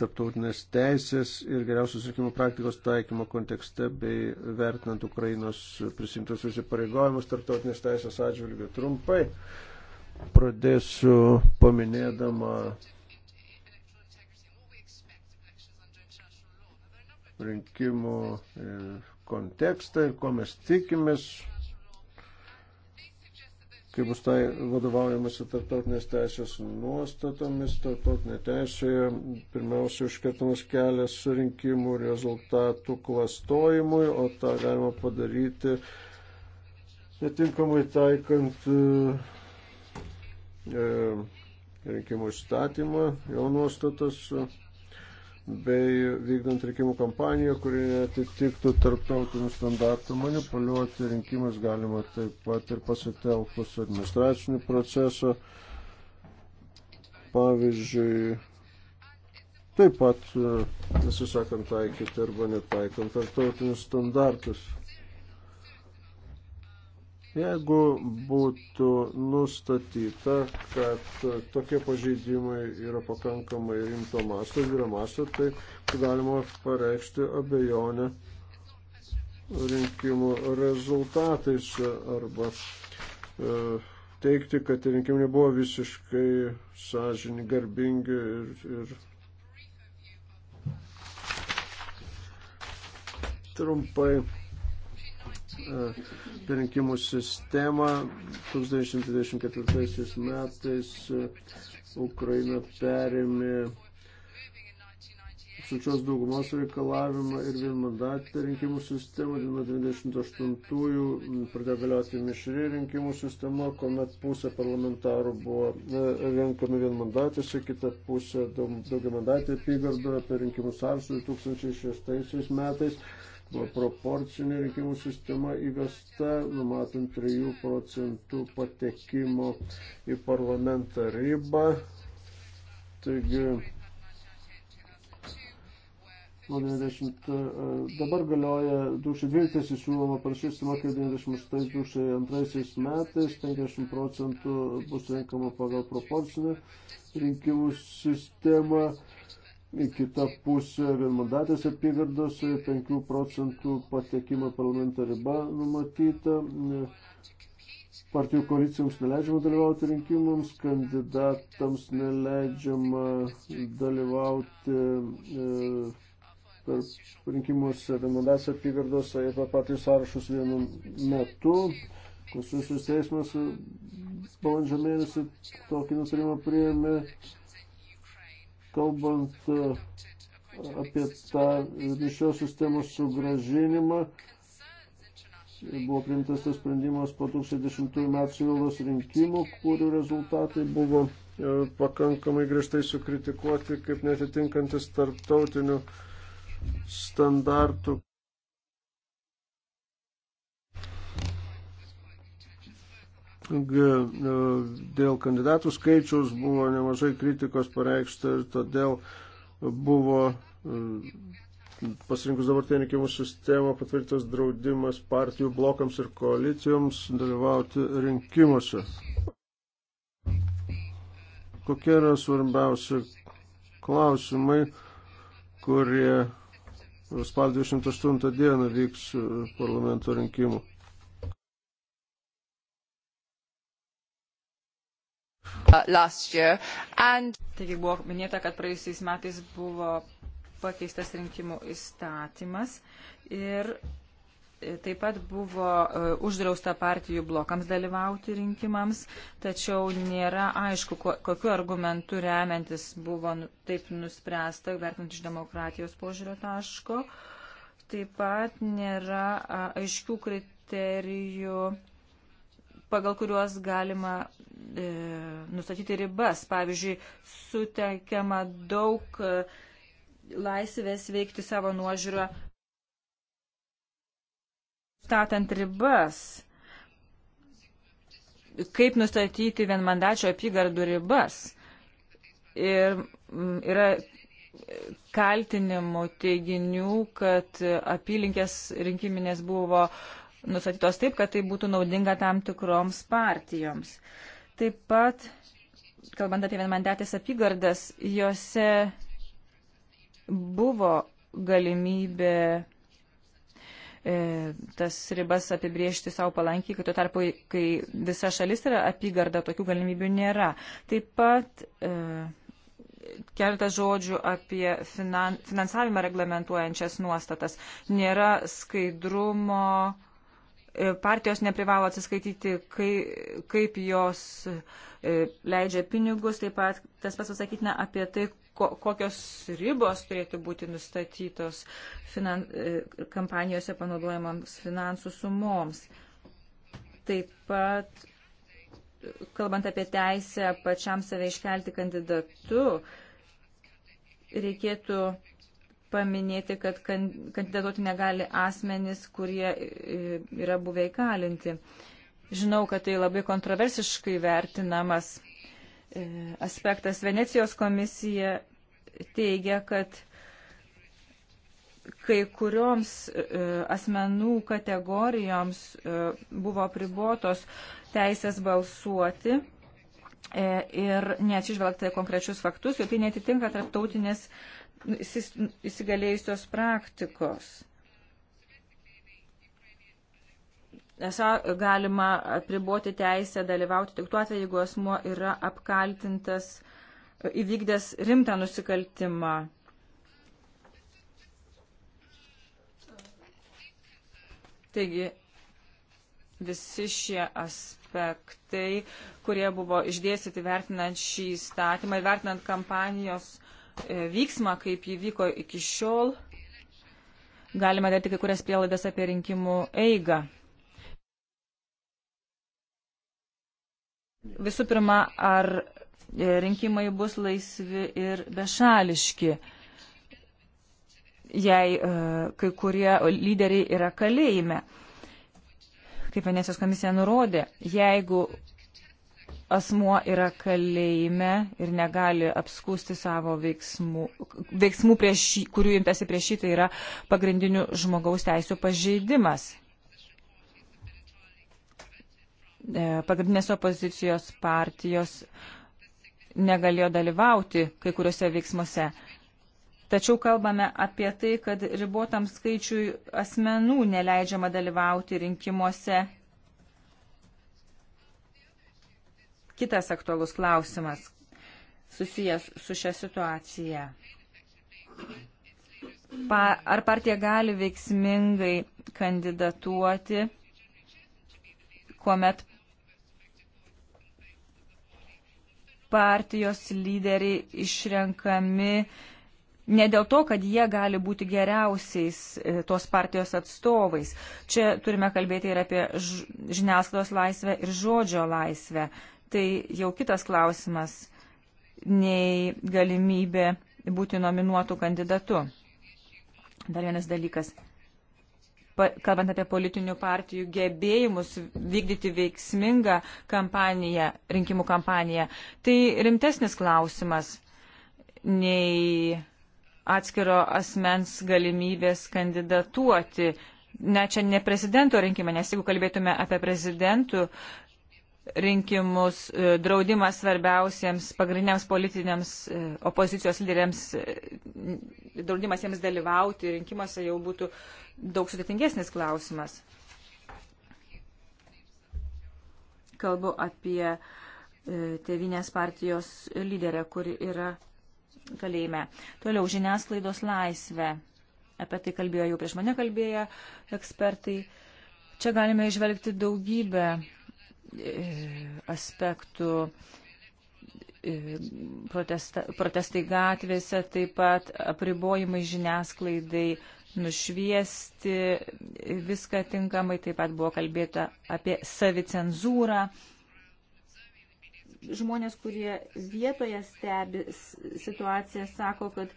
tarptautinės teisės ir geriausios rinkimų praktikos taikymo kontekste bei vertinant Ukrainos prisimtus įsipareigojimus tarptautinės teisės atžvilgių. Trumpai pradėsiu paminėdama rinkimų e, kontekstą ir ko mes tikimės kai bus tai vadovaujamasi tarptautinės teisės nuostatomis, tarptautinė teisėje pirmiausia užkirtamas kelias surinkimų rezultatų klastojimui, o tą galima padaryti netinkamai taikant e, e rinkimų įstatymą, jo nuostatas. E, bei vykdant rinkimų kampaniją, kuri atitiktų tarptautinių standartų. Manipuliuoti rinkimus galima taip pat ir pasitelkus administracinių procesų. Pavyzdžiui, taip pat, nesisakant, e, taikyti arba netaikant tarptautinius standartus. Jeigu būtų nustatyta, kad tokie pažeidimai yra pakankamai rimto masto, didelio masto, tai galima pareikšti abejonę rinkimų rezultatais arba e, teikti, kad rinkimai nebuvo visiškai sąžini, garbingi ir, ir trumpai rinkimų sistemą. 1924 metais e, Ukraina perėmė absoliučios daugumos reikalavimą ir vienmandatę rinkimų sistemą. Nuo 98-ųjų pradėjo galioti mišri rinkimų sistema, kuomet pusė parlamentarų buvo e, renkami vienmandatėse, kita pusė daugiamandatė apygardoje per rinkimų sąrašus 2006 metais proporcinė rinkimų sistema įvesta, numatant 3 procentų patekimo į parlamentą ribą. Taigi, 90, e, dabar galioja 2012 siūloma parašyti sistema, kai 98-2002 metais 50 procentų bus renkama pagal proporcinę rinkimų sistemą į kitą pusę vienmandatės apygardos 5 e, procentų patekimo parlamento riba numatyta. E, partijų koalicijoms neleidžiama dalyvauti rinkimams, kandidatams neleidžiama dalyvauti e, per rinkimus vienmandatės apygardos ir per partijų sąrašus vienu metu. Konstitucijos teismas balandžio mėnesį tokį nutarimą priėmė kalbant e, apie tą mišrios sistemos sugražinimą, buvo priimtas tas sprendimas po 2010 metų savivaldos rinkimų, kurių rezultatai buvo e, pakankamai griežtai sukritikuoti kaip netitinkantis tarptautinių standartų. E, dėl kandidatų skaičiaus buvo nemažai kritikos pareikšta ir todėl buvo e, pasirinkus dabartinį rinkimų sistemą patvirtas draudimas partijų blokams ir koalicijoms dalyvauti rinkimuose. Kokie yra svarbiausi klausimai, kurie spalio 28 dieną vyks e, parlamento rinkimų? Uh, And... Taigi buvo minėta, kad praėjusiais metais buvo pakeistas rinkimų įstatymas ir e, taip pat buvo e, uždrausta partijų blokams dalyvauti rinkimams, tačiau nėra aišku, kokiu argumentu remiantis buvo nu, taip nuspręsta, vertinant iš demokratijos požiūrio taško. Taip pat nėra aiškių kriterijų pagal kuriuos galima e, nustatyti ribas. Pavyzdžiui, sutekiama daug e, laisvės veikti savo nuožiūrą, statant ribas. Kaip nustatyti vienmandačio apygardų ribas? Ir mm, yra kaltinimų teiginių, kad apylinkės rinkiminės buvo uh, nusatytos taip, kad tai būtų naudinga tam tikroms partijoms. Taip pat, kalbant apie vienmandatės apygardas, juose buvo galimybė e, tas ribas apibriežti savo palankiai, kai tuo tarpu, kai visa šalis yra apygarda, tokių galimybių nėra. Taip pat e, keletą žodžių apie finan, finansavimą reglamentuojančias nuostatas. Nėra skaidrumo, E, partijos neprivalo atsiskaityti, kai, kaip jos e, leidžia pinigus, taip pat tas pats pasakytina apie tai, ko, kokios ribos turėtų būti nustatytos finan, e, kampanijose panaudojamams finansų sumoms. Taip pat, kalbant apie teisę pačiam save iškelti kandidatu, reikėtų paminėti, kad kandidatuoti negali asmenys, kurie e, yra buvę įkalinti. Žinau, kad tai labai kontroversiškai vertinamas e, aspektas. Venecijos komisija teigia, kad kai kurioms e, asmenų kategorijoms buvo pribotos teisės balsuoti ir neatsižvelgta konkrečius faktus, jo tai netitinka tarptautinės Nu, nu, įsigalėjusios praktikos. Esą galima apriboti teisę dalyvauti tik tuo atveju, jeigu asmuo yra apkaltintas įvykdęs rimtą nusikaltimą. Taigi visi šie aspektai, kurie buvo išdėstyti vertinant šį statymą ir vertinant kampanijos E, vyksmą, kaip jį vyko iki šiol, galima daryti kai kurias prielaidas apie rinkimų eigą. Visų pirma, ar e, rinkimai bus laisvi ir bešališki, jei e, kai kurie lyderiai yra kalėjime. Kaip Venecijos komisija nurodė, jeigu asmuo yra kalėjime ir negali apskūsti savo veiksmų, veiksmų prieš, kurių imtasi prieš jį, tai yra pagrindinių žmogaus teisų pažeidimas. E, pagrindinės opozicijos partijos negalėjo dalyvauti kai kuriuose veiksmuose. Tačiau kalbame apie tai, kad ribotam skaičiui asmenų neleidžiama dalyvauti rinkimuose kitas aktualus klausimas susijęs su šia situacija. Pa, ar partija gali veiksmingai kandidatuoti, kuomet partijos lyderiai išrenkami ne dėl to, kad jie gali būti geriausiais e, tos partijos atstovais. Čia turime kalbėti ir apie žiniasklaidos laisvę ir žodžio laisvę. Uh, tai jau kitas klausimas nei galimybė būti nominuotų kandidatu. Dar vienas dalykas. Pa, kalbant apie politinių partijų gebėjimus vykdyti veiksmingą kampaniją, rinkimų kampaniją, tai rimtesnis klausimas nei atskiro asmens galimybės kandidatuoti. Ne, čia ne prezidento rinkimai, nes jeigu kalbėtume apie prezidentų rinkimus, e, draudimas svarbiausiems pagrindiniams politiniams e, opozicijos lyderiams, e, draudimas jiems dalyvauti rinkimuose jau būtų daug sudėtingesnis klausimas. Kalbu apie Tevinės partijos lyderę, kuri yra kalėjime. Toliau žiniasklaidos laisvė. Apie tai kalbėjo jau prieš mane kalbėję ekspertai. Čia galime išvelgti daugybę E, aspektų. E, protesta, protestai gatvėse, taip pat apribojimai žiniasklaidai nušviesti, e, viską tinkamai, taip pat buvo kalbėta apie savicenzūrą. Žmonės, kurie vietoje stebi situaciją, sako, kad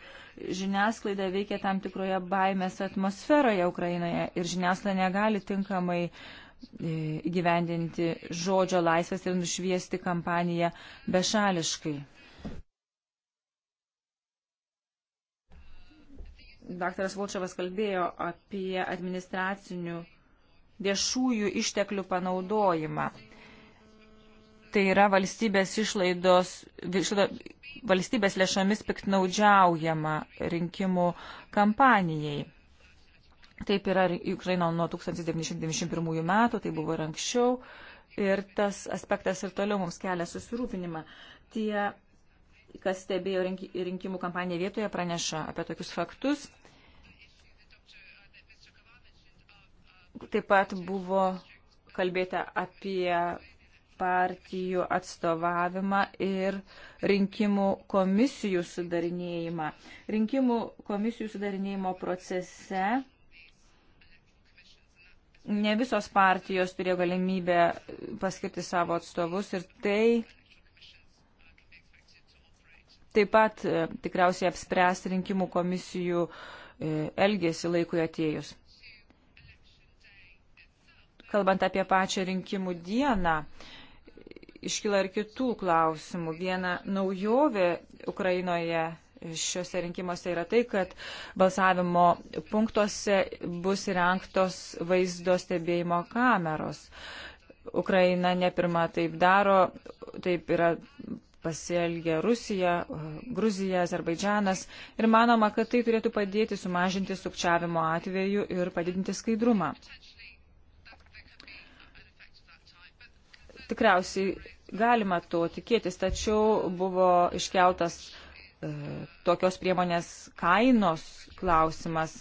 žiniasklaida veikia tam tikroje baimės atmosferoje Ukrainoje ir žiniasklaida negali tinkamai uh, E, įgyvendinti žodžio laisvės ir nušviesti kampaniją bešališkai. Daktaras Volčiavas kalbėjo apie administracinių viešųjų išteklių panaudojimą. Tai yra valstybės išlaidos, išlaido, valstybės lėšomis piktnaudžiaujama rinkimų kampanijai. Taip yra Ukraina nuo 1991 metų, tai buvo ir anksčiau. Ir tas aspektas ir toliau mums kelia susirūpinimą. Tie, kas stebėjo rinkimų kampaniją vietoje, praneša apie tokius faktus. Taip pat buvo kalbėta apie partijų atstovavimą ir rinkimų komisijų sudarinėjimą. Rinkimų komisijų sudarinėjimo procese ne visos partijos turėjo galimybę paskirti savo atstovus ir tai taip pat e, tikriausiai apspręs rinkimų komisijų e, elgesi laikui atėjus. Kalbant apie pačią rinkimų dieną, iškyla ir kitų klausimų. Viena naujovė Ukrainoje šiuose rinkimuose yra tai, kad balsavimo punktuose bus įrengtos vaizdo stebėjimo kameros. Ukraina ne pirmą taip daro, taip yra pasielgia Rusija, Gruzija, Azerbaidžianas ir manoma, kad tai turėtų padėti sumažinti sukčiavimo atveju ir padidinti skaidrumą. Tikriausiai galima to tikėtis, tačiau buvo iškeltas uh, E, tokios priemonės kainos klausimas.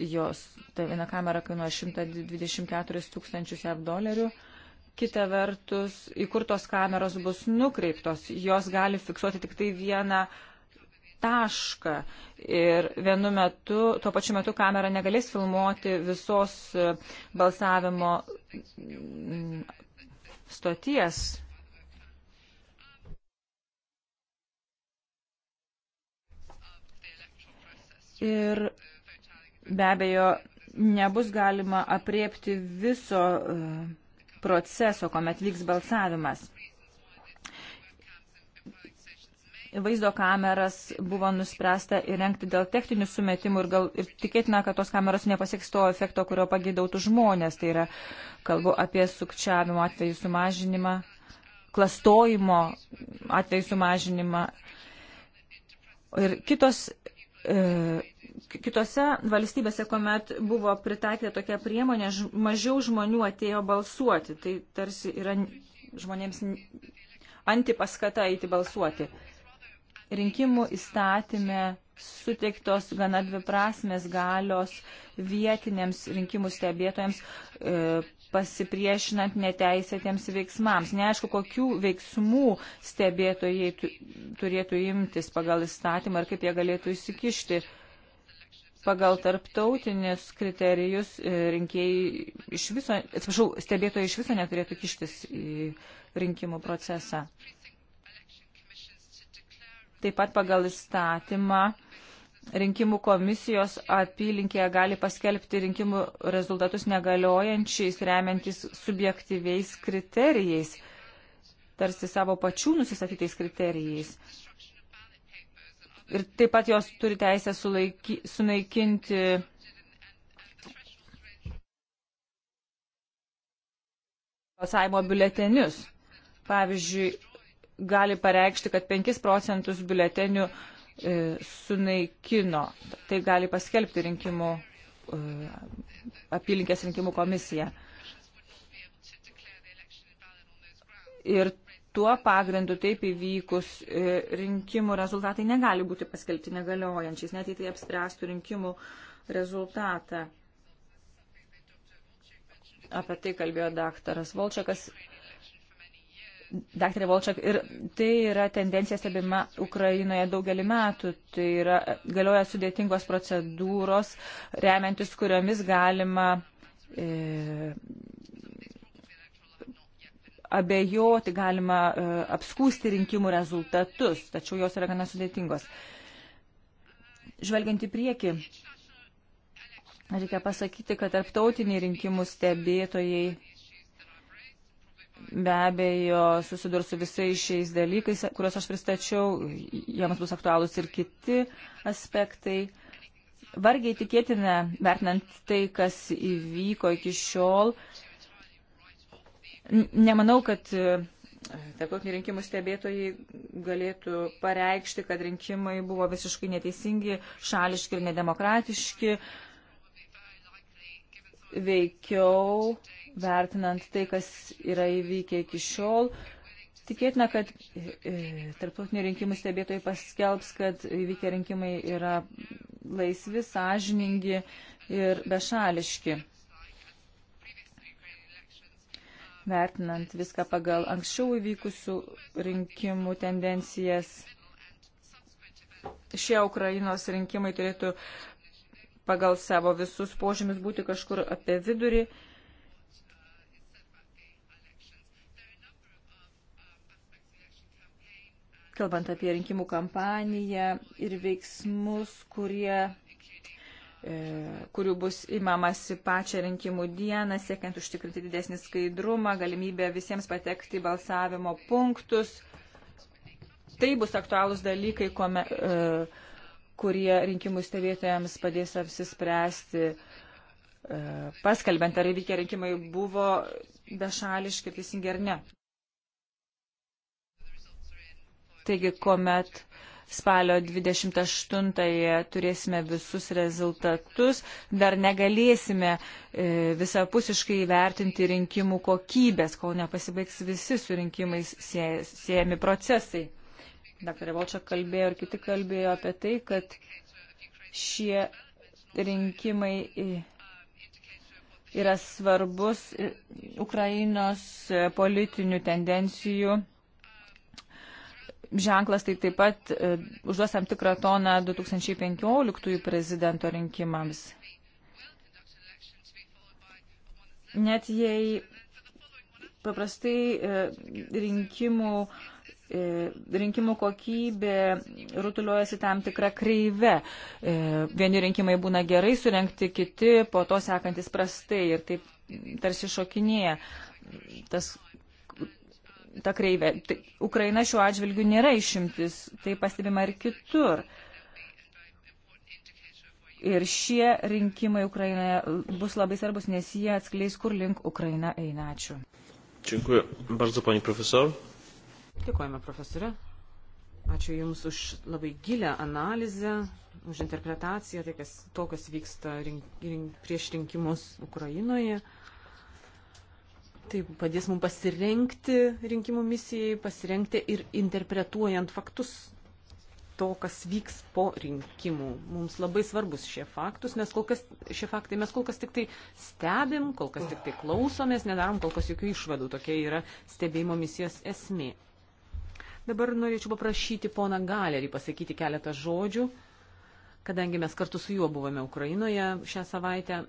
Jos, ta viena kamera kainuoja 124 tūkstančius jav dolerių. Kita vertus, į kur tos kameros bus nukreiptos, jos gali fiksuoti tik tai vieną tašką ir vienu metu, tuo pačiu metu kamera negalės filmuoti visos e, balsavimo mm, stoties Ir be abejo, nebus galima apriepti viso e, proceso, kuomet vyks balsavimas. Vaizdo kameras buvo nuspręsta įrengti dėl techninių sumetimų ir, gal, ir tikėtina, kad tos kameros nepasieks to efekto, kurio pagėdautų žmonės. Tai yra, kalbu apie sukčiavimo atvejų sumažinimą, klastojimo atvejų sumažinimą ir kitos E, kitose valstybėse, kuomet buvo pritaikė tokia priemonė, mažiau žmonių atėjo balsuoti. Tai tarsi yra žmonėms antipaskata eiti balsuoti. Rinkimų įstatymė suteiktos gana dviprasmės galios vietiniams rinkimų stebėtojams e, pasipriešinant neteisėtiems veiksmams. Neaišku, kokių veiksmų stebėtojai turėtų imtis pagal įstatymą ir kaip jie galėtų įsikišti. Pagal tarptautinius kriterijus e, rinkėjai iš viso, atsiprašau, stebėtojai iš viso neturėtų kištis į rinkimų procesą. Taip pat pagal įstatymą rinkimų komisijos apylinkėje gali paskelbti rinkimų rezultatus negaliojančiais, remiantis subjektyviais kriterijais, tarsi savo pačių nusistatytais kriterijais. Ir taip pat jos turi teisę sulaiky, sunaikinti balsavimo biuletenius. Pavyzdžiui, gali pareikšti, kad 5 procentus biuletenių uh, E, sunaikino. Tai gali paskelbti rinkimų, e, apylinkės rinkimų komisija. Ir tuo pagrindu taip įvykus e, rinkimų rezultatai negali būti paskelbti negaliojančiais, net jei tai apspręstų rinkimų rezultatą. Apie tai kalbėjo daktaras Volčiakas Dr. Volčak, ir tai yra tendencija stebima Ukrainoje daugelį metų. Tai yra galioja sudėtingos procedūros, remiantis kuriomis galima e, abejoti, galima e, apskūsti rinkimų rezultatus, tačiau jos yra gana sudėtingos. Žvelgiant į priekį, reikia pasakyti, kad tarptautiniai rinkimų stebėtojai be abejo susidurs su visais šiais dalykais, kuriuos aš pristačiau, jiems bus aktualūs ir kiti aspektai. Vargiai tikėtina, vertinant tai, kas įvyko iki šiol, nemanau, kad e, tarptautiniai rinkimų stebėtojai galėtų pareikšti, kad rinkimai buvo visiškai neteisingi, šališki ir nedemokratiški. Veikiau vertinant tai, kas yra įvykę iki šiol. Tikėtina, kad e, e, tarptautinių rinkimų stebėtojai paskelbs, kad įvykę rinkimai yra laisvi, sąžiningi ir bešališki. Vertinant viską pagal anksčiau įvykusių rinkimų tendencijas, šie Ukrainos rinkimai turėtų pagal savo visus požymis būti kažkur apie vidurį. kalbant apie rinkimų kampaniją ir veiksmus, kurie e, kurių bus įmamasi pačią rinkimų dieną, siekiant užtikrinti didesnį skaidrumą, galimybę visiems patekti į balsavimo punktus. Tai bus aktualūs dalykai, kome, e, kurie rinkimų stebėtojams padės apsispręsti, e, paskalbent, ar įvykę rinkimai buvo bešališki ir teisingi ar ne. Taigi, kuomet spalio 28-ąją turėsime visus rezultatus, dar negalėsime e, visapusiškai įvertinti rinkimų kokybės, kol nepasibaigs visi su rinkimais siejami procesai. Dr. Valčia kalbėjo ir kiti kalbėjo apie tai, kad šie rinkimai yra svarbus Ukrainos politinių tendencijų ženklas tai taip pat e, užduos tam tikrą toną 2015 prezidento rinkimams. Net jei paprastai e, rinkimų, e, rinkimų kokybė rutuliuojasi tam tikrą kreivę. Vieni rinkimai būna gerai surenkti, kiti po to sekantis prastai ir taip tarsi šokinėja tas ta kreivė. Tai Ukraina šiuo atžvilgiu nėra išimtis, tai pastebima ir kitur. Ir šie rinkimai Ukrainoje bus labai svarbus, nes jie atskleis, kur link Ukraina eina. Ačiū. Dziękuję bardzo, pani profesor. Dėkojame, profesorė. Ačiū Jums už labai gilę analizę, už interpretaciją tai, kas, to, kas vyksta rink, rink, prieš rinkimus Ukrainoje. Taip, padės mums pasirenkti rinkimų misijai, pasirenkti ir interpretuojant faktus to, kas vyks po rinkimų. Mums labai svarbus šie, faktus, nes kol kas, šie faktai. Mes kol kas tik tai stebim, kol kas tik tai klausomės, nedarom kol kas jokių išvadų. Tokia yra stebėjimo misijos esmė. Dabar norėčiau paprašyti poną Galerį pasakyti keletą žodžių, kadangi mes kartu su juo buvome Ukrainoje šią savaitę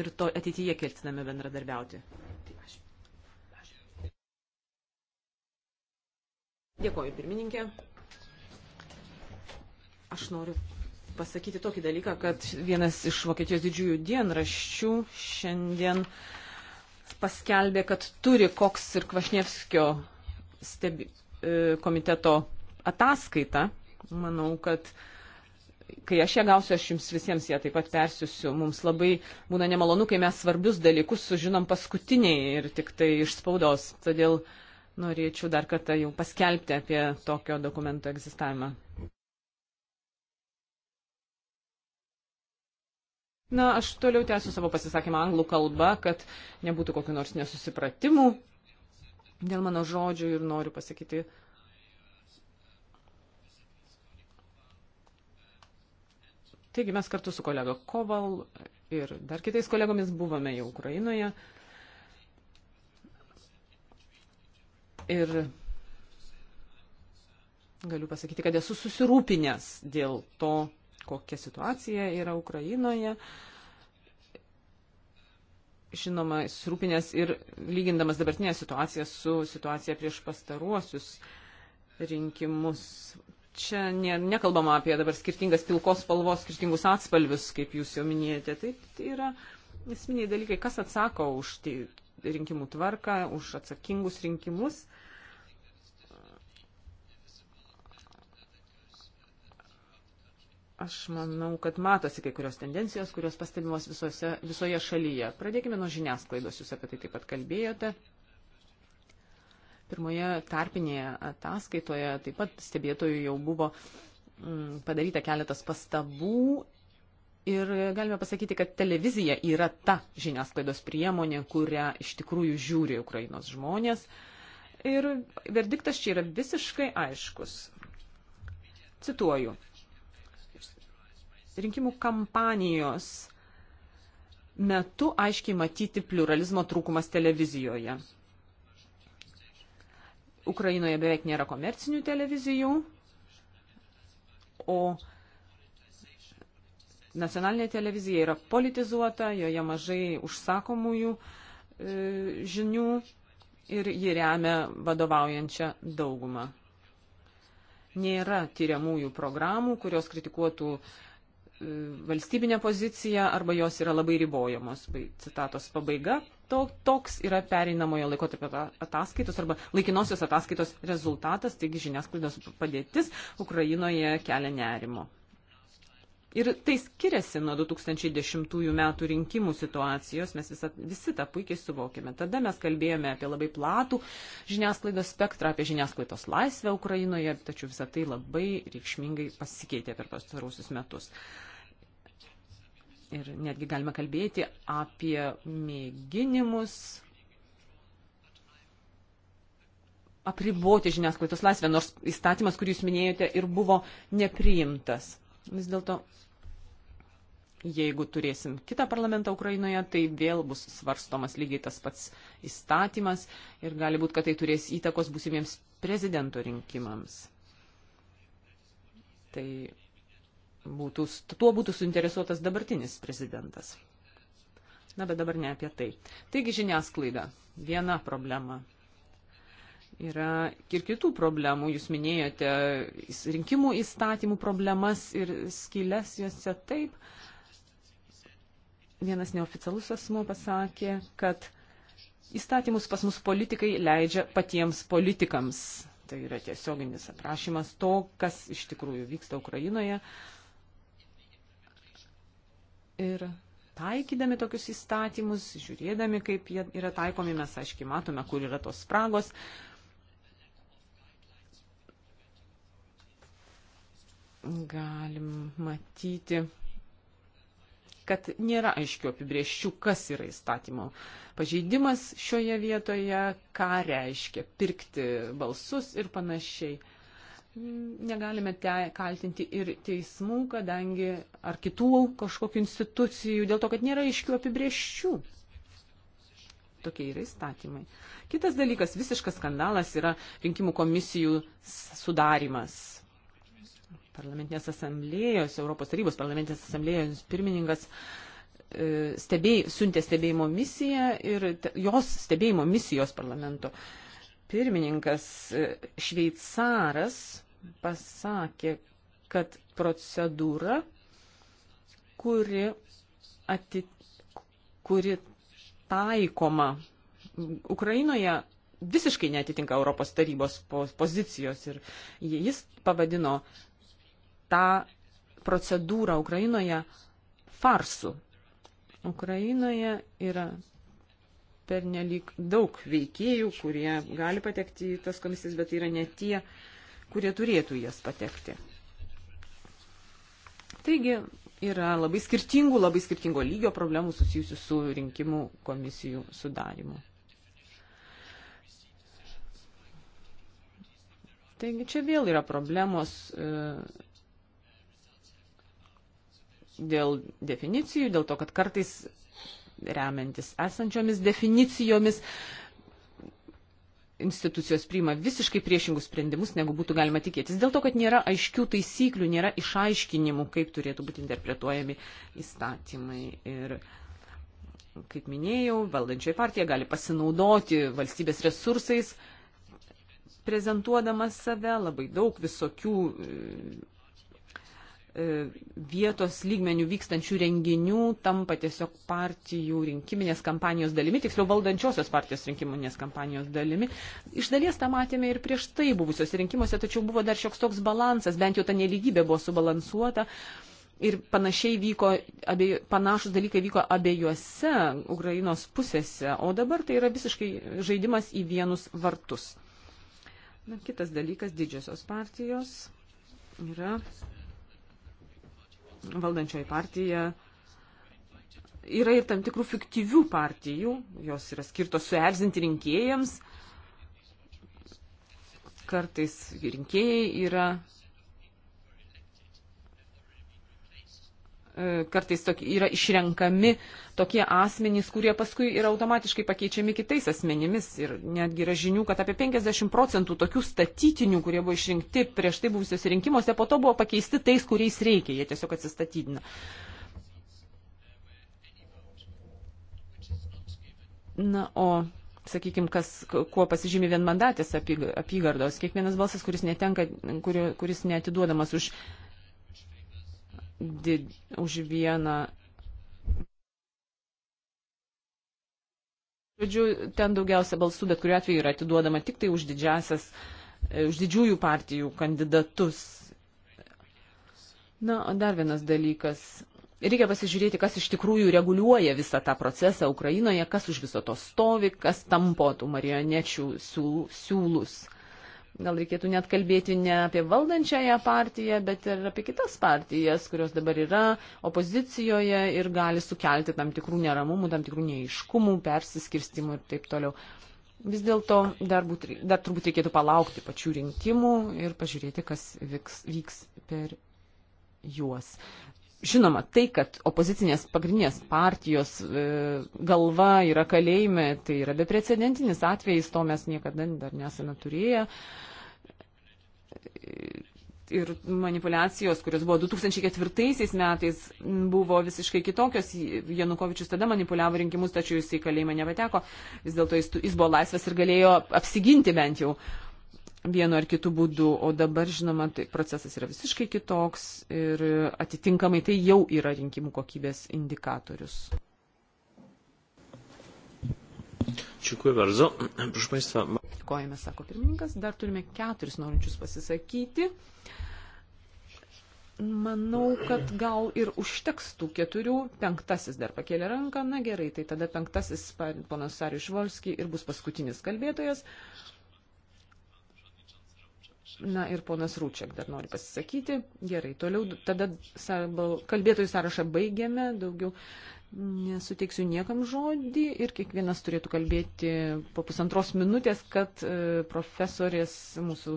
ir to ateityje keltiname bendradarbiauti. Tai aš. Dėkoju, pirmininkė. Aš noriu pasakyti tokį dalyką, kad vienas iš Vokietijos didžiųjų dienraščių šiandien paskelbė, kad turi Koks ir Kvašnievskio stebi, e, komiteto ataskaitą. Manau, kad kai aš ją gausiu, aš jums visiems ją taip pat persiusiu. Mums labai būna nemalonu, kai mes svarbius dalykus sužinom paskutiniai ir tik tai iš spaudos. Todėl uh, norėčiau dar kartą jau paskelbti apie tokio dokumento egzistavimą. Na, aš toliau tęsiu savo pasisakymą anglų kalba, kad nebūtų kokiu nors nesusipratimų dėl mano žodžių ir noriu pasakyti. Taigi mes kartu su kolega Koval ir dar kitais kolegomis buvome jau Ukrainoje. Uh, Ir galiu pasakyti, kad esu susirūpinęs dėl to, kokia situacija yra Ukrainoje. Žinoma, susirūpinęs ir lygindamas dabartinę situaciją su situacija prieš pastaruosius rinkimus. Čia ne, nekalbama apie dabar skirtingas pilkos spalvos, skirtingus atspalvius, kaip jūs jau minėjote. Taip, tai yra esminiai dalykai, kas atsako už tai rinkimų tvarką, už atsakingus rinkimus. Uh, Aš manau, kad matosi kai kurios tendencijos, kurios pastebimos visose, visoje šalyje. Pradėkime nuo žiniasklaidos, jūs apie tai taip pat kalbėjote. Pirmoje tarpinėje ataskaitoje taip pat stebėtojų jau buvo mm, padaryta keletas pastabų ir galime pasakyti, kad televizija yra ta žiniasklaidos priemonė, kurią iš tikrųjų žiūri Ukrainos žmonės. Ir verdiktas čia yra visiškai aiškus. Cituoju rinkimų kampanijos metu aiškiai matyti pluralizmo trūkumas televizijoje. Ukrainoje beveik nėra komercinių televizijų, o nacionalinė televizija yra politizuota, joje mažai užsakomųjų e, žinių ir ji remia vadovaujančią daugumą. Nėra tyriamųjų programų, kurios kritikuotų uh, valstybinę poziciją arba jos yra labai ribojamos. Citatos pabaiga. To, toks yra pereinamojo laikotarpio ataskaitos arba laikinosios ataskaitos rezultatas, taigi žiniasklaidos padėtis Ukrainoje kelia nerimo. Ir tai skiriasi nuo 2010 metų rinkimų situacijos, mes visa, visi tą puikiai suvokėme. Tada mes kalbėjome apie labai platų žiniasklaidos spektrą, apie žiniasklaidos laisvę Ukrainoje, tačiau visa tai labai reikšmingai pasikeitė per pastarausius metus. Uh, ir netgi galime kalbėti apie mėginimus apriboti žiniasklaidos laisvę, nors įstatymas, kurį jūs minėjote, ir buvo nepriimtas. Vis dėlto, jeigu turėsim kitą parlamentą Ukrainoje, tai vėl bus svarstomas lygiai tas pats įstatymas ir gali būti, kad tai turės įtakos būsimiems prezidento rinkimams. Tai būtų, tuo būtų suinteresuotas dabartinis prezidentas. Na, bet dabar ne apie tai. Taigi žiniasklaida. Viena problema. Yra ir kitų problemų. Jūs minėjote rinkimų įstatymų problemas ir skylės juose taip. Vienas neoficialus asmo pasakė, kad įstatymus pas mus politikai leidžia patiems politikams. Tai yra tiesioginis aprašymas to, kas iš tikrųjų vyksta Ukrainoje. Uh, Ir taikydami tokius įstatymus, žiūrėdami, kaip jie yra taikomi, mes aiškiai matome, kur yra tos spragos. Galim matyti, kad nėra aiškių apibrieščių, kas yra įstatymo pažeidimas šioje vietoje, ką reiškia pirkti balsus ir panašiai negalime te, kaltinti ir teismų, kadangi ar kitų kažkokių institucijų, dėl to, kad nėra aiškių apibrieščių. Tokie yra įstatymai. Kitas dalykas, visiškas skandalas yra rinkimų komisijų sudarimas. Parlamentinės asamblėjos, Europos tarybos parlamentinės asamblėjos pirmininkas e, stebėj, siuntė stebėjimo misiją ir jos stebėjimo misijos parlamento uh, pirmininkas e, šveicaras pasakė, kad procedūra, kuri, ati, kuri taikoma Ukrainoje, visiškai netitinka Europos tarybos pozicijos ir jis pavadino tą procedūrą Ukrainoje farsų. Ukrainoje yra pernelyg daug veikėjų, kurie gali patekti į tas komisijas, bet tai yra ne tie, kurie turėtų jas patekti. Taigi yra labai skirtingų, labai skirtingo lygio problemų susijusių su rinkimų komisijų sudarimu. Taigi čia vėl yra problemos e, dėl definicijų, dėl to, kad kartais remiantis esančiomis definicijomis, institucijos priima visiškai priešingus sprendimus, negu būtų galima tikėtis. Dėl to, kad nėra aiškių taisyklių, nėra išaiškinimų, kaip turėtų būti interpretuojami įstatymai. Ir kaip minėjau, valdančioji partija gali pasinaudoti valstybės resursais, prezentuodama save, labai daug visokių E, vietos lygmenių vykstančių renginių tampa tiesiog partijų rinkiminės kampanijos dalimi, tiksliau valdančiosios partijos rinkiminės kampanijos dalimi. Iš dalies tą matėme ir prieš tai buvusios rinkimuose, tačiau buvo dar šioks toks balansas, bent jau ta neligybė buvo subalansuota. Ir panašiai vyko, abie, panašus dalykai vyko abiejose Ukrainos pusėse, o dabar tai yra visiškai žaidimas į vienus vartus. Na, kitas dalykas, didžiosios partijos yra valdančioji partija. Yra ir tam tikrų fiktyvių partijų, jos yra skirtos suerzinti rinkėjams. Kartais rinkėjai yra E, kartais tokie, yra išrenkami tokie asmenys, kurie paskui yra automatiškai pakeičiami kitais asmenimis. Ir netgi yra žinių, kad apie 50 procentų tokių statytinių, kurie buvo išrinkti prieš tai buvusiuose rinkimuose, po to buvo pakeisti tais, kuriais reikia. Jie tiesiog atsistatydina. Na, o sakykime, kas, kuo pasižymi vienmandatės apygardos, kiekvienas balsas, kuris, netenka, kurio, kuris neatiduodamas už did, už vieną. Žodžiu, ten daugiausia balsų, bet kuriuo atveju yra atiduodama tik tai už didžiasias, e, už didžiųjų partijų kandidatus. Na, dar vienas dalykas. Reikia pasižiūrėti, kas iš tikrųjų reguliuoja visą tą procesą Ukrainoje, kas už viso to stovi, kas tampo tų marionečių siūlus. Gal reikėtų net kalbėti ne apie valdančiąją partiją, bet ir apie kitas partijas, kurios dabar yra opozicijoje ir gali sukelti tam tikrų neramumų, tam tikrų neiškumų, persiskirstimų ir taip toliau. Vis dėlto dar, būt, dar turbūt reikėtų palaukti pačių rinkimų ir pažiūrėti, kas vyks, vyks per juos. Žinoma, tai, kad opozicinės pagrindinės partijos e, galva yra kalėjime, tai yra beprecedentinis atvejis, to mes niekada dar nesame turėję. E, ir manipulacijos, kurios buvo 2004 metais, buvo visiškai kitokios. Janukovičius tada manipuliavo rinkimus, tačiau jis į kalėjimą nepateko. Vis dėlto jis, jis buvo laisvas ir galėjo apsiginti bent jau vienu ar kitu būdu. O dabar, žinoma, tai procesas yra visiškai kitoks ir atitinkamai tai jau yra rinkimų kokybės indikatorius. Dziękuję bardzo. Proszę Państwa. Dėkojame, sako pirmininkas. Dar turime keturis norinčius pasisakyti. Manau, kad gal ir užteks tų keturių. Penktasis dar pakėlė ranką. Na gerai, tai tada penktasis ponas Sarius Volski ir bus paskutinis kalbėtojas. Na ir ponas Rūčiak dar nori pasisakyti. Gerai, toliau tada kalbėtojų sąrašą baigėme. Daugiau nesuteiksiu niekam žodį ir kiekvienas turėtų kalbėti po pusantros minutės, kad e, profesorės mūsų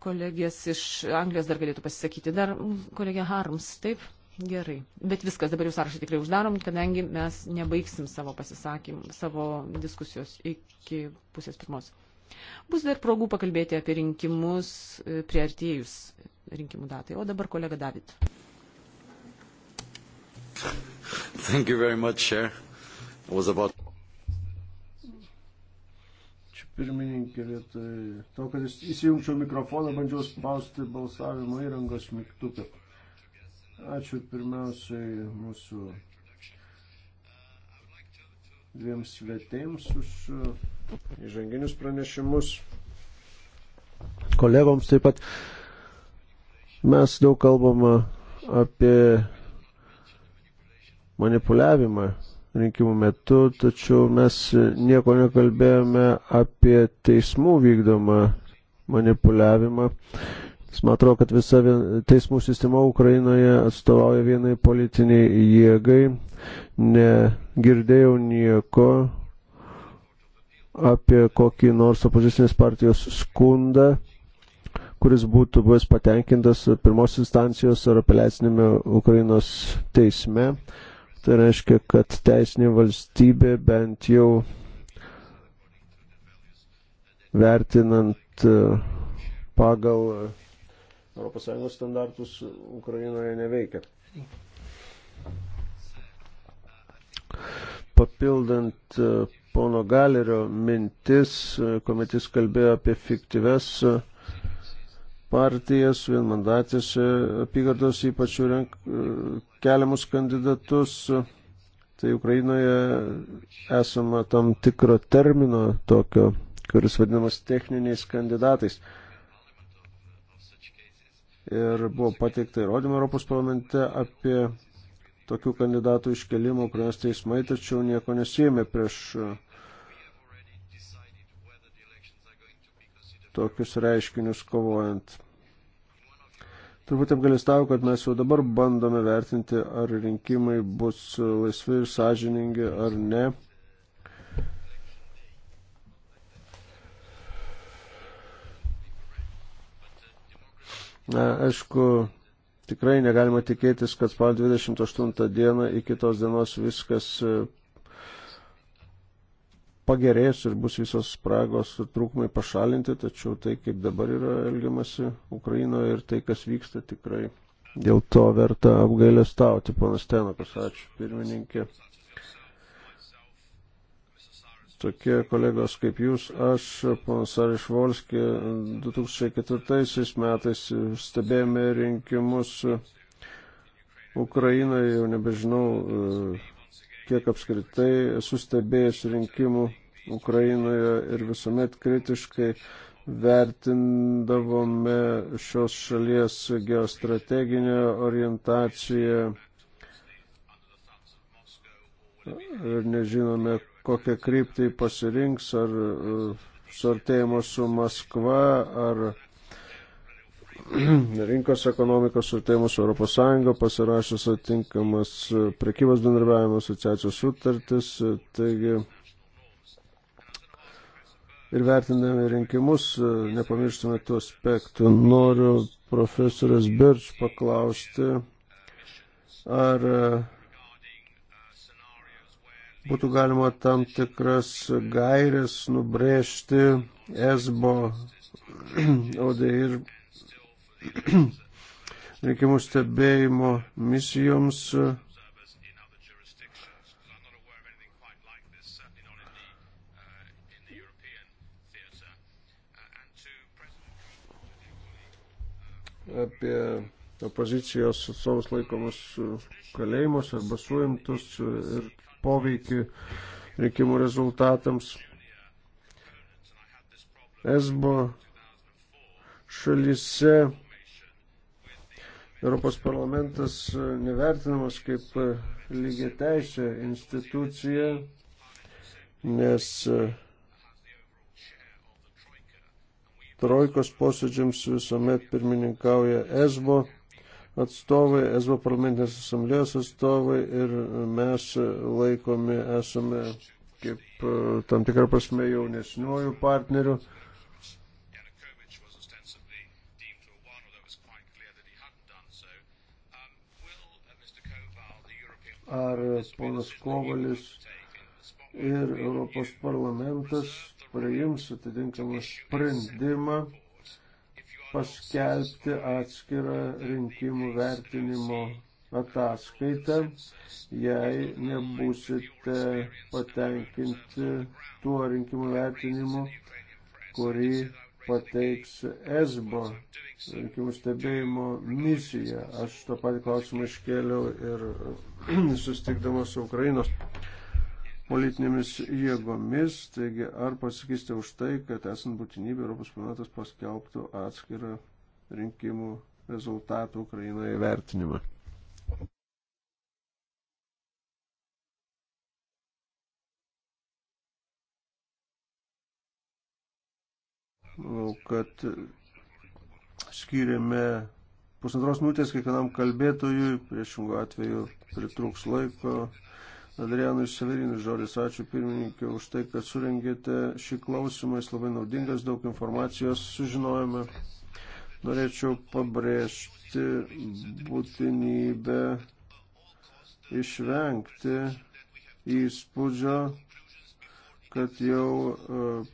kolegės iš Anglijos dar galėtų pasisakyti. Dar kolegė Harms, taip? Gerai. Bet viskas dabar jau sąrašą tikrai uždarom, kadangi mes nebaigsim savo pasisakymų, savo diskusijos iki pusės pirmos. Bus dar progų pakalbėti apie rinkimus e, prieartėjus rinkimų datai. O dabar kolega David. Thank you very much, Chair. It was about... Čia pirmininkė vietoj to, kad įsijungčiau mikrofoną, bandžiau spausti balsavimo įrangos mygtuką. Ačiū pirmiausiai mūsų dviems svetėms už uh, įžanginius pranešimus. Kolegoms taip pat mes daug kalbama apie manipuliavimą rinkimų metu, tačiau mes nieko nekalbėjome apie teismų vykdomą manipuliavimą. Man atrodo, kad visa teismų sistema Ukrainoje atstovauja vienai politiniai jėgai. Negirdėjau nieko apie kokį nors opozicinės partijos skundą, kuris būtų buvęs patenkintas pirmos instancijos ar apeliacinėme Ukrainos teisme. Tai reiškia, kad teisinė valstybė bent jau vertinant e, pagal ES standartus Ukrainoje neveikia. Papildant e, pono Galerio mintis, e, kuomet jis kalbėjo apie fiktyves partijas, vienmandatėse apygardos ypač renk, e, keliamus kandidatus. Tai Ukrainoje esama tam tikro termino tokio, kuris vadinamas techniniais kandidatais. Ir buvo pateikta įrodymų Europos parlamente apie tokių kandidatų iškelimą Ukrainos teismai, tačiau nieko nesijėmė prieš tokius reiškinius kovojant. Turbūt apgalistau, kad mes jau dabar bandome vertinti, ar rinkimai bus laisvi ir sąžiningi ar ne. Na, aišku, tikrai negalima tikėtis, kad spalio 28 dieną iki tos dienos viskas pagerės ir bus visos spragos ir trūkumai pašalinti, tačiau tai, kaip dabar yra elgiamasi Ukrainoje ir tai, kas vyksta, tikrai dėl to verta apgailę stauti. Panas Tenokas, ačiū pirmininkė. Tokie kolegos kaip jūs, aš, panas Ariš Volskė, 2004 metais stebėjome rinkimus Ukrainoje, jau nebežinau, kiek apskritai esu stebėjęs rinkimų Ukrainoje ir visuomet kritiškai vertindavome šios šalies geostrateginę orientaciją ir nežinome, kokią kryptį pasirinks, ar e, suartėjimo su Maskva, ar rinkos ekonomikos sultėjimus Europos Sąjunga pasirašęs atinkamas prekybos bendravimo asociacijos sutartis, taigi ir vertindami rinkimus, nepamirštume tų aspektų. Noriu profesorės Birč paklausti, ar būtų galima tam tikras gairės nubrėžti esbo ODI ir reikiamų stebėjimo misijoms. apie opozicijos atstovus laikomus kalėjimus arba suimtus ir poveikį rinkimų rezultatams. Esbo šalyse Europos parlamentas e, nevertinamas kaip e, lygiai teisė institucija, nes e, trojkos posėdžiams visuomet pirmininkauja ESBO atstovai, ESBO parlamentinės asamblėjos atstovai ir mes laikomi esame kaip tam tikrą prasme jaunesniuoju partneriu ar ponas Kovalis ir Europos parlamentas priims atitinkamą sprendimą paskelbti atskirą rinkimų vertinimo ataskaitą, jei nebūsite patenkinti tuo rinkimų vertinimu, kurį pateiks ESBO rinkimų stebėjimo misija. Aš to patį klausimą iškėliau ir sustikdamas su Ukrainos politinėmis jėgomis. Taigi, ar pasakysite už tai, kad esant būtinybė Europos planetas paskelbtų atskirą rinkimų rezultatų Ukrainoje vertinimą? Manau, kad skiriame pusantros minutės kiekvienam kalbėtojui, priešingų atveju pritruks laiko. Adrianui Severinui žodis, ačiū pirmininkė už tai, kad surengėte šį klausimą, jis labai naudingas, daug informacijos sužinojame. Norėčiau pabrėžti būtinybę išvengti įspūdžio, kad jau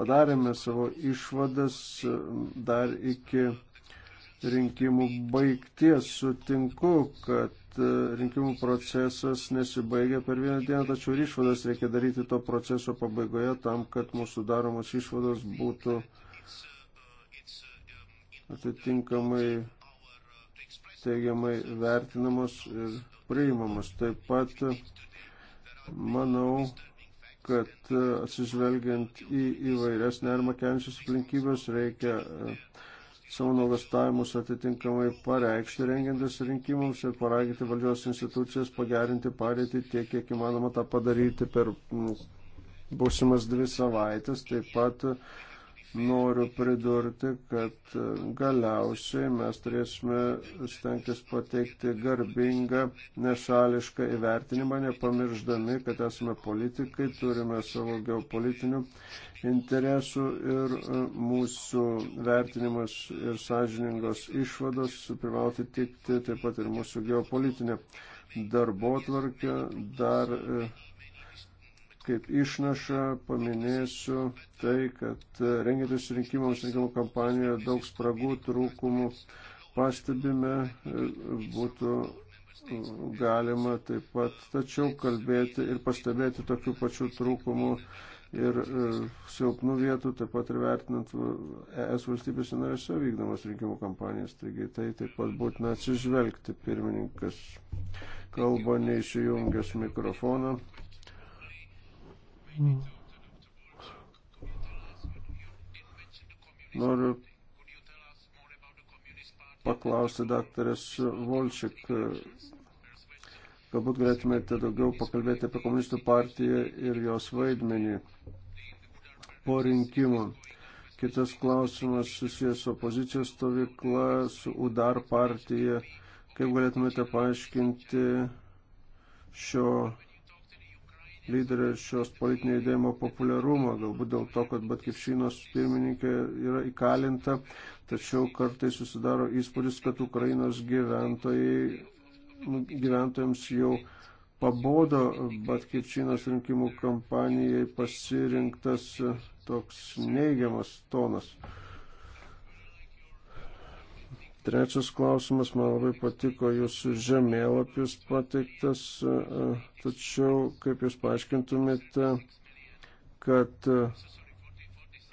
padarėme savo išvadas dar iki rinkimų baigties. Sutinku, kad e, rinkimų procesas nesibaigia per vieną dieną, tačiau ir išvadas reikia daryti to proceso pabaigoje tam, kad mūsų daromos išvados būtų atitinkamai teigiamai vertinamos ir priimamos. Taip pat manau, kad e, atsižvelgiant į įvairias nerimą keliančias aplinkybės reikia e, savo nuogastavimus atitinkamai pareikšti rengiantis rinkimams ir paraginti valdžios institucijas pagerinti padėtį tiek, kiek įmanoma tą padaryti per būsimas dvi savaitės. Taip pat noriu pridurti, kad e, galiausiai mes turėsime stengtis pateikti garbingą, nešališką įvertinimą, nepamiršdami, kad esame politikai, turime savo geopolitinių interesų ir e, mūsų vertinimas ir sąžiningos išvados privauti tikti taip pat ir mūsų geopolitinė darbo tvarkė. Dar e, Kaip išnaša paminėsiu tai, kad e, rengiantis rinkimams rinkimų kampanijoje daug spragų trūkumų pastebime, e, būtų e, galima taip pat, tačiau kalbėti ir pastebėti tokių pačių trūkumų ir silpnų vietų, taip pat ir vertinant ES valstybėse narėse vykdomas rinkimų kampanijas. Taigi tai taip pat būtina atsižvelgti. Pirmininkas kalba neįsijungęs mikrofoną. Noriu paklausti daktarės Volčik. Galbūt galėtumėte daugiau pakalbėti apie komunistų partiją ir jos vaidmenį po rinkimų. Kitas klausimas susijęs su opozicijos stovykla, su UDAR partija. Kaip galėtumėte paaiškinti šio lyderė šios politinio judėjimo populiarumo, galbūt dėl to, kad Batkivšinos pirmininkė yra įkalinta, tačiau kartai susidaro įspūdis, kad Ukrainos gyventojai, nu, gyventojams jau pabodo Batkivšinos rinkimų kampanijai pasirinktas toks neigiamas tonas. Trečias klausimas, man labai patiko jūsų žemėlapis pateiktas. Uh, Tačiau, kaip Jūs paaiškintumėte, kad 46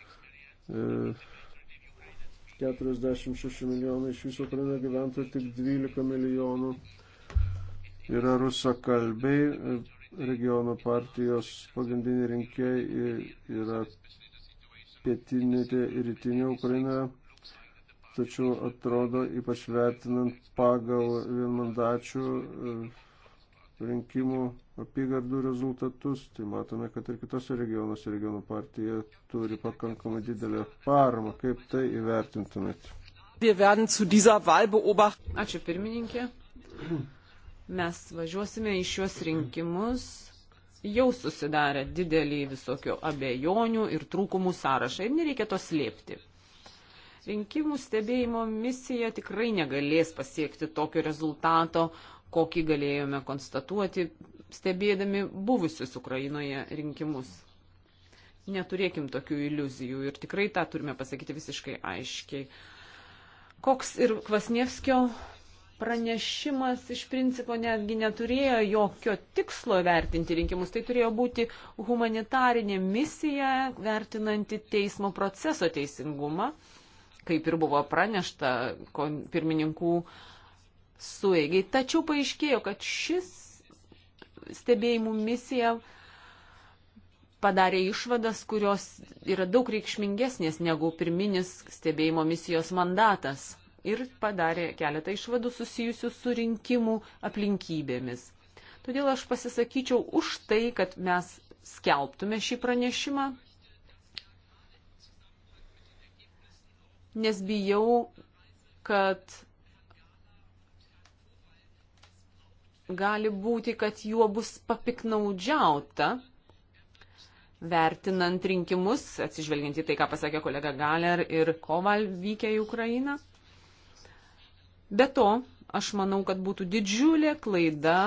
e, milijonai iš viso Ukrainoje gyventojų, tik 12 milijonų yra rusakalbiai, e, regiono partijos pagrindiniai rinkėjai yra pietinėje ir rytinėje Ukrainoje. Tačiau atrodo, ypač vertinant pagal vienmandačių e, rinkimų apygardų rezultatus, tai matome, kad ir kitose regionuose regionų partija turi pakankamai didelę paramą. Kaip tai įvertintumėte? Ačiū pirmininkė. Mes važiuosime į šiuos rinkimus jau susidarę didelį visokių abejonių ir trūkumų sąrašą ir nereikia to slėpti. Rinkimų stebėjimo misija tikrai negalės pasiekti tokio rezultato, kokį galėjome konstatuoti, stebėdami buvusius Ukrainoje rinkimus. Neturėkim tokių iliuzijų ir tikrai tą turime pasakyti visiškai aiškiai. Koks ir Kvasnievskio pranešimas iš principo netgi neturėjo jokio tikslo vertinti rinkimus. Tai turėjo būti humanitarinė misija vertinanti teismo proceso teisingumą, kaip ir buvo pranešta pirmininkų uh, suėgiai. Tačiau paaiškėjo, kad šis stebėjimų misija padarė išvadas, kurios yra daug reikšmingesnės negu pirminis stebėjimo misijos mandatas ir padarė keletą išvadų susijusių su rinkimų aplinkybėmis. Todėl aš pasisakyčiau už tai, kad mes skelbtume šį pranešimą, nes bijau, kad gali būti, kad juo bus papiknaudžiauta, vertinant rinkimus, atsižvelgiant į tai, ką pasakė kolega Galer ir Koval vykę į Ukrainą. Be to, aš manau, kad būtų didžiulė klaida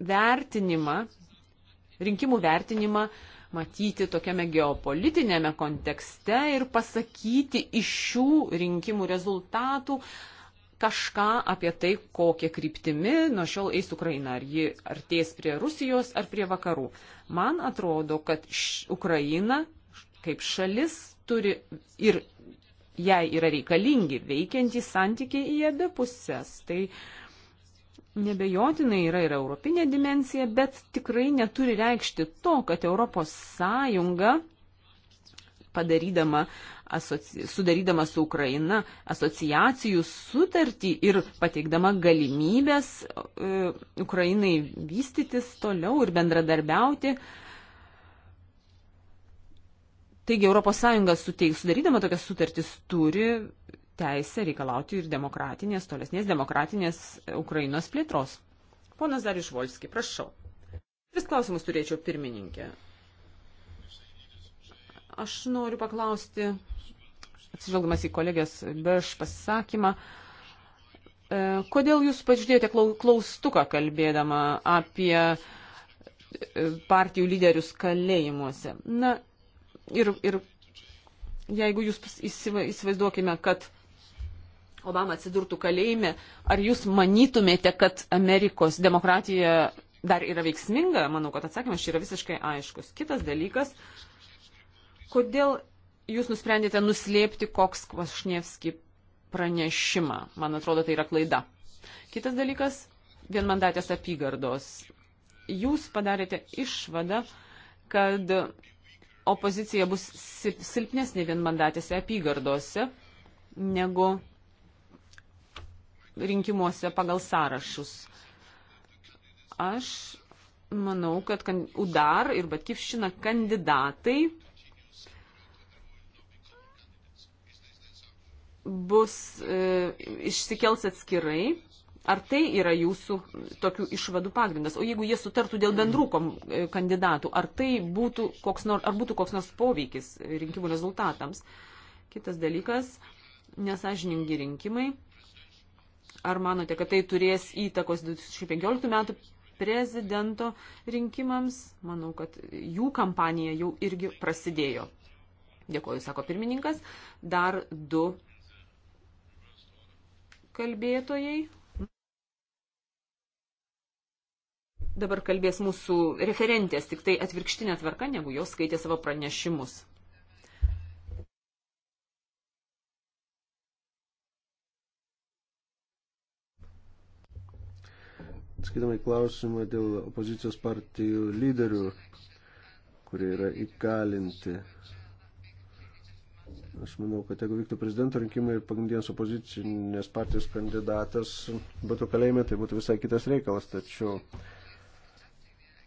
vertinimą, rinkimų vertinimą matyti tokiame geopolitinėme kontekste ir pasakyti iš šių rinkimų rezultatų, uh, kažką apie tai, kokie kryptimi nuo šiol eis Ukraina, ar ji artės prie Rusijos ar prie vakarų. Man atrodo, kad š, Ukraina kaip šalis turi ir jai yra reikalingi veikiantys santykiai į abi pusės. Tai nebejotinai yra ir europinė dimensija, bet tikrai neturi reikšti to, kad Europos Sąjunga padarydama, asoci... sudarydama su Ukraina asociacijų sutartį ir pateikdama galimybės e, Ukrainai vystytis toliau ir bendradarbiauti. Taigi ES suteik, sudarydama tokias sutartis turi teisę reikalauti ir demokratinės, tolesnės demokratinės Ukrainos plėtros. Ponas Darius Volski, prašau. Tris klausimus turėčiau pirmininkė aš noriu paklausti, atsižvelgdamas į kolegės Beš pasisakymą, e, kodėl jūs pažydėjote klaustuką kalbėdama apie e, partijų lyderius kalėjimuose? Na, ir, ir jeigu jūs įsivaizduokime, kad Obama atsidurtų kalėjime, ar jūs manytumėte, kad Amerikos demokratija dar yra veiksminga? Manau, kad atsakymas čia yra visiškai aiškus. Kitas dalykas, uh, Kodėl jūs nusprendėte nuslėpti koks Kvašnievski pranešimą? Man atrodo, tai yra klaida. Kitas dalykas - vienmandatės apygardos. Jūs padarėte išvadą, kad opozicija bus silpnesnė vienmandatėse apygardose negu rinkimuose pagal sąrašus. Aš manau, kad Udar ir Batkivšina kandidatai bus e, išsikels atskirai. Ar tai yra jūsų tokių išvadų pagrindas? O jeigu jie sutartų dėl bendrų kom, e, kandidatų, ar tai būtų koks, nor, ar būtų koks nors poveikis rinkimų rezultatams? Kitas dalykas - nesažiningi rinkimai. Ar manote, kad tai turės įtakos 2015 metų prezidento rinkimams? Manau, kad jų kampanija jau irgi prasidėjo. Dėkoju, sako pirmininkas. Dar du kalbėtojai. Dabar kalbės mūsų referentės, tik tai atvirkštinė tvarka, negu jos skaitė savo pranešimus. Skaitama į klausimą dėl opozicijos partijų lyderių, kurie yra įkalinti Aš manau, kad jeigu vyktų prezidento rinkimai ir pagrindinės opozicinės partijos kandidatas būtų kalėjime, tai būtų visai kitas reikalas. Tačiau,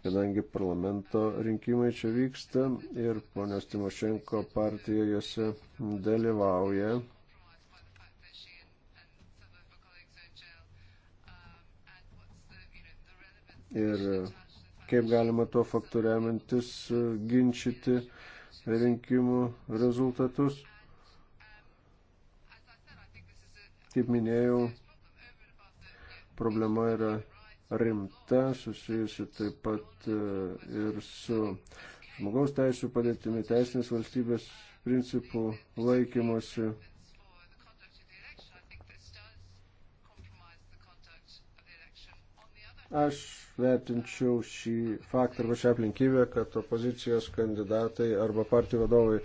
kadangi parlamento rinkimai čia vyksta ir ponios Timošenko partija juose dalyvauja, ir kaip galima tuo faktu remiantis ginčyti rinkimų rezultatus. Kaip minėjau, problema yra rimta, susijusi taip pat e, ir su žmogaus teisų padėtimi, teisinės valstybės principų laikymosi. Aš vertinčiau šį faktą arba šią aplinkybę, kad opozicijos kandidatai arba partijų vadovai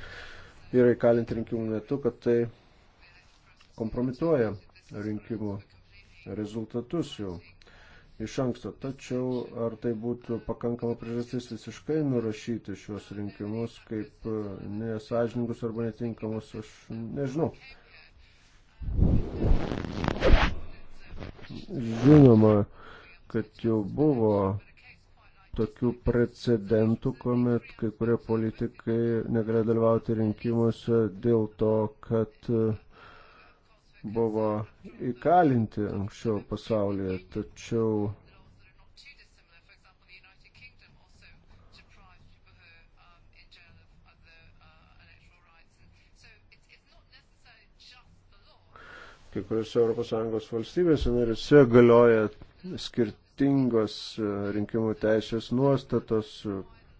yra įkalinti rinkimų metu, kad tai kompromituoja rinkimų rezultatus jau iš anksto. Tačiau ar tai būtų pakankama priežastis visiškai nurašyti šios rinkimus kaip e, nesažininkus arba netinkamus, aš nežinau. Žinoma, kad jau buvo tokių precedentų, kuomet kai kurie politikai negali dalyvauti rinkimuose dėl to, kad uh, buvo įkalinti anksčiau pasaulyje, tačiau kai kuriuose ES valstybėse narėse galioja skirtingos e, rinkimų teisės nuostatos.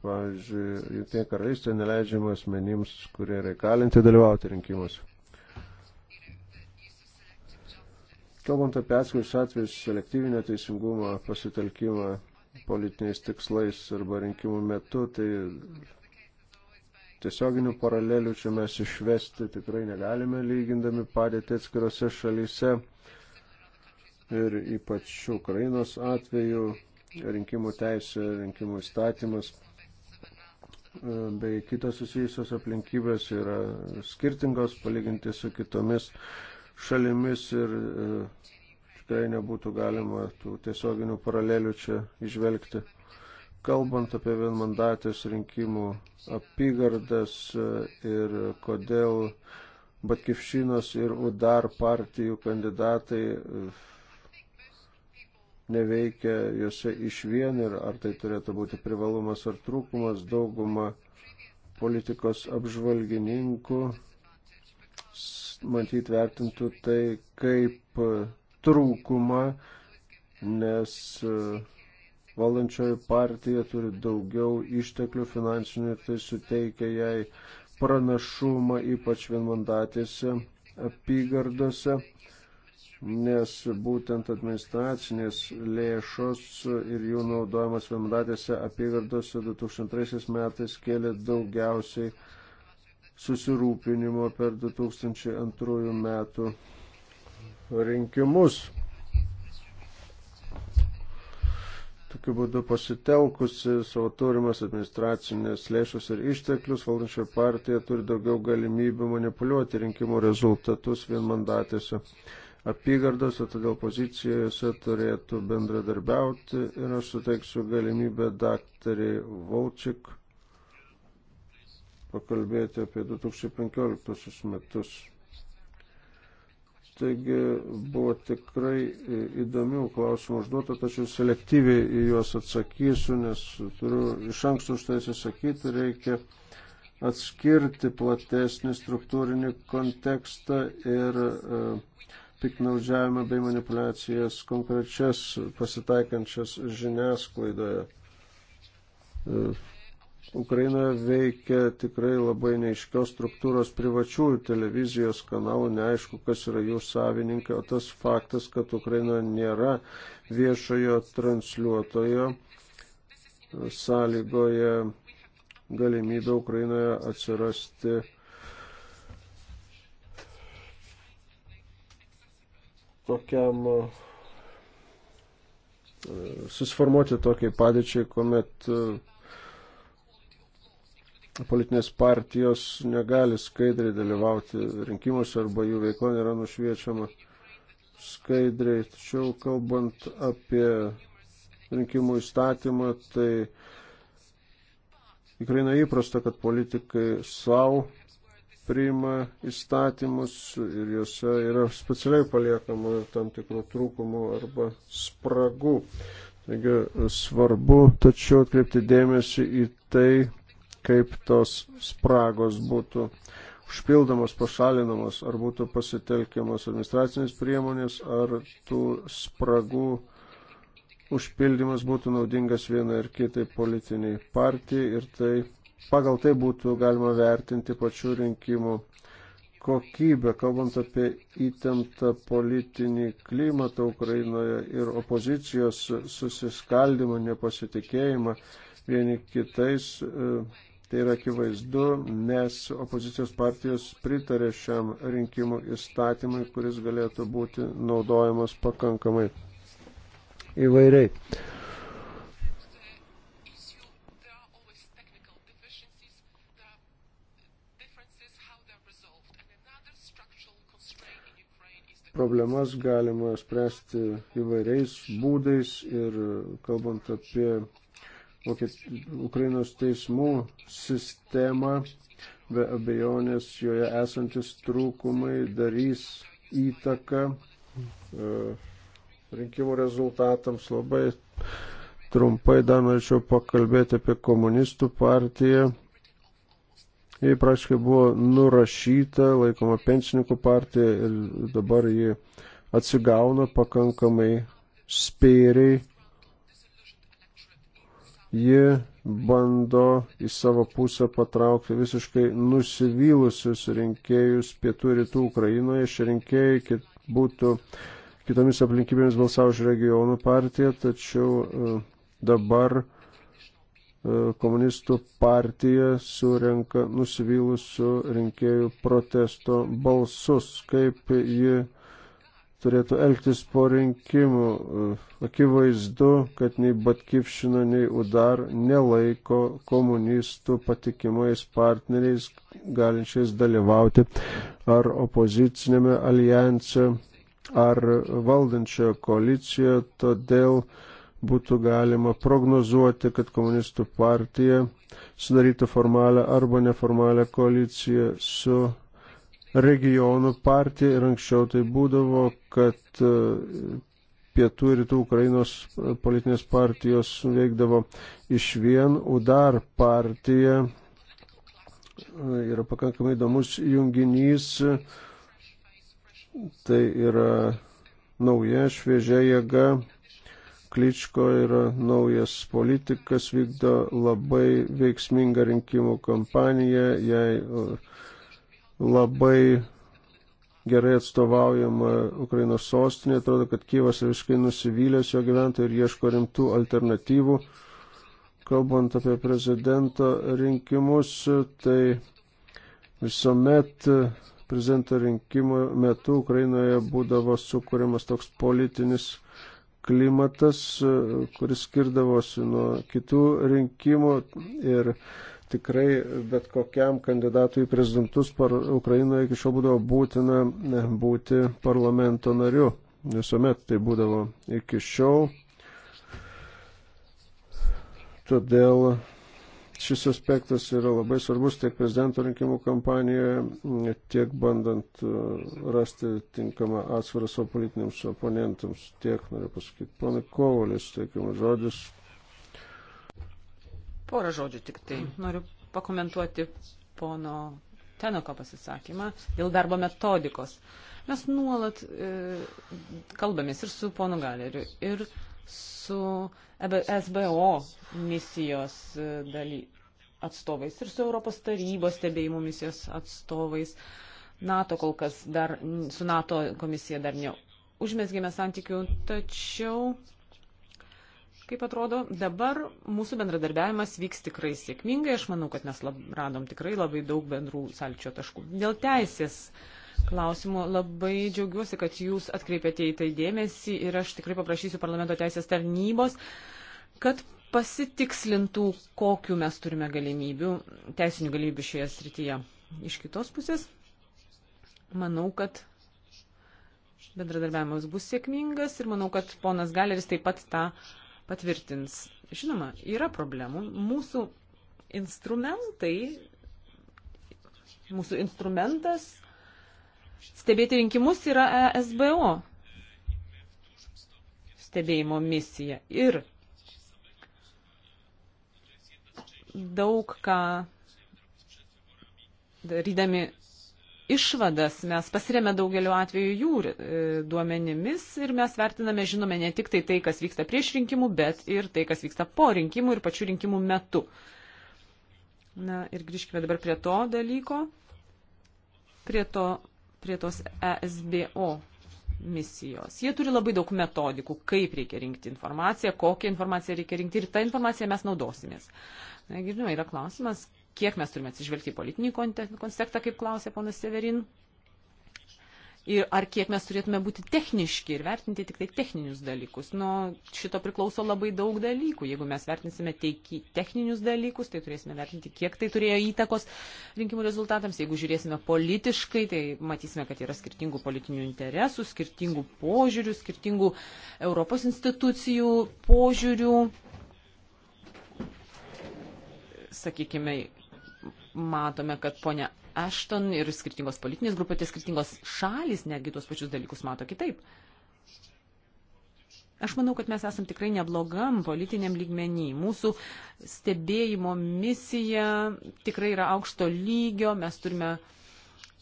Pavyzdžiui, jungtinė karalystė neleidžiama asmenims, kurie yra įkalinti dalyvauti rinkimuose. Kalbant apie atskirius atvejus, selektyvinio teisingumo pasitelkimą politiniais tikslais arba rinkimų metu, tai tiesioginių paralelių čia mes išvesti tikrai negalime, lygindami padėtį atskirose šalyse. Ir ypač Ukrainos atveju rinkimų teisė, rinkimų įstatymas e, bei kitos susijusios aplinkybės yra skirtingos palyginti su kitomis šalimis ir e, tikrai nebūtų galima tų tiesioginių paralelių čia išvelgti. Kalbant apie vienmandatės rinkimų apygardas e, ir kodėl Batkivšinos ir Udar partijų kandidatai e, neveikia juose iš vien ir ar tai turėtų būti privalumas ar trūkumas, dauguma politikos apžvalgininkų matyt vertintų tai kaip e, trūkumą, nes e, valdančioji partija turi daugiau išteklių finansinių ir tai suteikia jai pranašumą, ypač vienmandatėse apygardose, nes būtent administracinės lėšos ir jų naudojimas vienmandatėse apygardose 2002 metais kėlė daugiausiai susirūpinimo per 2002 metų rinkimus. Tokiu būdu pasitelkusi savo turimas administracinės lėšus ir išteklius, valdančioje partija turi daugiau galimybių manipuliuoti rinkimų rezultatus vienmandatėse apygardose, todėl pozicijose turėtų bendradarbiauti ir aš suteiksiu galimybę daktariai Volčik pakalbėti apie 2015 metus. Taigi buvo tikrai įdomių klausimų užduota, tačiau selektyviai į juos atsakysiu, nes turiu iš anksto už tai atsisakyti, reikia atskirti platesnį struktūrinį kontekstą ir e, piknaudžiavimą bei manipulacijas konkrečias pasitaikančias žiniasklaidoje e, Ukrainoje veikia tikrai labai neiškios struktūros privačiųjų televizijos kanalų, neaišku, kas yra jų savininkai, o tas faktas, kad Ukrainoje nėra viešojo transliuotojo, sąlygoja galimybę Ukrainoje atsirasti tokiam e, susiformuoti tokiai padėčiai, kuomet e, politinės partijos negali skaidriai dalyvauti rinkimuose arba jų veikla nėra nušviečiama skaidriai. Tačiau kalbant apie rinkimų įstatymą, tai tikrai neįprasta, kad politikai savo priima įstatymus ir juose yra specialiai paliekama tam tikrų trūkumų arba spragų. Taigi svarbu, tačiau atkreipti dėmesį į tai, kaip tos spragos būtų užpildomos, pašalinamos, ar būtų pasitelkiamos administracinės priemonės, ar tų spragų užpildymas būtų naudingas vienai ar kitai politiniai partijai ir tai pagal tai būtų galima vertinti pačių rinkimų kokybę, kalbant apie įtemptą politinį klimatą Ukrainoje ir opozicijos susiskaldimą, nepasitikėjimą vieni kitais. E, Tai yra akivaizdu, nes opozicijos partijos pritarė šiam rinkimų įstatymui, kuris galėtų būti naudojamas pakankamai įvairiai. problemas galima spręsti įvairiais būdais ir kalbant apie Ukrainos teismų sistemą, be abejonės joje esantis trūkumai darys įtaką e, rinkimų rezultatams. Labai trumpai dar norėčiau pakalbėti apie komunistų partiją. Jie praškai buvo nurašyta, laikoma pensininkų partija ir dabar jie atsigauna pakankamai spėriai ji bando į savo pusę patraukti visiškai nusivylusius rinkėjus pietų rytų Ukrainoje. Šie rinkėjai kit, būtų kitomis aplinkybėmis balsavo už regionų partiją, tačiau e, dabar e, komunistų partija surenka nusivylusių rinkėjų protesto balsus, kaip ji turėtų elgtis po rinkimų. E, akivaizdu, kad nei Batkivšina, nei Udar nelaiko komunistų patikimais partneriais, galinčiais dalyvauti ar opozicinėme alijanse, ar valdančioje koalicijoje, todėl būtų galima prognozuoti, kad komunistų partija sudarytų formalią arba neformalią koaliciją su regionų partija ir anksčiau tai būdavo, kad e, pietų ir rytų Ukrainos politinės partijos veikdavo iš vien, UDAR partija e, yra pakankamai įdomus junginys, tai yra nauja šviežia jėga, Kličko yra naujas politikas, vykdo labai veiksmingą rinkimų kampaniją, jai uh, labai gerai atstovaujama Ukrainos sostinė, atrodo, kad Kyivas visiškai nusivylęs jo gyventojų ir ieško rimtų alternatyvų. Kalbant apie prezidento rinkimus, tai visuomet prezidento rinkimų metu Ukrainoje būdavo sukūrimas toks politinis klimatas, kuris skirdavosi nuo kitų rinkimų ir tikrai bet kokiam kandidatui į prezidentus par Ukrainoje iki šiol būdavo būtina eh, būti parlamento nariu. Visuomet tai būdavo iki šiol. Todėl šis aspektas yra labai svarbus tiek prezidento rinkimų kampanijoje, tiek bandant eh, rasti tinkamą atsvarą savo politiniams oponentams. Tiek, noriu pasakyti, ponai Kovalis, teikiamas žodis, Porą žodžių tik tai. Noriu pakomentuoti pono Tenoko pasisakymą dėl darbo metodikos. Mes nuolat e, kalbamės ir su ponu Galeriu, ir su e SBO misijos e, daly, atstovais, ir su Europos tarybos stebėjimų misijos atstovais. NATO kol kas dar, su NATO komisija dar neužmėsgėme santykių, tačiau kaip atrodo. Dabar mūsų bendradarbiavimas vyks tikrai sėkmingai. Aš manau, kad mes lab, radom tikrai labai daug bendrų salčio taškų. Dėl teisės klausimų labai džiaugiuosi, kad jūs atkreipėte į tai dėmesį ir aš tikrai paprašysiu parlamento teisės tarnybos, kad pasitikslintų, kokiu mes turime galimybių, teisinių galimybių šioje srityje. Iš kitos pusės, manau, kad bendradarbiavimas bus sėkmingas ir manau, kad ponas Galeris taip pat tą ta patvirtins. Žinoma, yra problemų. Mūsų instrumentai, mūsų instrumentas stebėti rinkimus yra ESBO stebėjimo misija. Ir daug ką darydami išvadas mes pasiremė daugeliu atveju jų e, duomenimis ir mes vertiname, žinome, ne tik tai tai, kas vyksta prieš rinkimų, bet ir tai, kas vyksta po rinkimų ir pačių rinkimų metu. Na ir grįžkime dabar prie to dalyko, prie, to, prie tos ESBO misijos. Jie turi labai daug metodikų, kaip reikia rinkti informaciją, kokią informaciją reikia rinkti ir tą informaciją mes naudosimės. Na, girdime, yra klausimas, kiek mes turime atsižvelgti į politinį kontekstą, kaip klausė ponas Severin, ir ar kiek mes turėtume būti techniški ir vertinti tik tai techninius dalykus. Nuo šito priklauso labai daug dalykų. Jeigu mes vertinsime teiki, techninius dalykus, tai turėsime vertinti, kiek tai turėjo įtakos rinkimų rezultatams. Jeigu žiūrėsime politiškai, tai matysime, kad yra skirtingų politinių interesų, skirtingų požiūrių, skirtingų Europos institucijų požiūrių sakykime, matome, kad ponia Ashton ir skirtingos politinės grupės, skirtingos šalis netgi tuos pačius dalykus mato kitaip. Aš manau, kad mes esam tikrai neblogam politiniam lygmenį. Mūsų stebėjimo misija tikrai yra aukšto lygio, mes turime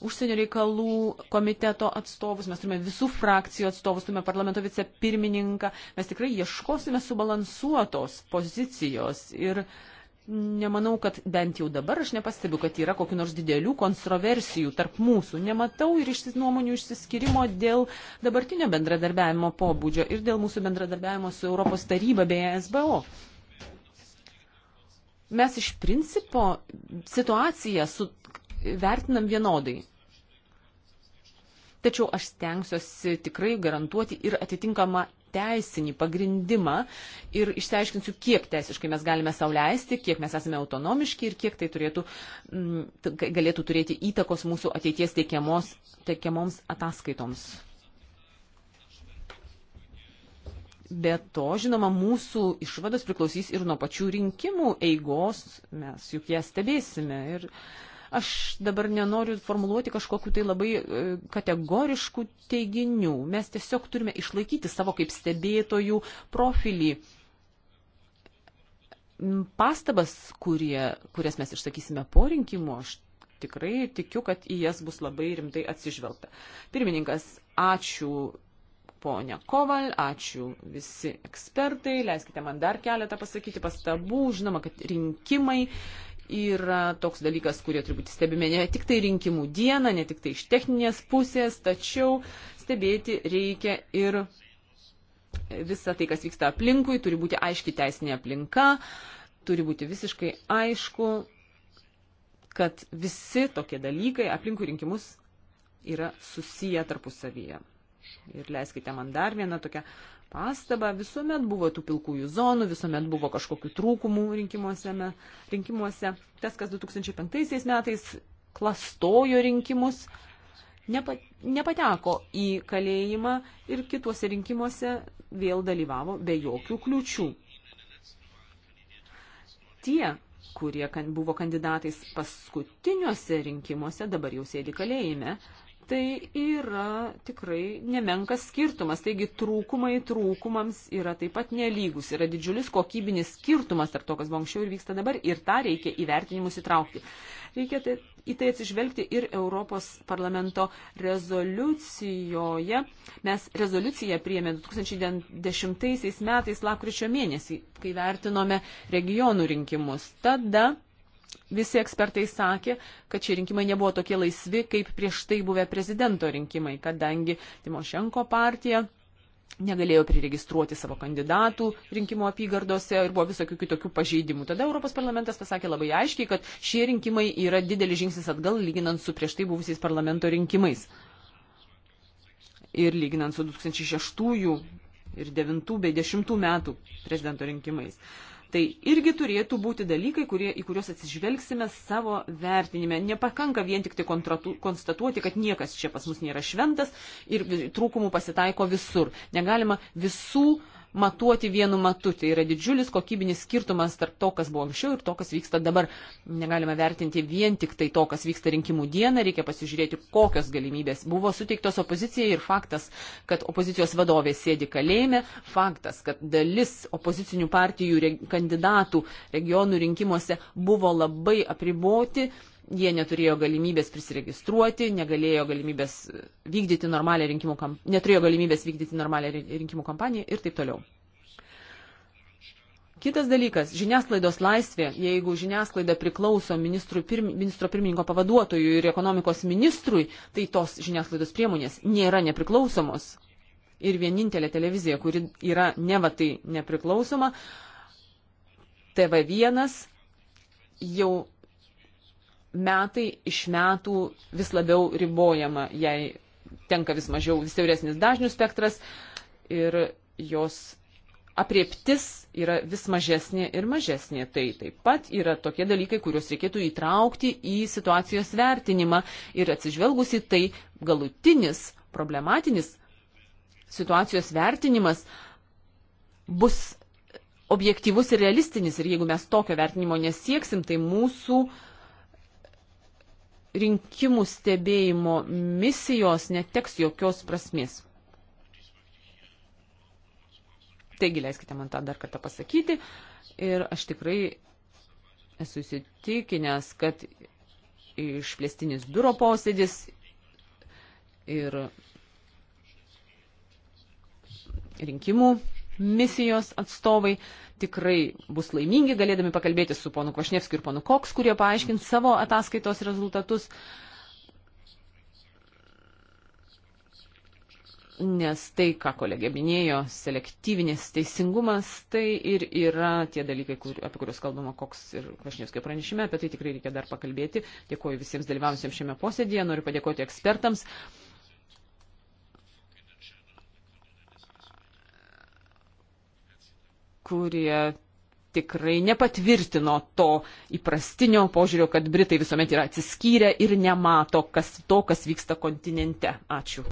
užsienio reikalų komiteto atstovus, mes turime visų frakcijų atstovus, turime parlamento vicepirmininką, mes tikrai ieškosime subalansuotos pozicijos ir uh, nemanau, kad bent jau dabar aš nepastebiu, kad yra kokiu nors didelių kontroversijų tarp mūsų. Nematau ir išsis nuomonių išsiskirimo dėl dabartinio bendradarbiavimo pobūdžio ir dėl mūsų bendradarbiavimo su Europos taryba bei SBO. Mes iš principo situaciją su, vertinam vienodai. Tačiau aš stengsiuosi tikrai garantuoti ir atitinkamą teisinį pagrindimą ir išsiaiškinsiu, kiek teisiškai mes galime sauliaisti, kiek mes esame autonomiški ir kiek tai turėtų, mm, galėtų turėti įtakos mūsų ateities teikiamos, teikiamoms ataskaitoms. Be to, žinoma, mūsų išvados priklausys ir nuo pačių rinkimų eigos, mes juk ją stebėsime. Ir, uh, Aš dabar nenoriu formuluoti kažkokiu tai labai e, kategoriškų teiginių. Mes tiesiog turime išlaikyti savo kaip stebėtojų profilį. Pastabas, kurie, kurias mes išsakysime po rinkimų, aš tikrai tikiu, kad į jas bus labai rimtai atsižvelgta. Pirmininkas, ačiū ponia Koval, ačiū visi ekspertai, leiskite man dar keletą pasakyti pastabų, žinoma, kad rinkimai yra toks dalykas, kurie turi būti stebimi ne tik tai rinkimų dieną, ne tik tai iš techninės pusės, tačiau stebėti reikia ir visą tai, kas vyksta aplinkui, turi būti aiški teisinė aplinka, turi būti visiškai aišku, kad visi tokie dalykai aplinkui rinkimus yra susiję tarpusavyje. Ir leiskite man dar vieną tokią pastabą, visuomet buvo tų pilkųjų zonų, visuomet buvo kažkokių trūkumų rinkimuose. rinkimuose. Tas, kas 2005 metais klastojo rinkimus, nepa, nepateko į kalėjimą ir kituose rinkimuose vėl dalyvavo be jokių kliučių. Tie, kurie kan, buvo kandidatais paskutiniuose rinkimuose, dabar jau sėdi kalėjime Tai yra tikrai nemenkas skirtumas. Taigi trūkumai trūkumams yra taip pat nelygus. Yra didžiulis kokybinis skirtumas tarp to, kas buvo anksčiau ir vyksta dabar. Ir tą reikia įvertinimus įtraukti. Reikia tai, į tai atsižvelgti ir Europos parlamento rezoliucijoje. Mes rezoliuciją priėmė 2010 metais, lapkričio mėnesį, kai vertinome regionų rinkimus. Tada visi ekspertai sakė, kad šie rinkimai nebuvo tokie laisvi, kaip prieš tai buvę prezidento rinkimai, kadangi Timošenko partija negalėjo priregistruoti savo kandidatų rinkimų apygardose ir buvo visokių kitokių pažeidimų. Tada Europos parlamentas pasakė labai aiškiai, kad šie rinkimai yra didelis žingsnis atgal lyginant su prieš tai buvusiais parlamento rinkimais. Ir lyginant su 2006 ir 2009 bei 2010 metų prezidento rinkimais. Uh, Tai irgi turėtų būti dalykai, kurie, į kuriuos atsižvelgsime savo vertinime. Nepakanka vien tik tai konstatuoti, kad niekas čia pas mus nėra šventas ir trūkumų pasitaiko visur. Negalima visų uh, matuoti vienu matu. Tai yra didžiulis kokybinis skirtumas tarp to, kas buvo anksčiau ir to, kas vyksta dabar. Negalime vertinti vien tik tai to, kas vyksta rinkimų dieną, reikia pasižiūrėti, kokios galimybės buvo suteiktos opozicijai ir faktas, kad opozicijos vadovė sėdi kalėjime, faktas, kad dalis opozicinių partijų re kandidatų regionų rinkimuose buvo labai apriboti Jie neturėjo galimybės prisiregistruoti, negalėjo galimybės vykdyti normalią rinkimų kampaniją, neturėjo galimybės vykdyti normalią rinkimų kampaniją ir taip toliau. Kitas dalykas - žiniasklaidos laisvė. Jeigu žiniasklaida priklauso pirmi, ministro pirmininko pavaduotojui ir ekonomikos ministrui, tai tos žiniasklaidos priemonės nėra nepriklausomos. Ir vienintelė televizija, kuri yra nevatai nepriklausoma, TV1 jau metai iš metų vis labiau ribojama, jai tenka vis mažiau, vis siauresnis dažnių spektras ir jos apriptis yra vis mažesnė ir mažesnė. Tai taip pat yra tokie dalykai, kuriuos reikėtų įtraukti į situacijos vertinimą ir atsižvelgus į tai galutinis problematinis situacijos vertinimas bus objektivus ir realistinis ir jeigu mes tokio vertinimo nesieksim, tai mūsų uh, rinkimų stebėjimo misijos neteks jokios prasmės. Taigi leiskite man tą dar kartą pasakyti ir aš tikrai esu įsitikinęs, kad išplėstinis biuro posėdis ir rinkimų misijos atstovai tikrai bus laimingi, galėdami pakalbėti su ponu Kvašnevskiu ir ponu Koks, kurie paaiškins savo ataskaitos rezultatus. Nes tai, ką kolegė minėjo, selektyvinis teisingumas, tai ir yra tie dalykai, kur, apie kuriuos kalbama koks ir Kvašnevskio pranešime, apie tai tikrai reikia dar pakalbėti. Dėkuoju visiems dalyvavusiems šiame posėdėje, noriu padėkoti ekspertams. kurie tikrai nepatvirtino to įprastinio požiūrio, kad Britai visuomet yra atsiskyrę ir nemato kas, to, kas vyksta kontinente. Ačiū.